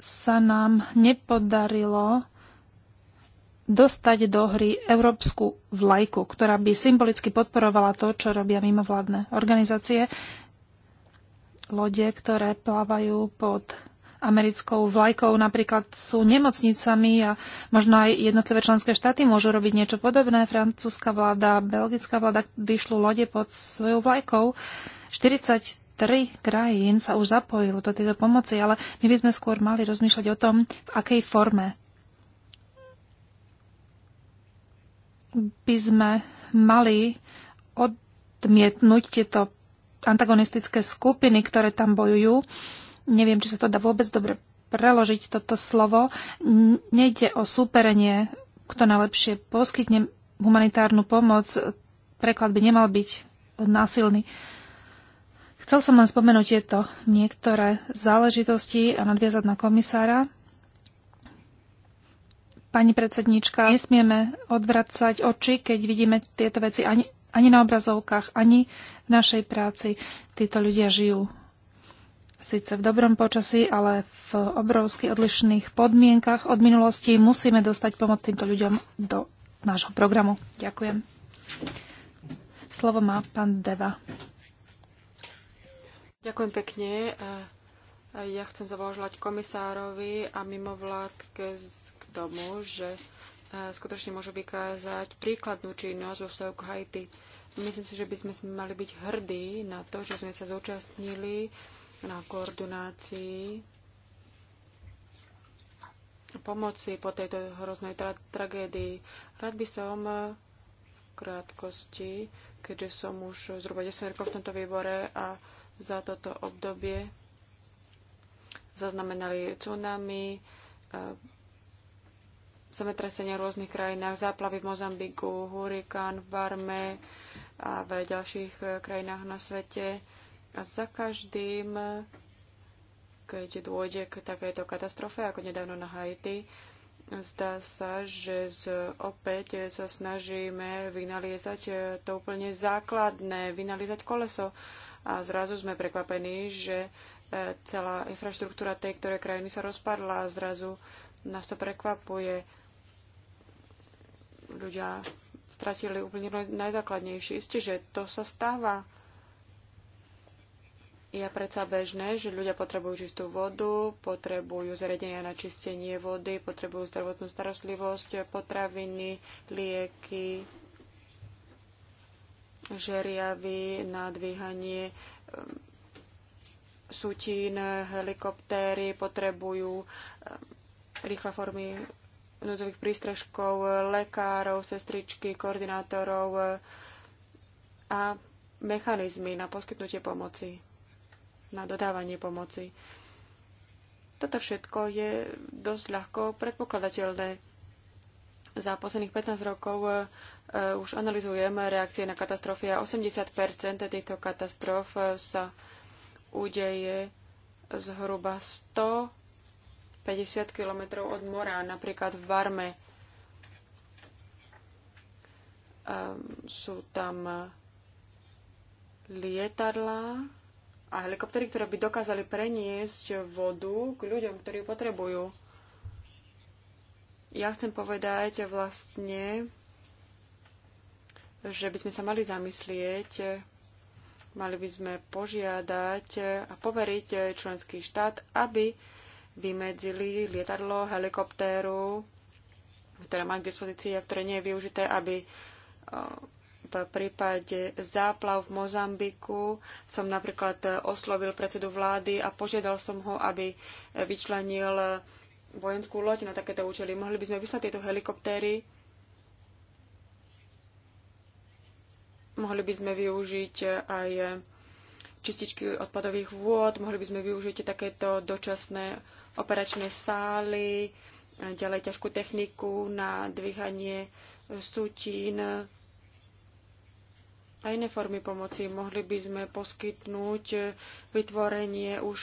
sa nám nepodarilo dostať do hry európsku vlajku, ktorá by symbolicky podporovala to, čo robia mimovládne organizácie. Lode, ktoré plávajú pod americkou vlajkou, napríklad sú nemocnicami a možno aj jednotlivé členské štáty môžu robiť niečo podobné. Francúzska vláda, belgická vláda vyšľú lode pod svojou vlajkou. 40 tri krajín sa už zapojilo do tejto pomoci, ale my by sme skôr mali rozmýšľať o tom, v akej forme by sme mali odmietnúť tieto antagonistické skupiny, ktoré tam bojujú. Neviem, či sa to dá vôbec dobre preložiť toto slovo. Nejde o súperenie, kto najlepšie poskytne humanitárnu pomoc. Preklad by nemal byť násilný. Uh, Chcel som len spomenúť tieto niektoré záležitosti a nadviazať na komisára. Pani predsednička, nesmieme odvracať oči, keď vidíme tieto veci ani, ani na obrazovkách, ani v našej práci. Títo ľudia žijú síce v dobrom počasí, ale v obrovsky odlišných podmienkach od minulosti. Musíme dostať pomoc týmto ľuďom do nášho programu. Ďakujem. Slovo má pán Deva. Ďakujem pekne. Ja chcem zavolať komisárovi a mimovládke k tomu, že skutočne môžu vykázať príkladnú činnosť vo vzťahu k Haiti. Myslím si, že by sme mali byť hrdí na to, že sme sa zúčastnili na koordinácii pomoci po tejto hroznej tra- tragédii. Rád by som v krátkosti, keďže som už zhruba 10 rokov v tomto výbore a za toto obdobie. Zaznamenali tsunami, e, zemetrasenia v rôznych krajinách, záplavy v Mozambiku, hurikán v Barme a v ďalších e, krajinách na svete. A za každým, keď dôjde k takejto katastrofe, ako nedávno na Haiti, Zdá sa, že z, opäť sa snažíme vynaliezať e, to úplne základné, vynaliezať koleso a zrazu sme prekvapení, že e, celá infraštruktúra tej, ktoré krajiny sa rozpadla a zrazu nás to prekvapuje. Ľudia stratili úplne najzákladnejšie. Isté, že to sa stáva. Je predsa bežné, že ľudia potrebujú čistú vodu, potrebujú zariadenia na čistenie vody, potrebujú zdravotnú starostlivosť, potraviny, lieky, žeriavy na dvíhanie sutín, helikoptéry potrebujú rýchle formy núdzových prístrežkov, lekárov, sestričky, koordinátorov a mechanizmy na poskytnutie pomoci, na dodávanie pomoci. Toto všetko je dosť ľahko predpokladateľné. Za posledných 15 rokov e, e, už analizujem reakcie na katastrofy a 80 týchto katastrof e, sa udeje zhruba 150 kilometrov od mora, napríklad v Barme. Ehm, sú tam lietadlá a helikoptery, ktoré by dokázali preniesť vodu k ľuďom, ktorí potrebujú. Ja chcem povedať vlastne, že by sme sa mali zamyslieť, mali by sme požiadať a poveriť členský štát, aby vymedzili lietadlo, helikoptéru, ktoré má k dispozícii a ktoré nie je využité, aby eh, v prípade záplav v Mozambiku som napríklad oslovil predsedu vlády a požiadal som ho, aby vyčlenil vojenskú loď na takéto účely. Mohli by sme vyslať tieto helikoptéry, mohli by sme využiť aj čističky odpadových vôd, mohli by sme využiť takéto dočasné operačné sály, ďalej ťažkú techniku na dvíhanie sutín a iné formy pomoci. Mohli by sme poskytnúť vytvorenie už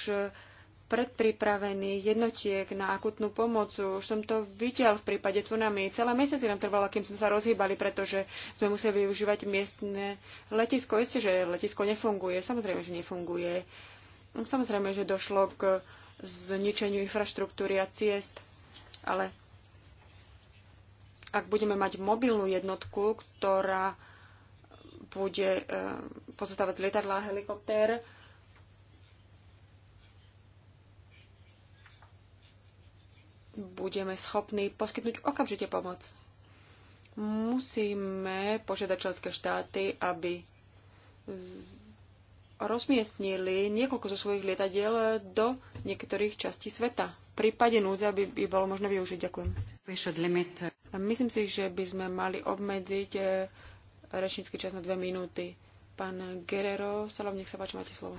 predpripravených jednotiek na akutnú pomoc. Už som to videl v prípade tsunami. Celé mesiace nám trvalo, kým sme sa rozhýbali, pretože sme museli využívať miestne letisko. Isté, že letisko nefunguje. Samozrejme, že nefunguje. Samozrejme, že došlo k zničeniu infraštruktúry a ciest. Ale ak budeme mať mobilnú jednotku, ktorá bude eh, pozostávať lietadla a helikoptér, budeme schopní poskytnúť okamžite pomoc. Musíme požiadať členské štáty, aby rozmiestnili niekoľko zo svojich lietadiel do niektorých častí sveta. V prípade núdze, by, by bolo možné využiť. Ďakujem. myslím si, že by sme mali obmedziť e, rečnícky čas na dve minúty. Pán Guerrero, Salom, nech sa páči, máte slovo.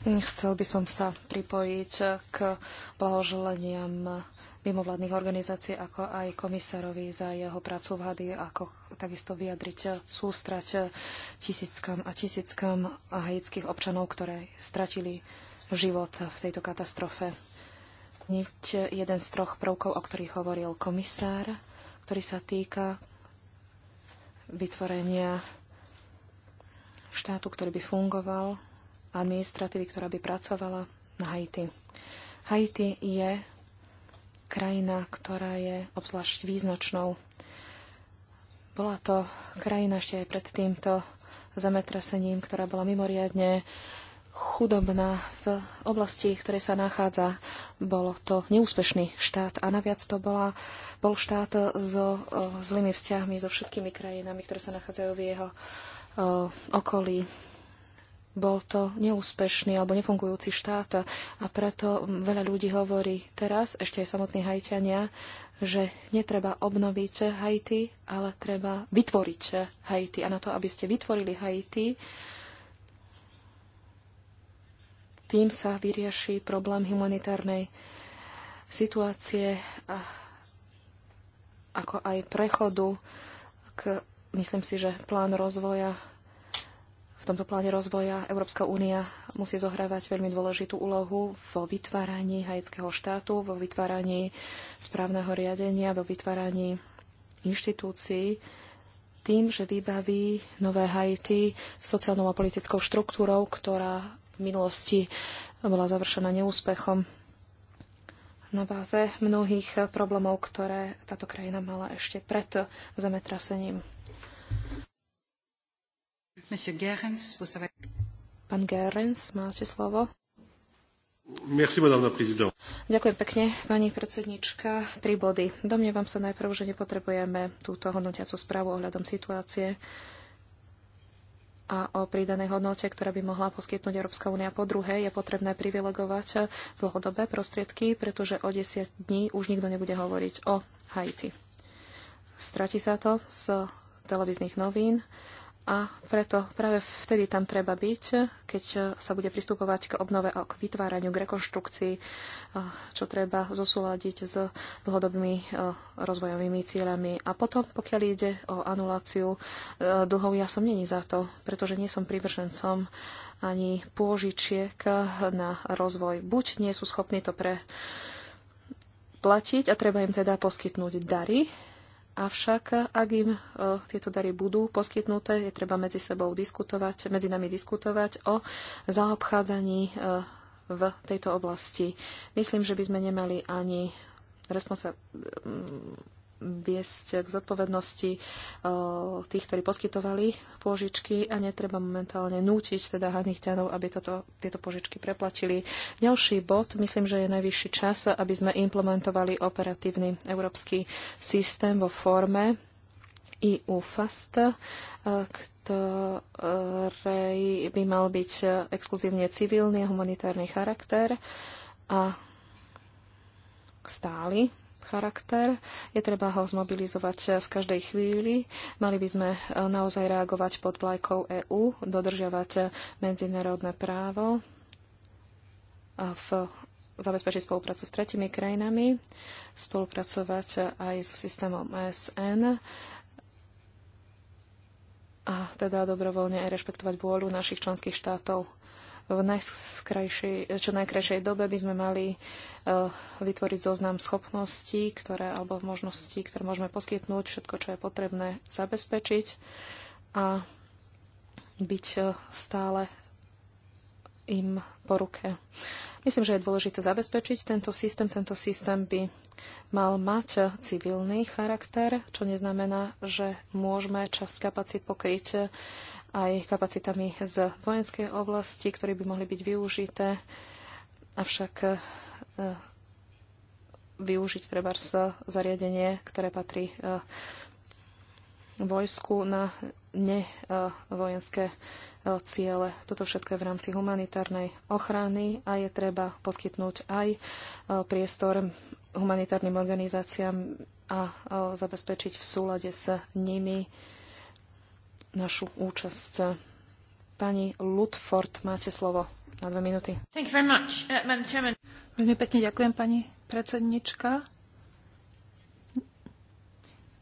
Chcel by som sa pripojiť k blahoželeniam mimovládnych organizácií, ako aj komisárovi za jeho prácu v Hady, ako takisto vyjadriť sústrať tisíckam a tisíckam haitských občanov, ktoré stratili život v tejto katastrofe. Niť jeden z troch prvkov, o ktorých hovoril komisár, ktorý sa týka vytvorenia štátu, ktorý by fungoval administratívy, ktorá by pracovala na Haiti. Haiti je krajina, ktorá je obzvlášť význačnou. Bola to krajina ešte aj pred týmto zemetrasením, ktorá bola mimoriadne chudobná v oblasti, v ktorej sa nachádza. Bolo to neúspešný štát a naviac to bola, bol štát so o, e, zlými vzťahmi so všetkými krajinami, ktoré sa nachádzajú v jeho o, e, okolí bol to neúspešný alebo nefungujúci štát a preto veľa ľudí hovorí teraz, ešte aj samotní hajťania, že netreba obnoviť Haiti, ale treba vytvoriť Haiti. A na to, aby ste vytvorili Haiti, tým sa vyrieši problém humanitárnej situácie, a ako aj prechodu k, myslím si, že plán rozvoja v tomto pláne rozvoja Európska únia musí zohrávať veľmi dôležitú úlohu vo vytváraní haitského štátu, vo vytváraní správneho riadenia, vo vytváraní inštitúcií, tým, že vybaví nové Haiti sociálnou a politickou štruktúrou, ktorá v minulosti bola završená neúspechom na báze mnohých problémov, ktoré táto krajina mala ešte pred zemetrasením. Pán Gerens, máte slovo. Merci, Ďakujem pekne, pani predsednička. Tri body. Domnievam sa najprv, že nepotrebujeme túto hodnotiacu správu ohľadom situácie a o pridanej hodnote, ktorá by mohla poskytnúť Európska únia. Po druhé, je potrebné privilegovať dlhodobé prostriedky, pretože o 10 dní už nikto nebude hovoriť o Haiti. Stratí sa to z televíznych novín a preto práve vtedy tam treba byť, keď sa bude pristupovať k obnove a k vytváraniu, k rekonštrukcii, čo treba zosúľadiť s dlhodobými e, rozvojovými cieľami. A potom, pokiaľ ide o anuláciu e, dlhov, ja som není za to, pretože nie som prívržencom ani pôžičiek na rozvoj. Buď nie sú schopní to pre platiť a treba im teda poskytnúť dary, Avšak, ak im e, tieto dary budú poskytnuté, je treba medzi sebou diskutovať, medzi nami diskutovať o zaobchádzaní e, v tejto oblasti. Myslím, že by sme nemali ani viesť k zodpovednosti eh, tých, ktorí poskytovali pôžičky a netreba momentálne nútiť teda hladných ťanov, aby toto, tieto pôžičky preplatili. Ďalší bod, myslím, že je najvyšší čas, aby sme implementovali operatívny európsky systém vo forme EU FAST, eh, ktorej by mal byť exkluzívne civilný a humanitárny charakter a stály charakter. Je treba ho zmobilizovať v každej chvíli. Mali by sme eh, naozaj reagovať pod vlajkou EÚ, dodržiavať medzinárodné právo v zabezpečiť spoluprácu s tretimi krajinami, spolupracovať aj so systémom SN a teda dobrovoľne aj rešpektovať vôľu našich členských štátov v čo najkrajšej dobe by sme mali e, vytvoriť zoznam schopností, ktoré, alebo možností, ktoré môžeme poskytnúť, všetko, čo je potrebné zabezpečiť a byť e, stále im po ruke. Myslím, že je dôležité zabezpečiť tento systém. Tento systém by mal mať e, civilný charakter, čo neznamená, že môžeme časť kapacít pokryť aj kapacitami z vojenskej oblasti, ktoré by mohli byť využité. Avšak e, využiť treba zariadenie, ktoré patrí e, vojsku na nevojenské e, ciele. Toto všetko je v rámci humanitárnej ochrany a je treba poskytnúť aj priestor humanitárnym organizáciám a zabezpečiť v súlade s nimi našu účasť. Pani Ludford, máte slovo na dve minúty. Uh, Veľmi pekne ďakujem, pani predsednička.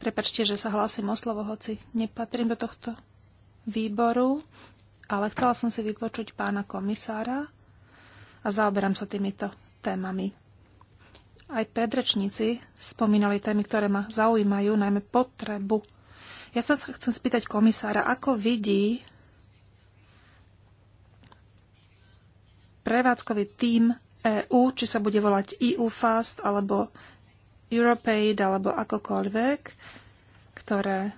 Prepačte, že sa hlásim o slovo, hoci nepatrím do tohto výboru, ale chcela som si vypočuť pána komisára a zaoberám sa týmito témami. Aj predrečníci spomínali témy, ktoré ma zaujímajú, najmä potrebu ja sa chcem spýtať komisára, ako vidí prevádzkový tím EU, či sa bude volať EU Fast alebo Europaid alebo akokoľvek, ktoré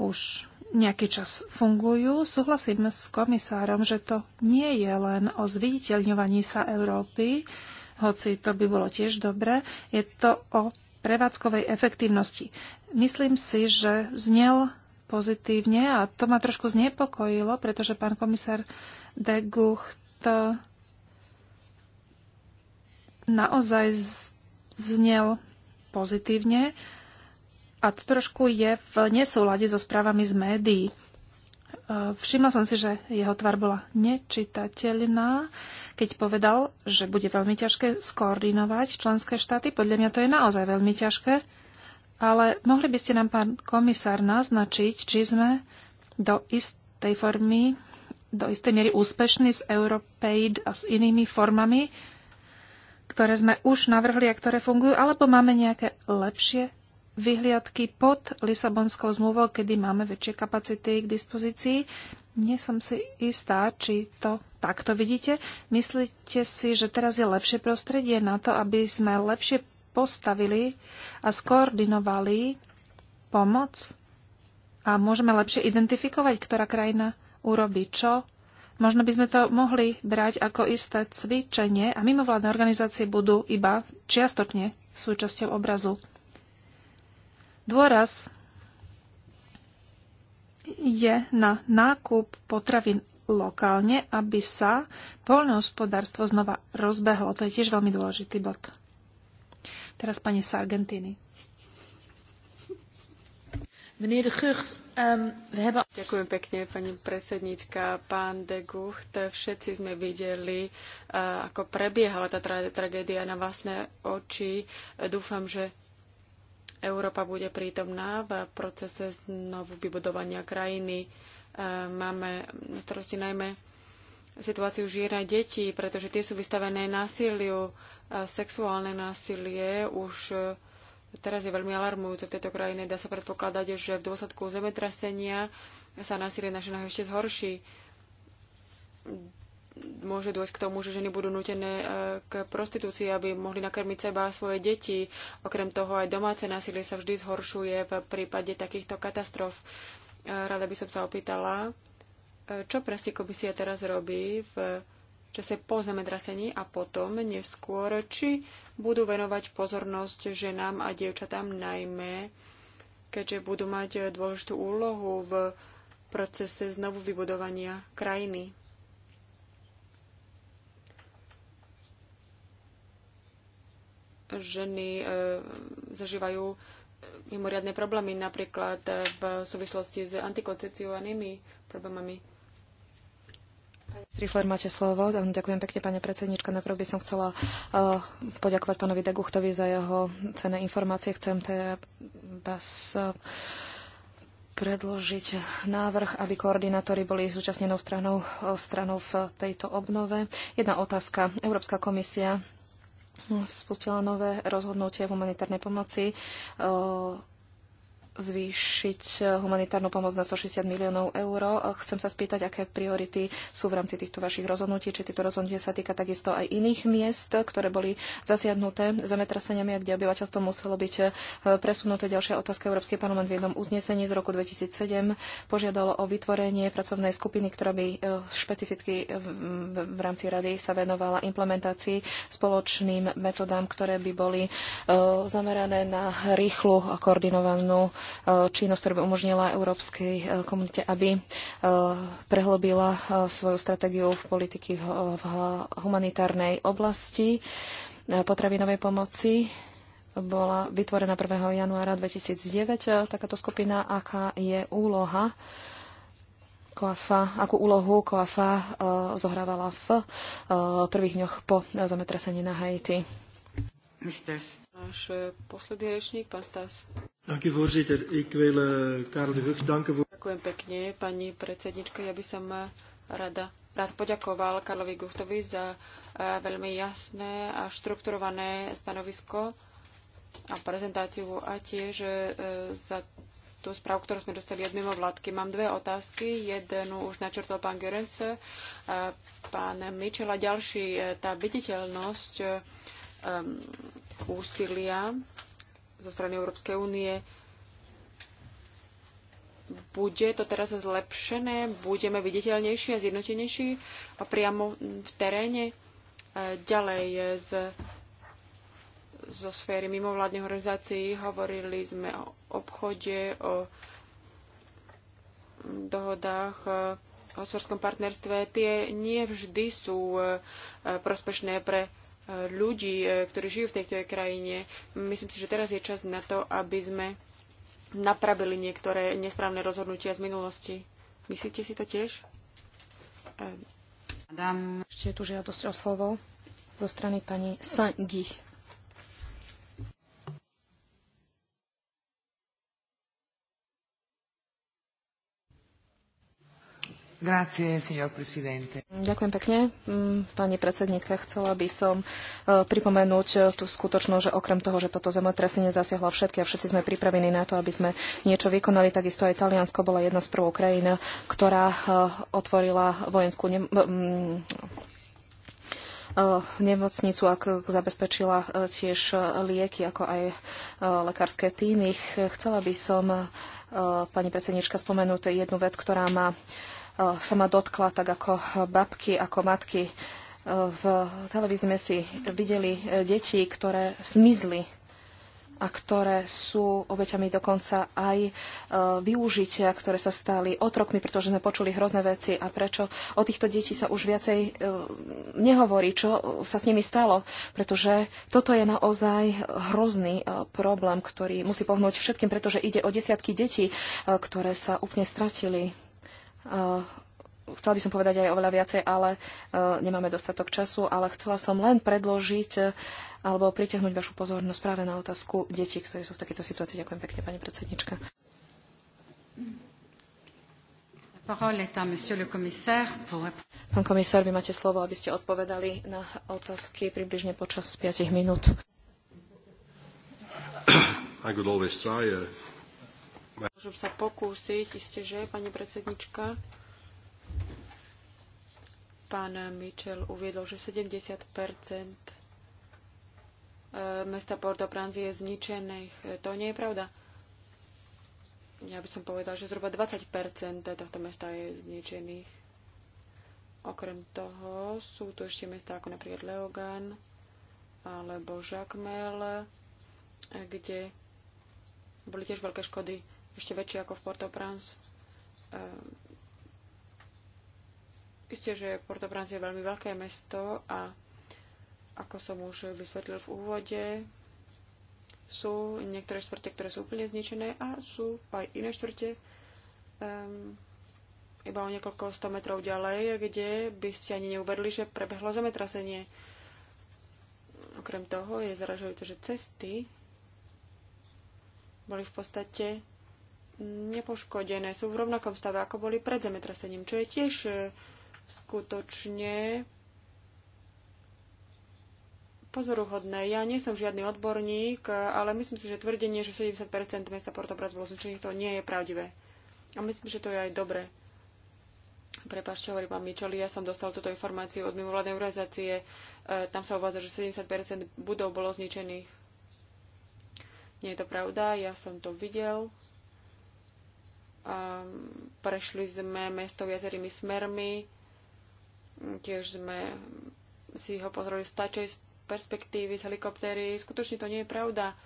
už nejaký čas fungujú. Súhlasím s komisárom, že to nie je len o zviditeľňovaní sa Európy, hoci to by bolo tiež dobre. Je to o prevádzkovej efektívnosti. Myslím si, že znel pozitívne a to ma trošku znepokojilo, pretože pán komisár de Gucht eh, naozaj znel pozitívne a to trošku je v nesúlade so správami z médií. Všimla som si, že jeho tvar bola nečitateľná, keď povedal, že bude veľmi ťažké skoordinovať členské štáty. Podľa mňa to je naozaj veľmi ťažké. Ale mohli by ste nám, pán komisár, naznačiť, či sme do istej formy, do istej miery úspešní s Europaid a s inými formami, ktoré sme už navrhli a ktoré fungujú, alebo máme nejaké lepšie vyhliadky pod Lisabonskou zmluvou, kedy máme väčšie kapacity k dispozícii. Nie som si istá, či to takto vidíte. Myslíte si, že teraz je lepšie prostredie na to, aby sme lepšie postavili a skoordinovali pomoc a môžeme lepšie identifikovať, ktorá krajina urobí čo? Možno by sme to mohli brať ako isté cvičenie a mimovládne organizácie budú iba čiastočne súčasťou obrazu. Dôraz je na nákup potravín lokálne, aby sa poľnohospodárstvo znova rozbehlo. To je tiež veľmi dôležitý bod. Teraz pani z Argentíny. Ehm, Ďakujem pekne, pani predsednička, pán de Gucht. Všetci sme videli, eh, ako prebiehala tá tragédia na vlastné oči. Dúfam, že Európa bude prítomná v procese znovu vybudovania krajiny. E, máme na starosti najmä situáciu žien a detí, pretože tie sú vystavené násiliu. E, sexuálne násilie už e, teraz je veľmi alarmujúce v tejto krajine. Dá sa predpokladať, že v dôsledku zemetrasenia sa násilie na ženách ešte zhorší môže dôjsť k tomu, že ženy budú nutené e, k prostitúcii, aby mohli nakrmiť seba a svoje deti. Okrem toho aj domáce násilie sa vždy zhoršuje v prípade takýchto katastrof. E, rada by som sa opýtala, e, čo presne komisia teraz robí v čase po zemetrasení a potom neskôr, či budú venovať pozornosť ženám a dievčatám najmä, keďže budú mať dôležitú úlohu v procese znovu vybudovania krajiny. ženy e, zažívajú mimoriadne problémy, napríklad e, v súvislosti s antikoncepciou a inými problémami. Pani Strifler, máte slovo. Ďakujem pekne, pani predsednička. Najprv by som chcela uh, poďakovať pánovi Deguchtovi za jeho cené informácie. Chcem teda vás predložiť návrh, aby koordinátori boli zúčastnenou stranou, stranou v tejto obnove. Jedna otázka. Európska komisia spustila nové rozhodnutie v humanitárnej pomoci zvýšiť humanitárnu pomoc na 160 miliónov eur. Chcem sa spýtať, aké priority sú v rámci týchto vašich rozhodnutí, či tieto rozhodnutie sa týka takisto aj iných miest, ktoré boli zasiadnuté zemetraseniami a kde obyvateľstvo muselo byť eh, presunuté. Ďalšia otázka. Európsky parlament v jednom uznesení z roku 2007 požiadalo o vytvorenie pracovnej skupiny, ktorá by eh, špecificky v rámci rady sa venovala implementácii spoločným metodám, ktoré by boli eh, zamerané na rýchlu a koordinovanú činnosť, ktorá by umožnila európskej eh, komunite, aby eh, prehlbila eh, svoju stratégiu v politiky v humanitárnej oblasti potravinovej pomoci bola vytvorená 1. januára 2009 takáto skupina, aká je úloha Koafa, akú úlohu Koafa uh, zohrávala v uh, prvých dňoch po uh, zametrasení na Haiti. Mr. Náš e, posledný rečník, pán Stas. Eh, Ďakujem pekne, pani predsednička. Ja by som eh, rada, rád poďakoval Karlovi Guchtovi za eh, veľmi jasné a štrukturované stanovisko a prezentáciu a tiež za tú správu, ktorú sme dostali od mimo vládky. Mám dve otázky. Jednu už načrtol pán Görens, pán Mičel a ďalší. Tá viditeľnosť úsilia zo strany Európskej únie. Bude to teraz zlepšené, budeme viditeľnejší a zjednotenejší a priamo v teréne. Ďalej e, z, zo sféry mimovládnych organizácií hovorili sme o obchode, o dohodách e, o hospodárskom partnerstve. Tie nie vždy sú e, prospešné pre ľudí, e, ktorí žijú v tejto krajine. Myslím si, že teraz je čas na to, aby sme napravili niektoré nesprávne rozhodnutia z minulosti. Myslíte si to tiež? Dám ešte tu žiadosť o slovo zo strany pani Sangi. Grazie, Ďakujem pekne. Mm, pani predsednítka, chcela by som e, pripomenúť e, tú skutočnosť, že okrem toho, že toto zemetrasenie zasiahlo všetky a všetci sme pripravení na to, aby sme niečo vykonali, takisto aj Taliansko bola jedna z prvou krajín, ktorá e, otvorila vojenskú ne nemocnicu, ak zabezpečila tiež lieky, ako aj lekárske týmy. Chcela by som, pani predsednička, spomenúť jednu vec, ktorá ma Eh, sa ma dotkla tak ako babky, ako matky. Eh, v televízii sme si videli eh, deti, ktoré zmizli a ktoré sú obeťami dokonca aj využitia, ktoré sa stali otrokmi, pretože sme počuli hrozné veci a prečo o týchto detí sa už viacej nehovorí, čo sa s nimi stalo, pretože toto je naozaj hrozný problém, ktorý musí pohnúť všetkým, pretože ide o desiatky detí, ktoré sa úplne stratili Eh, chcela by som povedať aj oveľa viacej, ale eh, nemáme dostatok času, ale chcela som len predložiť eh, alebo pritiahnuť vašu pozornosť práve na otázku detí, ktoré sú v takejto situácii. Ďakujem pekne, pani predsednička. Pán komisár, vy máte slovo, aby ste odpovedali na otázky približne počas 5 minút. I could always try. Uh... Môžem sa pokúsiť, iste že, pani predsednička. Pán Mitchell uviedol, že 70 eh, mesta Port-au-Prince je zničených. Eh, to nie je pravda. Ja by som povedal, že zhruba 20 tohto mesta je zničených. Okrem toho sú tu ešte mesta ako napríklad Leogan alebo Jacmel, eh, kde boli tiež veľké škody ešte väčšie ako v Port-au-Prince. Ehm, isté, že Port-au-Prince je veľmi veľké mesto a ako som už vysvetlil v úvode, sú niektoré štvrte, ktoré sú úplne zničené a sú aj iné štvrte um, iba o niekoľko sto metrov ďalej, kde by ste ani neuverili, že prebehlo zemetrasenie. Okrem toho je zaražujúce, že cesty boli v podstate nepoškodené, sú v rovnakom stave, ako boli pred zemetrasením, čo je tiež e, skutočne pozoruhodné. Ja nie som žiadny odborník, ale myslím si, že tvrdenie, že 70% mesta Portobras bolo zničených, to nie je pravdivé. A myslím, že to je aj dobre. čo hovorí pán Mičoli, ja som dostal túto informáciu od mimovládnej organizácie. E, tam sa uvádza, že 70% budov bolo zničených. Nie je to pravda, ja som to videl. Ehm, prešli sme mesto viacerými smermi, tiež sme si ho pozreli z perspektívy, z helikoptéry. Skutočne to nie je pravda.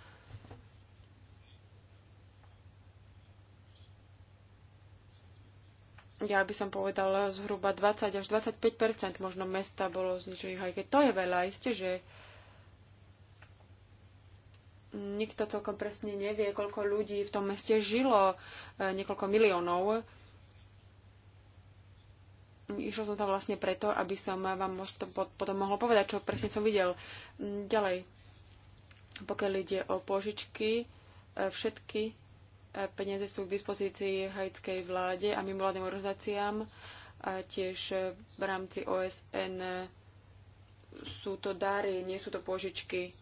ja by som povedala zhruba 20 až 25 možno mesta bolo zničených, aj keď to je veľa, isté, že nikto celkom presne nevie, koľko ľudí v tom meste žilo, e, niekoľko miliónov. Išlo som tam vlastne preto, aby som vám možno potom mohol povedať, čo presne som videl. Mm, ďalej, pokiaľ ide o požičky, e, všetky e, peniaze sú k dispozícii haitskej vláde a mimovládnym organizáciám. A tiež v rámci OSN sú to dary, nie sú to požičky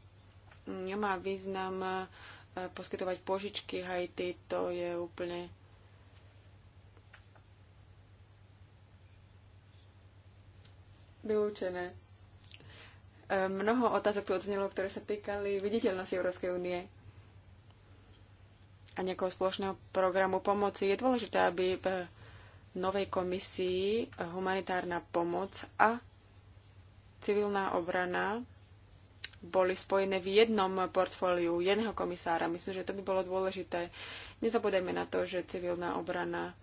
nemá význam e, poskytovať požičky Haiti, to je úplne vylúčené. E, mnoho otázok tu odznelo, ktoré sa týkali viditeľnosti Európskej únie a nejakého spoločného programu pomoci. Je dôležité, aby v novej komisii humanitárna pomoc a civilná obrana boli spojené v jednom portfóliu jedného komisára. Myslím, že to by bolo dôležité. Nezabudajme na to, že civilná obrana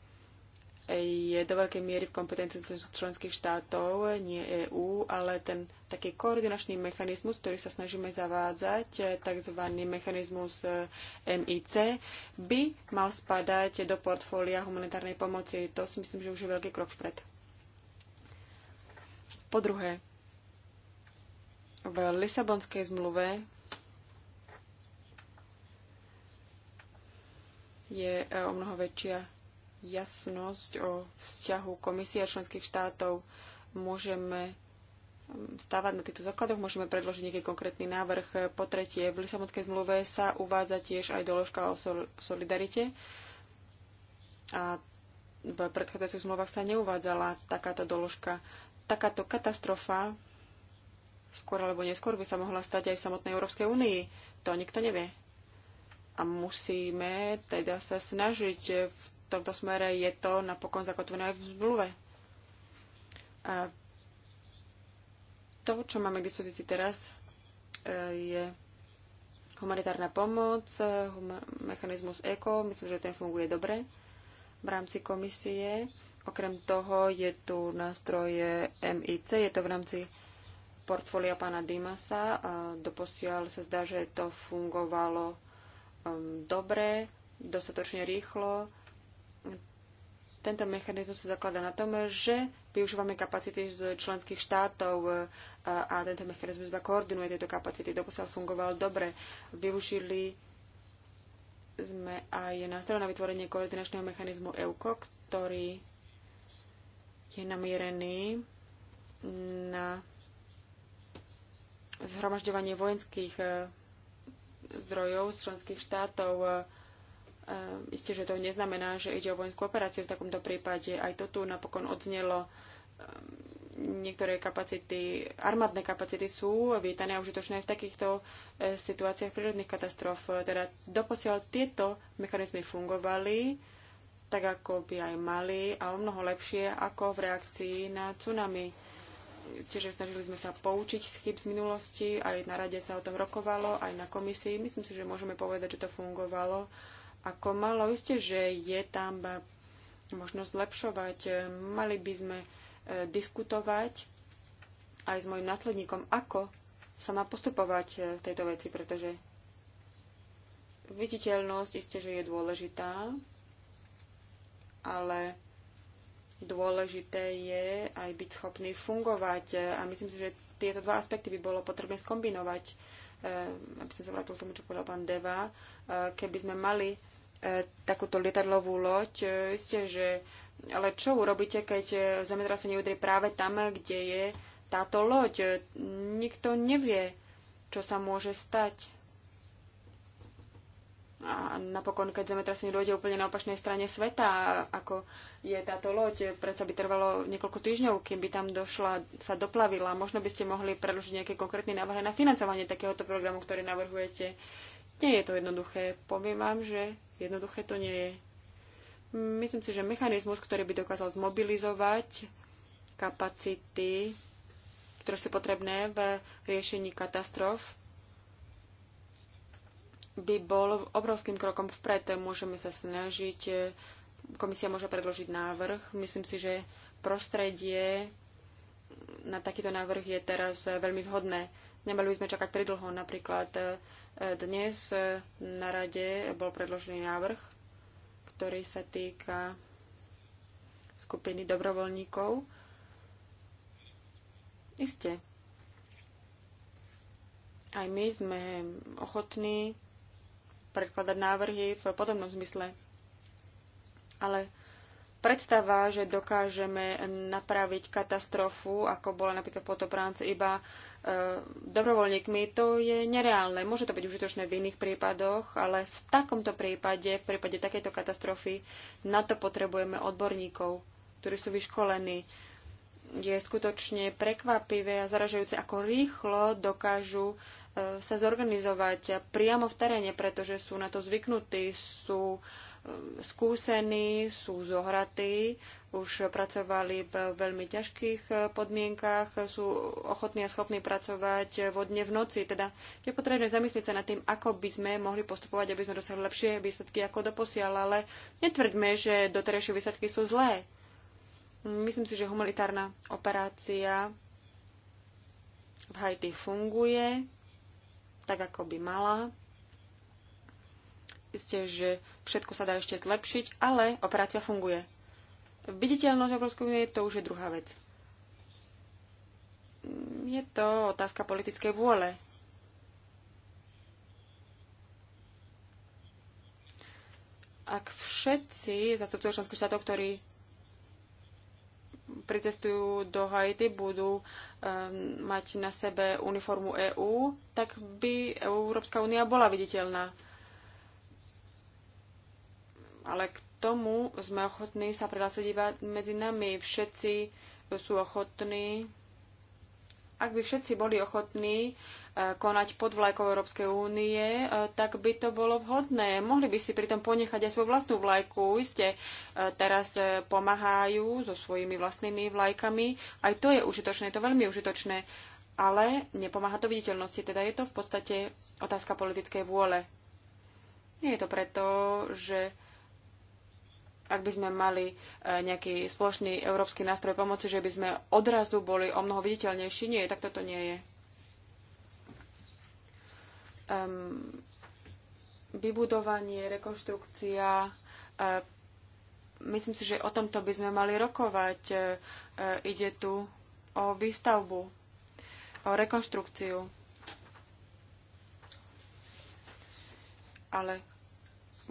je do veľkej miery v kompetencii členských štátov, nie EÚ, ale ten taký koordinačný mechanizmus, ktorý sa snažíme zavádzať, tzv. mechanizmus eh, MIC, by mal spadať do portfólia humanitárnej pomoci. To si myslím, že už je veľký krok vpred. Po druhé, v Lisabonskej zmluve je e, o mnoho väčšia jasnosť o vzťahu komisie a členských štátov. Môžeme stávať na týchto základoch, môžeme predložiť nejaký konkrétny návrh. Po tretie, v Lisabonskej zmluve sa uvádza tiež aj doložka o sol- solidarite. A v predchádzajúcich zmluvách sa neuvádzala takáto doložka. Takáto katastrofa skôr alebo neskôr by sa mohla stať aj v samotnej Európskej únii. To nikto nevie. A musíme teda sa snažiť v tomto smere. Je to napokon zakotvené aj v zmluve. A to, čo máme k dispozícii teraz, e, je humanitárna pomoc, e, huma- mechanizmus ECO. Myslím, že ten funguje dobre v rámci komisie. Okrem toho je tu nástroj MIC, je to v rámci portfólia pána Dimasa. E, doposiaľ sa zdá, že to fungovalo um, dobre, dostatočne rýchlo. Tento mechanizmus sa zaklada na tom, že využívame kapacity z členských štátov e, a tento mechanizmus iba koordinuje tieto kapacity. Doposiaľ fungoval dobre. Využili sme aj nástroj na vytvorenie koordinačného mechanizmu EUCO, ktorý je namierený na zhromažďovanie vojenských e, zdrojov z členských štátov. E, e, Isté, že to neznamená, že ide o vojenskú operáciu v takomto prípade. Aj to tu napokon odznelo. Niektoré kapacity, armádne kapacity sú vítané a užitočné v takýchto situáciách prírodných katastrof. Teda doposiaľ tieto mechanizmy fungovali tak, ako by aj mali a o mnoho lepšie ako v reakcii na tsunami tiež snažili sme sa poučiť z chyb z minulosti, aj na rade sa o tom rokovalo, aj na komisii. Myslím si, že môžeme povedať, že to fungovalo ako malo. Isté, že je tam možnosť zlepšovať. Mali by sme e, diskutovať aj s mojim následníkom, ako sa má postupovať e, v tejto veci, pretože viditeľnosť isté, že je dôležitá, ale Dôležité je aj byť schopný fungovať a myslím si, že tieto dva aspekty by bolo potrebné skombinovať. E, aby som sa vrátil k tomu, čo povedal pán Deva, e, keby sme mali e, takúto lietadlovú loď, isté, že ale čo urobíte, keď zemetrasenie udrie práve tam, kde je táto loď? Nikto nevie, čo sa môže stať. A napokon, keď zemetrasenie dojde úplne na opačnej strane sveta, ako je táto loď, predsa by trvalo niekoľko týždňov, kým by tam došla, sa doplavila. Možno by ste mohli predložiť nejaké konkrétne návrhy na financovanie takéhoto programu, ktorý navrhujete. Nie je to jednoduché. Poviem vám, že jednoduché to nie je. Myslím si, že mechanizmus, ktorý by dokázal zmobilizovať kapacity, ktoré sú potrebné v riešení katastrof, by bol obrovským krokom vpred. Môžeme sa snažiť, komisia môže predložiť návrh. Myslím si, že prostredie na takýto návrh je teraz veľmi vhodné. Nemali by sme čakať pridlho. Napríklad eh, dnes eh, na rade bol predložený návrh, ktorý sa týka skupiny dobrovoľníkov. Isté. Aj my sme ochotní predkladať návrhy v podobnom zmysle. Ale predstava, že dokážeme napraviť katastrofu, ako bola napríklad potopránce, iba e, dobrovoľníkmi, to je nereálne. Môže to byť užitočné v iných prípadoch, ale v takomto prípade, v prípade takejto katastrofy, na to potrebujeme odborníkov, ktorí sú vyškolení. Je skutočne prekvapivé a zaražajúce, ako rýchlo dokážu E, sa zorganizovať priamo v teréne, pretože sú na to zvyknutí, sú e, skúsení, sú zohratí, už pracovali v veľmi ťažkých e, podmienkách, sú ochotní a schopní pracovať vo dne v noci. Teda je potrebné zamyslieť sa nad tým, ako by sme mohli postupovať, aby sme dosahli lepšie výsledky ako doposiaľ, ale netvrďme, že doterajšie výsledky sú zlé. Myslím si, že humanitárna operácia v Haiti funguje tak, ako by mala. Isté, že všetko sa dá ešte zlepšiť, ale operácia funguje. Viditeľnosť Európskej únie to už je druhá vec. Je to otázka politickej vôle. Ak všetci zastupcovia členských štátov, ktorí pricestujú do Haiti, budú um, mať na sebe uniformu EÚ, tak by Európska únia bola viditeľná. Ale k tomu sme ochotní sa prihlásiť iba medzi nami. Všetci sú ochotní ak by všetci boli ochotní e, konať pod vlajkou Európskej únie, e, tak by to bolo vhodné. Mohli by si pritom ponechať aj svoju vlastnú vlajku. Iste e, teraz pomáhajú so svojimi vlastnými vlajkami. Aj to je užitočné, je to veľmi užitočné. Ale nepomáha to viditeľnosti, teda je to v podstate otázka politickej vôle. Nie je to preto, že ak by sme mali e, nejaký spoločný európsky nástroj pomoci, že by sme odrazu boli o mnoho viditeľnejší. Nie, tak toto nie je. Um, vybudovanie, rekonštrukcia. Uh, myslím si, že o tomto by sme mali rokovať. Uh, ide tu o výstavbu, o rekonštrukciu. Ale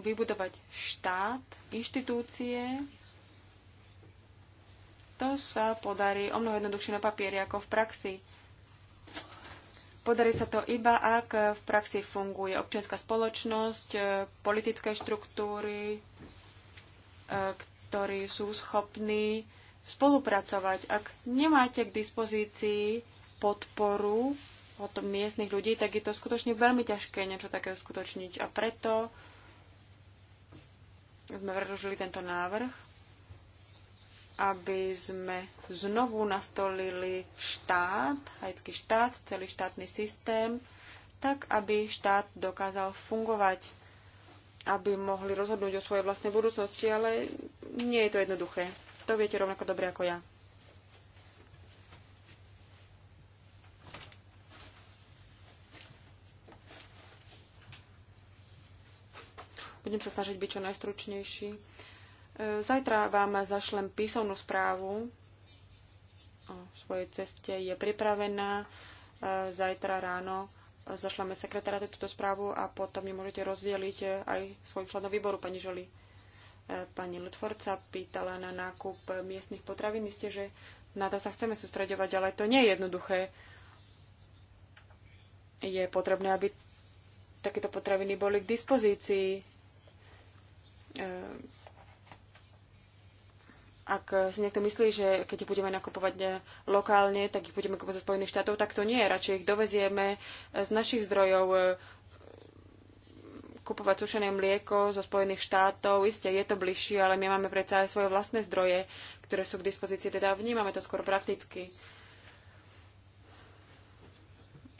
vybudovať štát, inštitúcie. To sa podarí o mnoho jednoduchšie na papieri ako v praxi. Podarí sa to iba, ak v praxi funguje občianská spoločnosť, e, politické štruktúry, e, ktorí sú schopní spolupracovať. Ak nemáte k dispozícii podporu od miestnych ľudí, tak je to skutočne veľmi ťažké niečo také uskutočniť. A preto sme predložili tento návrh, aby sme znovu nastolili štát, haitský štát, celý štátny systém, tak aby štát dokázal fungovať, aby mohli rozhodnúť o svojej vlastnej budúcnosti, ale nie je to jednoduché. To viete rovnako dobre ako ja. Budem sa snažiť byť čo najstručnejší. E, zajtra vám zašlem písomnú správu o svojej ceste. Je pripravená. E, zajtra ráno zašleme sekretára túto správu a potom ju môžete rozdeliť aj svojim členom výboru, pani Žoli. E, pani Ludford sa pýtala na nákup miestnych potravín. Myslíte, že na to sa chceme sústredovať, ale to nie je jednoduché. Je potrebné, aby takéto potraviny boli k dispozícii Ehm, ak si niekto myslí, že keď ich budeme nakupovať eh, lokálne, tak ich budeme kupovať zo Spojených štátov, tak to nie. Radšej ich dovezieme eh, z našich zdrojov eh, kupovať sušené mlieko zo Spojených štátov. Isté, je to bližšie, ale my máme predsa aj svoje vlastné zdroje, ktoré sú k dispozícii, teda vnímame to skôr prakticky.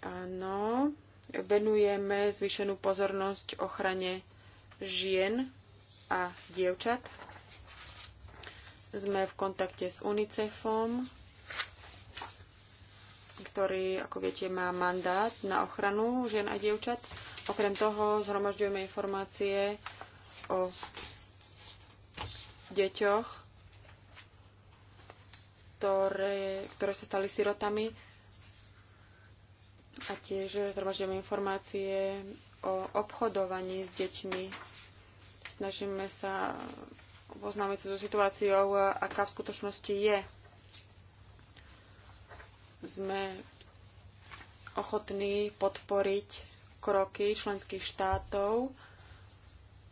Áno, venujeme zvýšenú pozornosť ochrane žien a dievčat. Sme v kontakte s UNICEFom, ktorý, ako viete, má mandát na ochranu žien a dievčat. Okrem toho zhromažďujeme informácie o deťoch, ktoré, ktoré sa stali sirotami a tiež zhromažďujeme informácie o obchodovaní s deťmi Snažíme sa poznámiť sa so situáciou, aká v skutočnosti je. Sme ochotní podporiť kroky členských štátov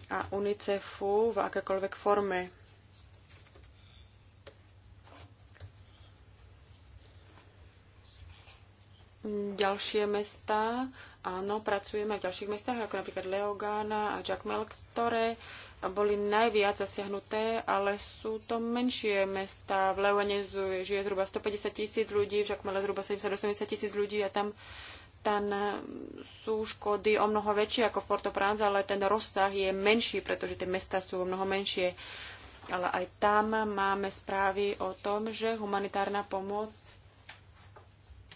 a UNICEFu v akékoľvek forme. Ďalšie mesta, áno, pracujeme v ďalších mestách, ako napríklad Leogana a Jack Melk, ktoré boli najviac zasiahnuté, ale sú to menšie mesta. V Leone žije zhruba 150 tisíc ľudí, však mala zhruba 70-80 tisíc ľudí a tam, tam eh, sú škody o mnoho väčšie ako v Porto Pranza, ale ten rozsah je menší, pretože tie mesta sú o mnoho menšie. Ale aj tam máme správy o tom, že humanitárna pomoc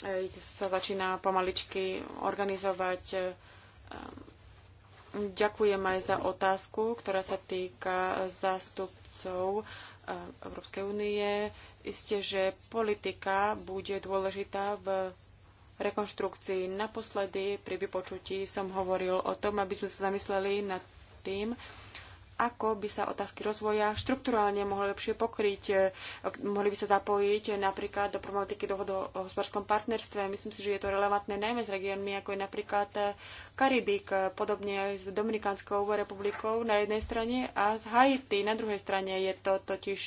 eh, sa začína pomaličky organizovať eh, Ďakujem aj za otázku, ktorá sa týka zástupcov e, Európskej únie. Isté, že politika bude dôležitá v rekonštrukcii. Naposledy pri vypočutí som hovoril o tom, aby sme sa zamysleli nad tým, ako by sa otázky rozvoja štruktúralne mohli lepšie pokryť, e, mohli by sa zapojiť napríklad do problematiky dohod o hospodárskom partnerstve. Myslím si, že je to relevantné najmä s regiónmi, ako je napríklad e, Karibik, e, podobne aj s Dominikánskou republikou na jednej strane a z Haiti na druhej strane. Je to totiž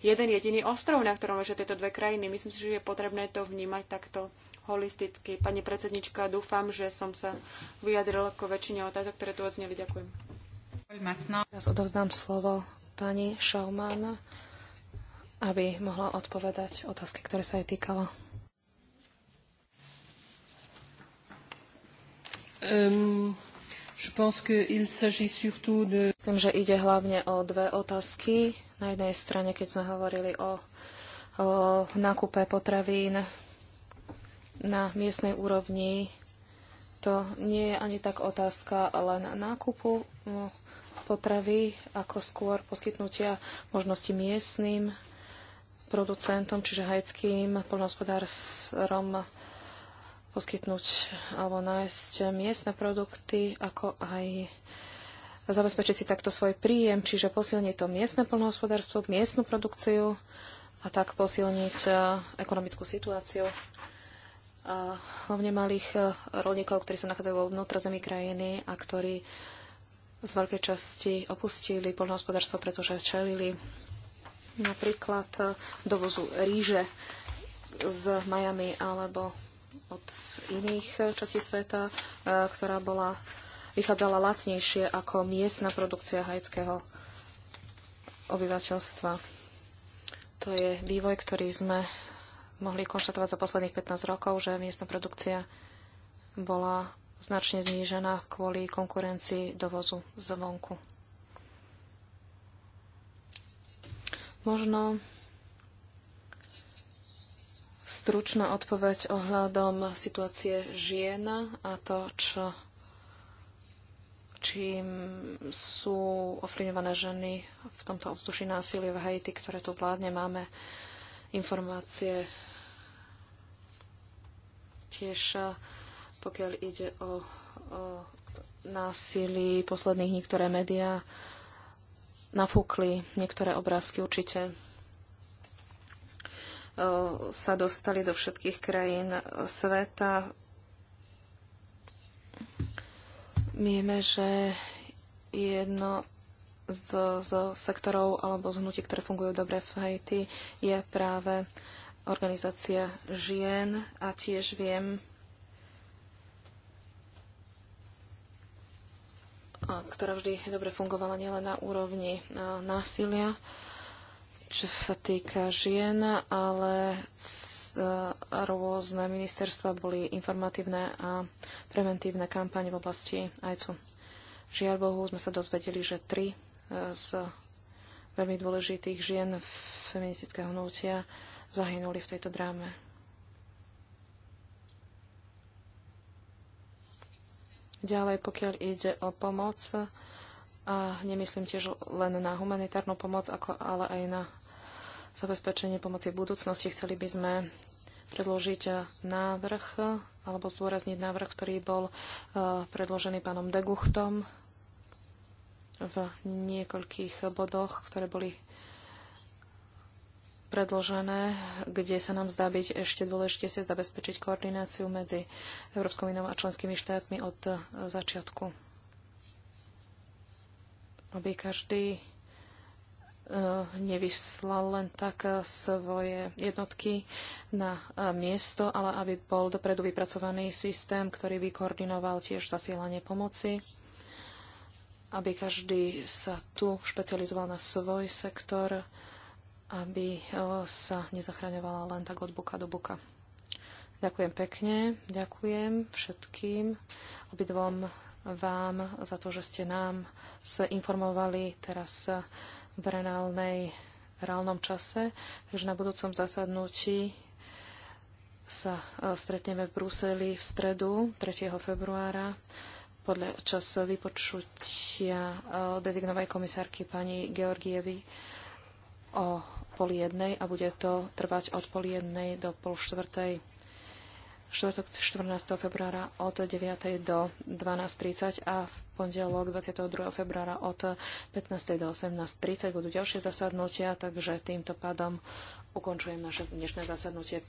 jeden jediný ostrov, na ktorom ležia tieto dve krajiny. Myslím si, že je potrebné to vnímať takto holisticky. Pani predsednička, dúfam, že som sa vyjadril ako väčšine otázok, ktoré tu odzneli. Ďakujem. Teraz odovzdám slovo pani Šaumán, aby mohla odpovedať otázky, ktoré sa jej týkala. Um, ehm, de... Myslím, že ide hlavne o dve otázky. Na jednej strane, keď sme hovorili o, o nákupe potravín na miestnej úrovni, to nie je ani tak otázka len nákupu no, potravy, ako skôr poskytnutia možnosti miestnym producentom, čiže hajckým poľnohospodárom poskytnúť alebo nájsť miestne produkty, ako aj zabezpečiť si takto svoj príjem, čiže posilniť to miestne poľnohospodárstvo, miestnu produkciu a tak posilniť eh, ekonomickú situáciu hlavne malých e, rolníkov, ktorí sa nachádzajú vo vnútrozemí krajiny a ktorí z veľkej časti opustili poľnohospodárstvo, pretože čelili napríklad e, dovozu ríže z Miami alebo od iných e, častí sveta, ktorá bola, vychádzala lacnejšie ako miestna produkcia hajckého obyvateľstva. To je vývoj, ktorý sme mohli konštatovať za posledných 15 rokov, že miestna produkcia bola značne znížená kvôli konkurencii dovozu zvonku. Možno stručná odpoveď ohľadom situácie žien a to, čo, čím sú ovplyvňované ženy v tomto obzduši násilie v Haiti, ktoré tu vládne. Máme informácie. Tiež eh, pokiaľ ide o, o násilí posledných niektoré médiá nafúkli niektoré obrázky určite eh, sa dostali do všetkých krajín sveta. Vieme, že jedno z, z sektorov alebo z hnutí, ktoré fungujú dobre v Haiti, je práve organizácia žien a tiež viem, ktorá vždy dobre fungovala nielen na úrovni násilia, čo sa týka žien, ale rôzne ministerstva boli informatívne a preventívne kampane v oblasti ajcu. Žiaľ Bohu, sme sa dozvedeli, že tri z veľmi dôležitých žien feministického hnutia zahynuli v tejto dráme. Ďalej, pokiaľ ide o pomoc, a nemyslím tiež len na humanitárnu pomoc, ako ale aj na zabezpečenie pomoci v budúcnosti, chceli by sme predložiť návrh alebo zdôrazniť návrh, ktorý bol eh, predložený pánom Deguchtom v niekoľkých bodoch, ktoré boli predložené, kde sa nám zdá byť ešte si zabezpečiť koordináciu medzi Európskou inou a členskými štátmi od začiatku. Aby každý e, nevyslal len tak svoje jednotky na e, miesto, ale aby bol dopredu vypracovaný systém, ktorý by koordinoval tiež zasielanie pomoci aby každý sa tu špecializoval na svoj sektor, aby sa nezachraňovala len tak od buka do buka. Ďakujem pekne, ďakujem všetkým, obidvom vám za to, že ste nám sa informovali teraz v reálnej, reálnom čase. Takže na budúcom zasadnutí sa stretneme v Bruseli v stredu 3. februára podľa čas vypočutia eh, dezignovej komisárky pani Georgievy o pol jednej a bude to trvať od pol jednej do pol štvrtej. Štvrtok 14. februára od 9. do 12.30 a v pondelok 22. februára od 15. do 18.30 budú ďalšie zasadnutia, takže týmto pádom ukončujem naše dnešné zasadnutie.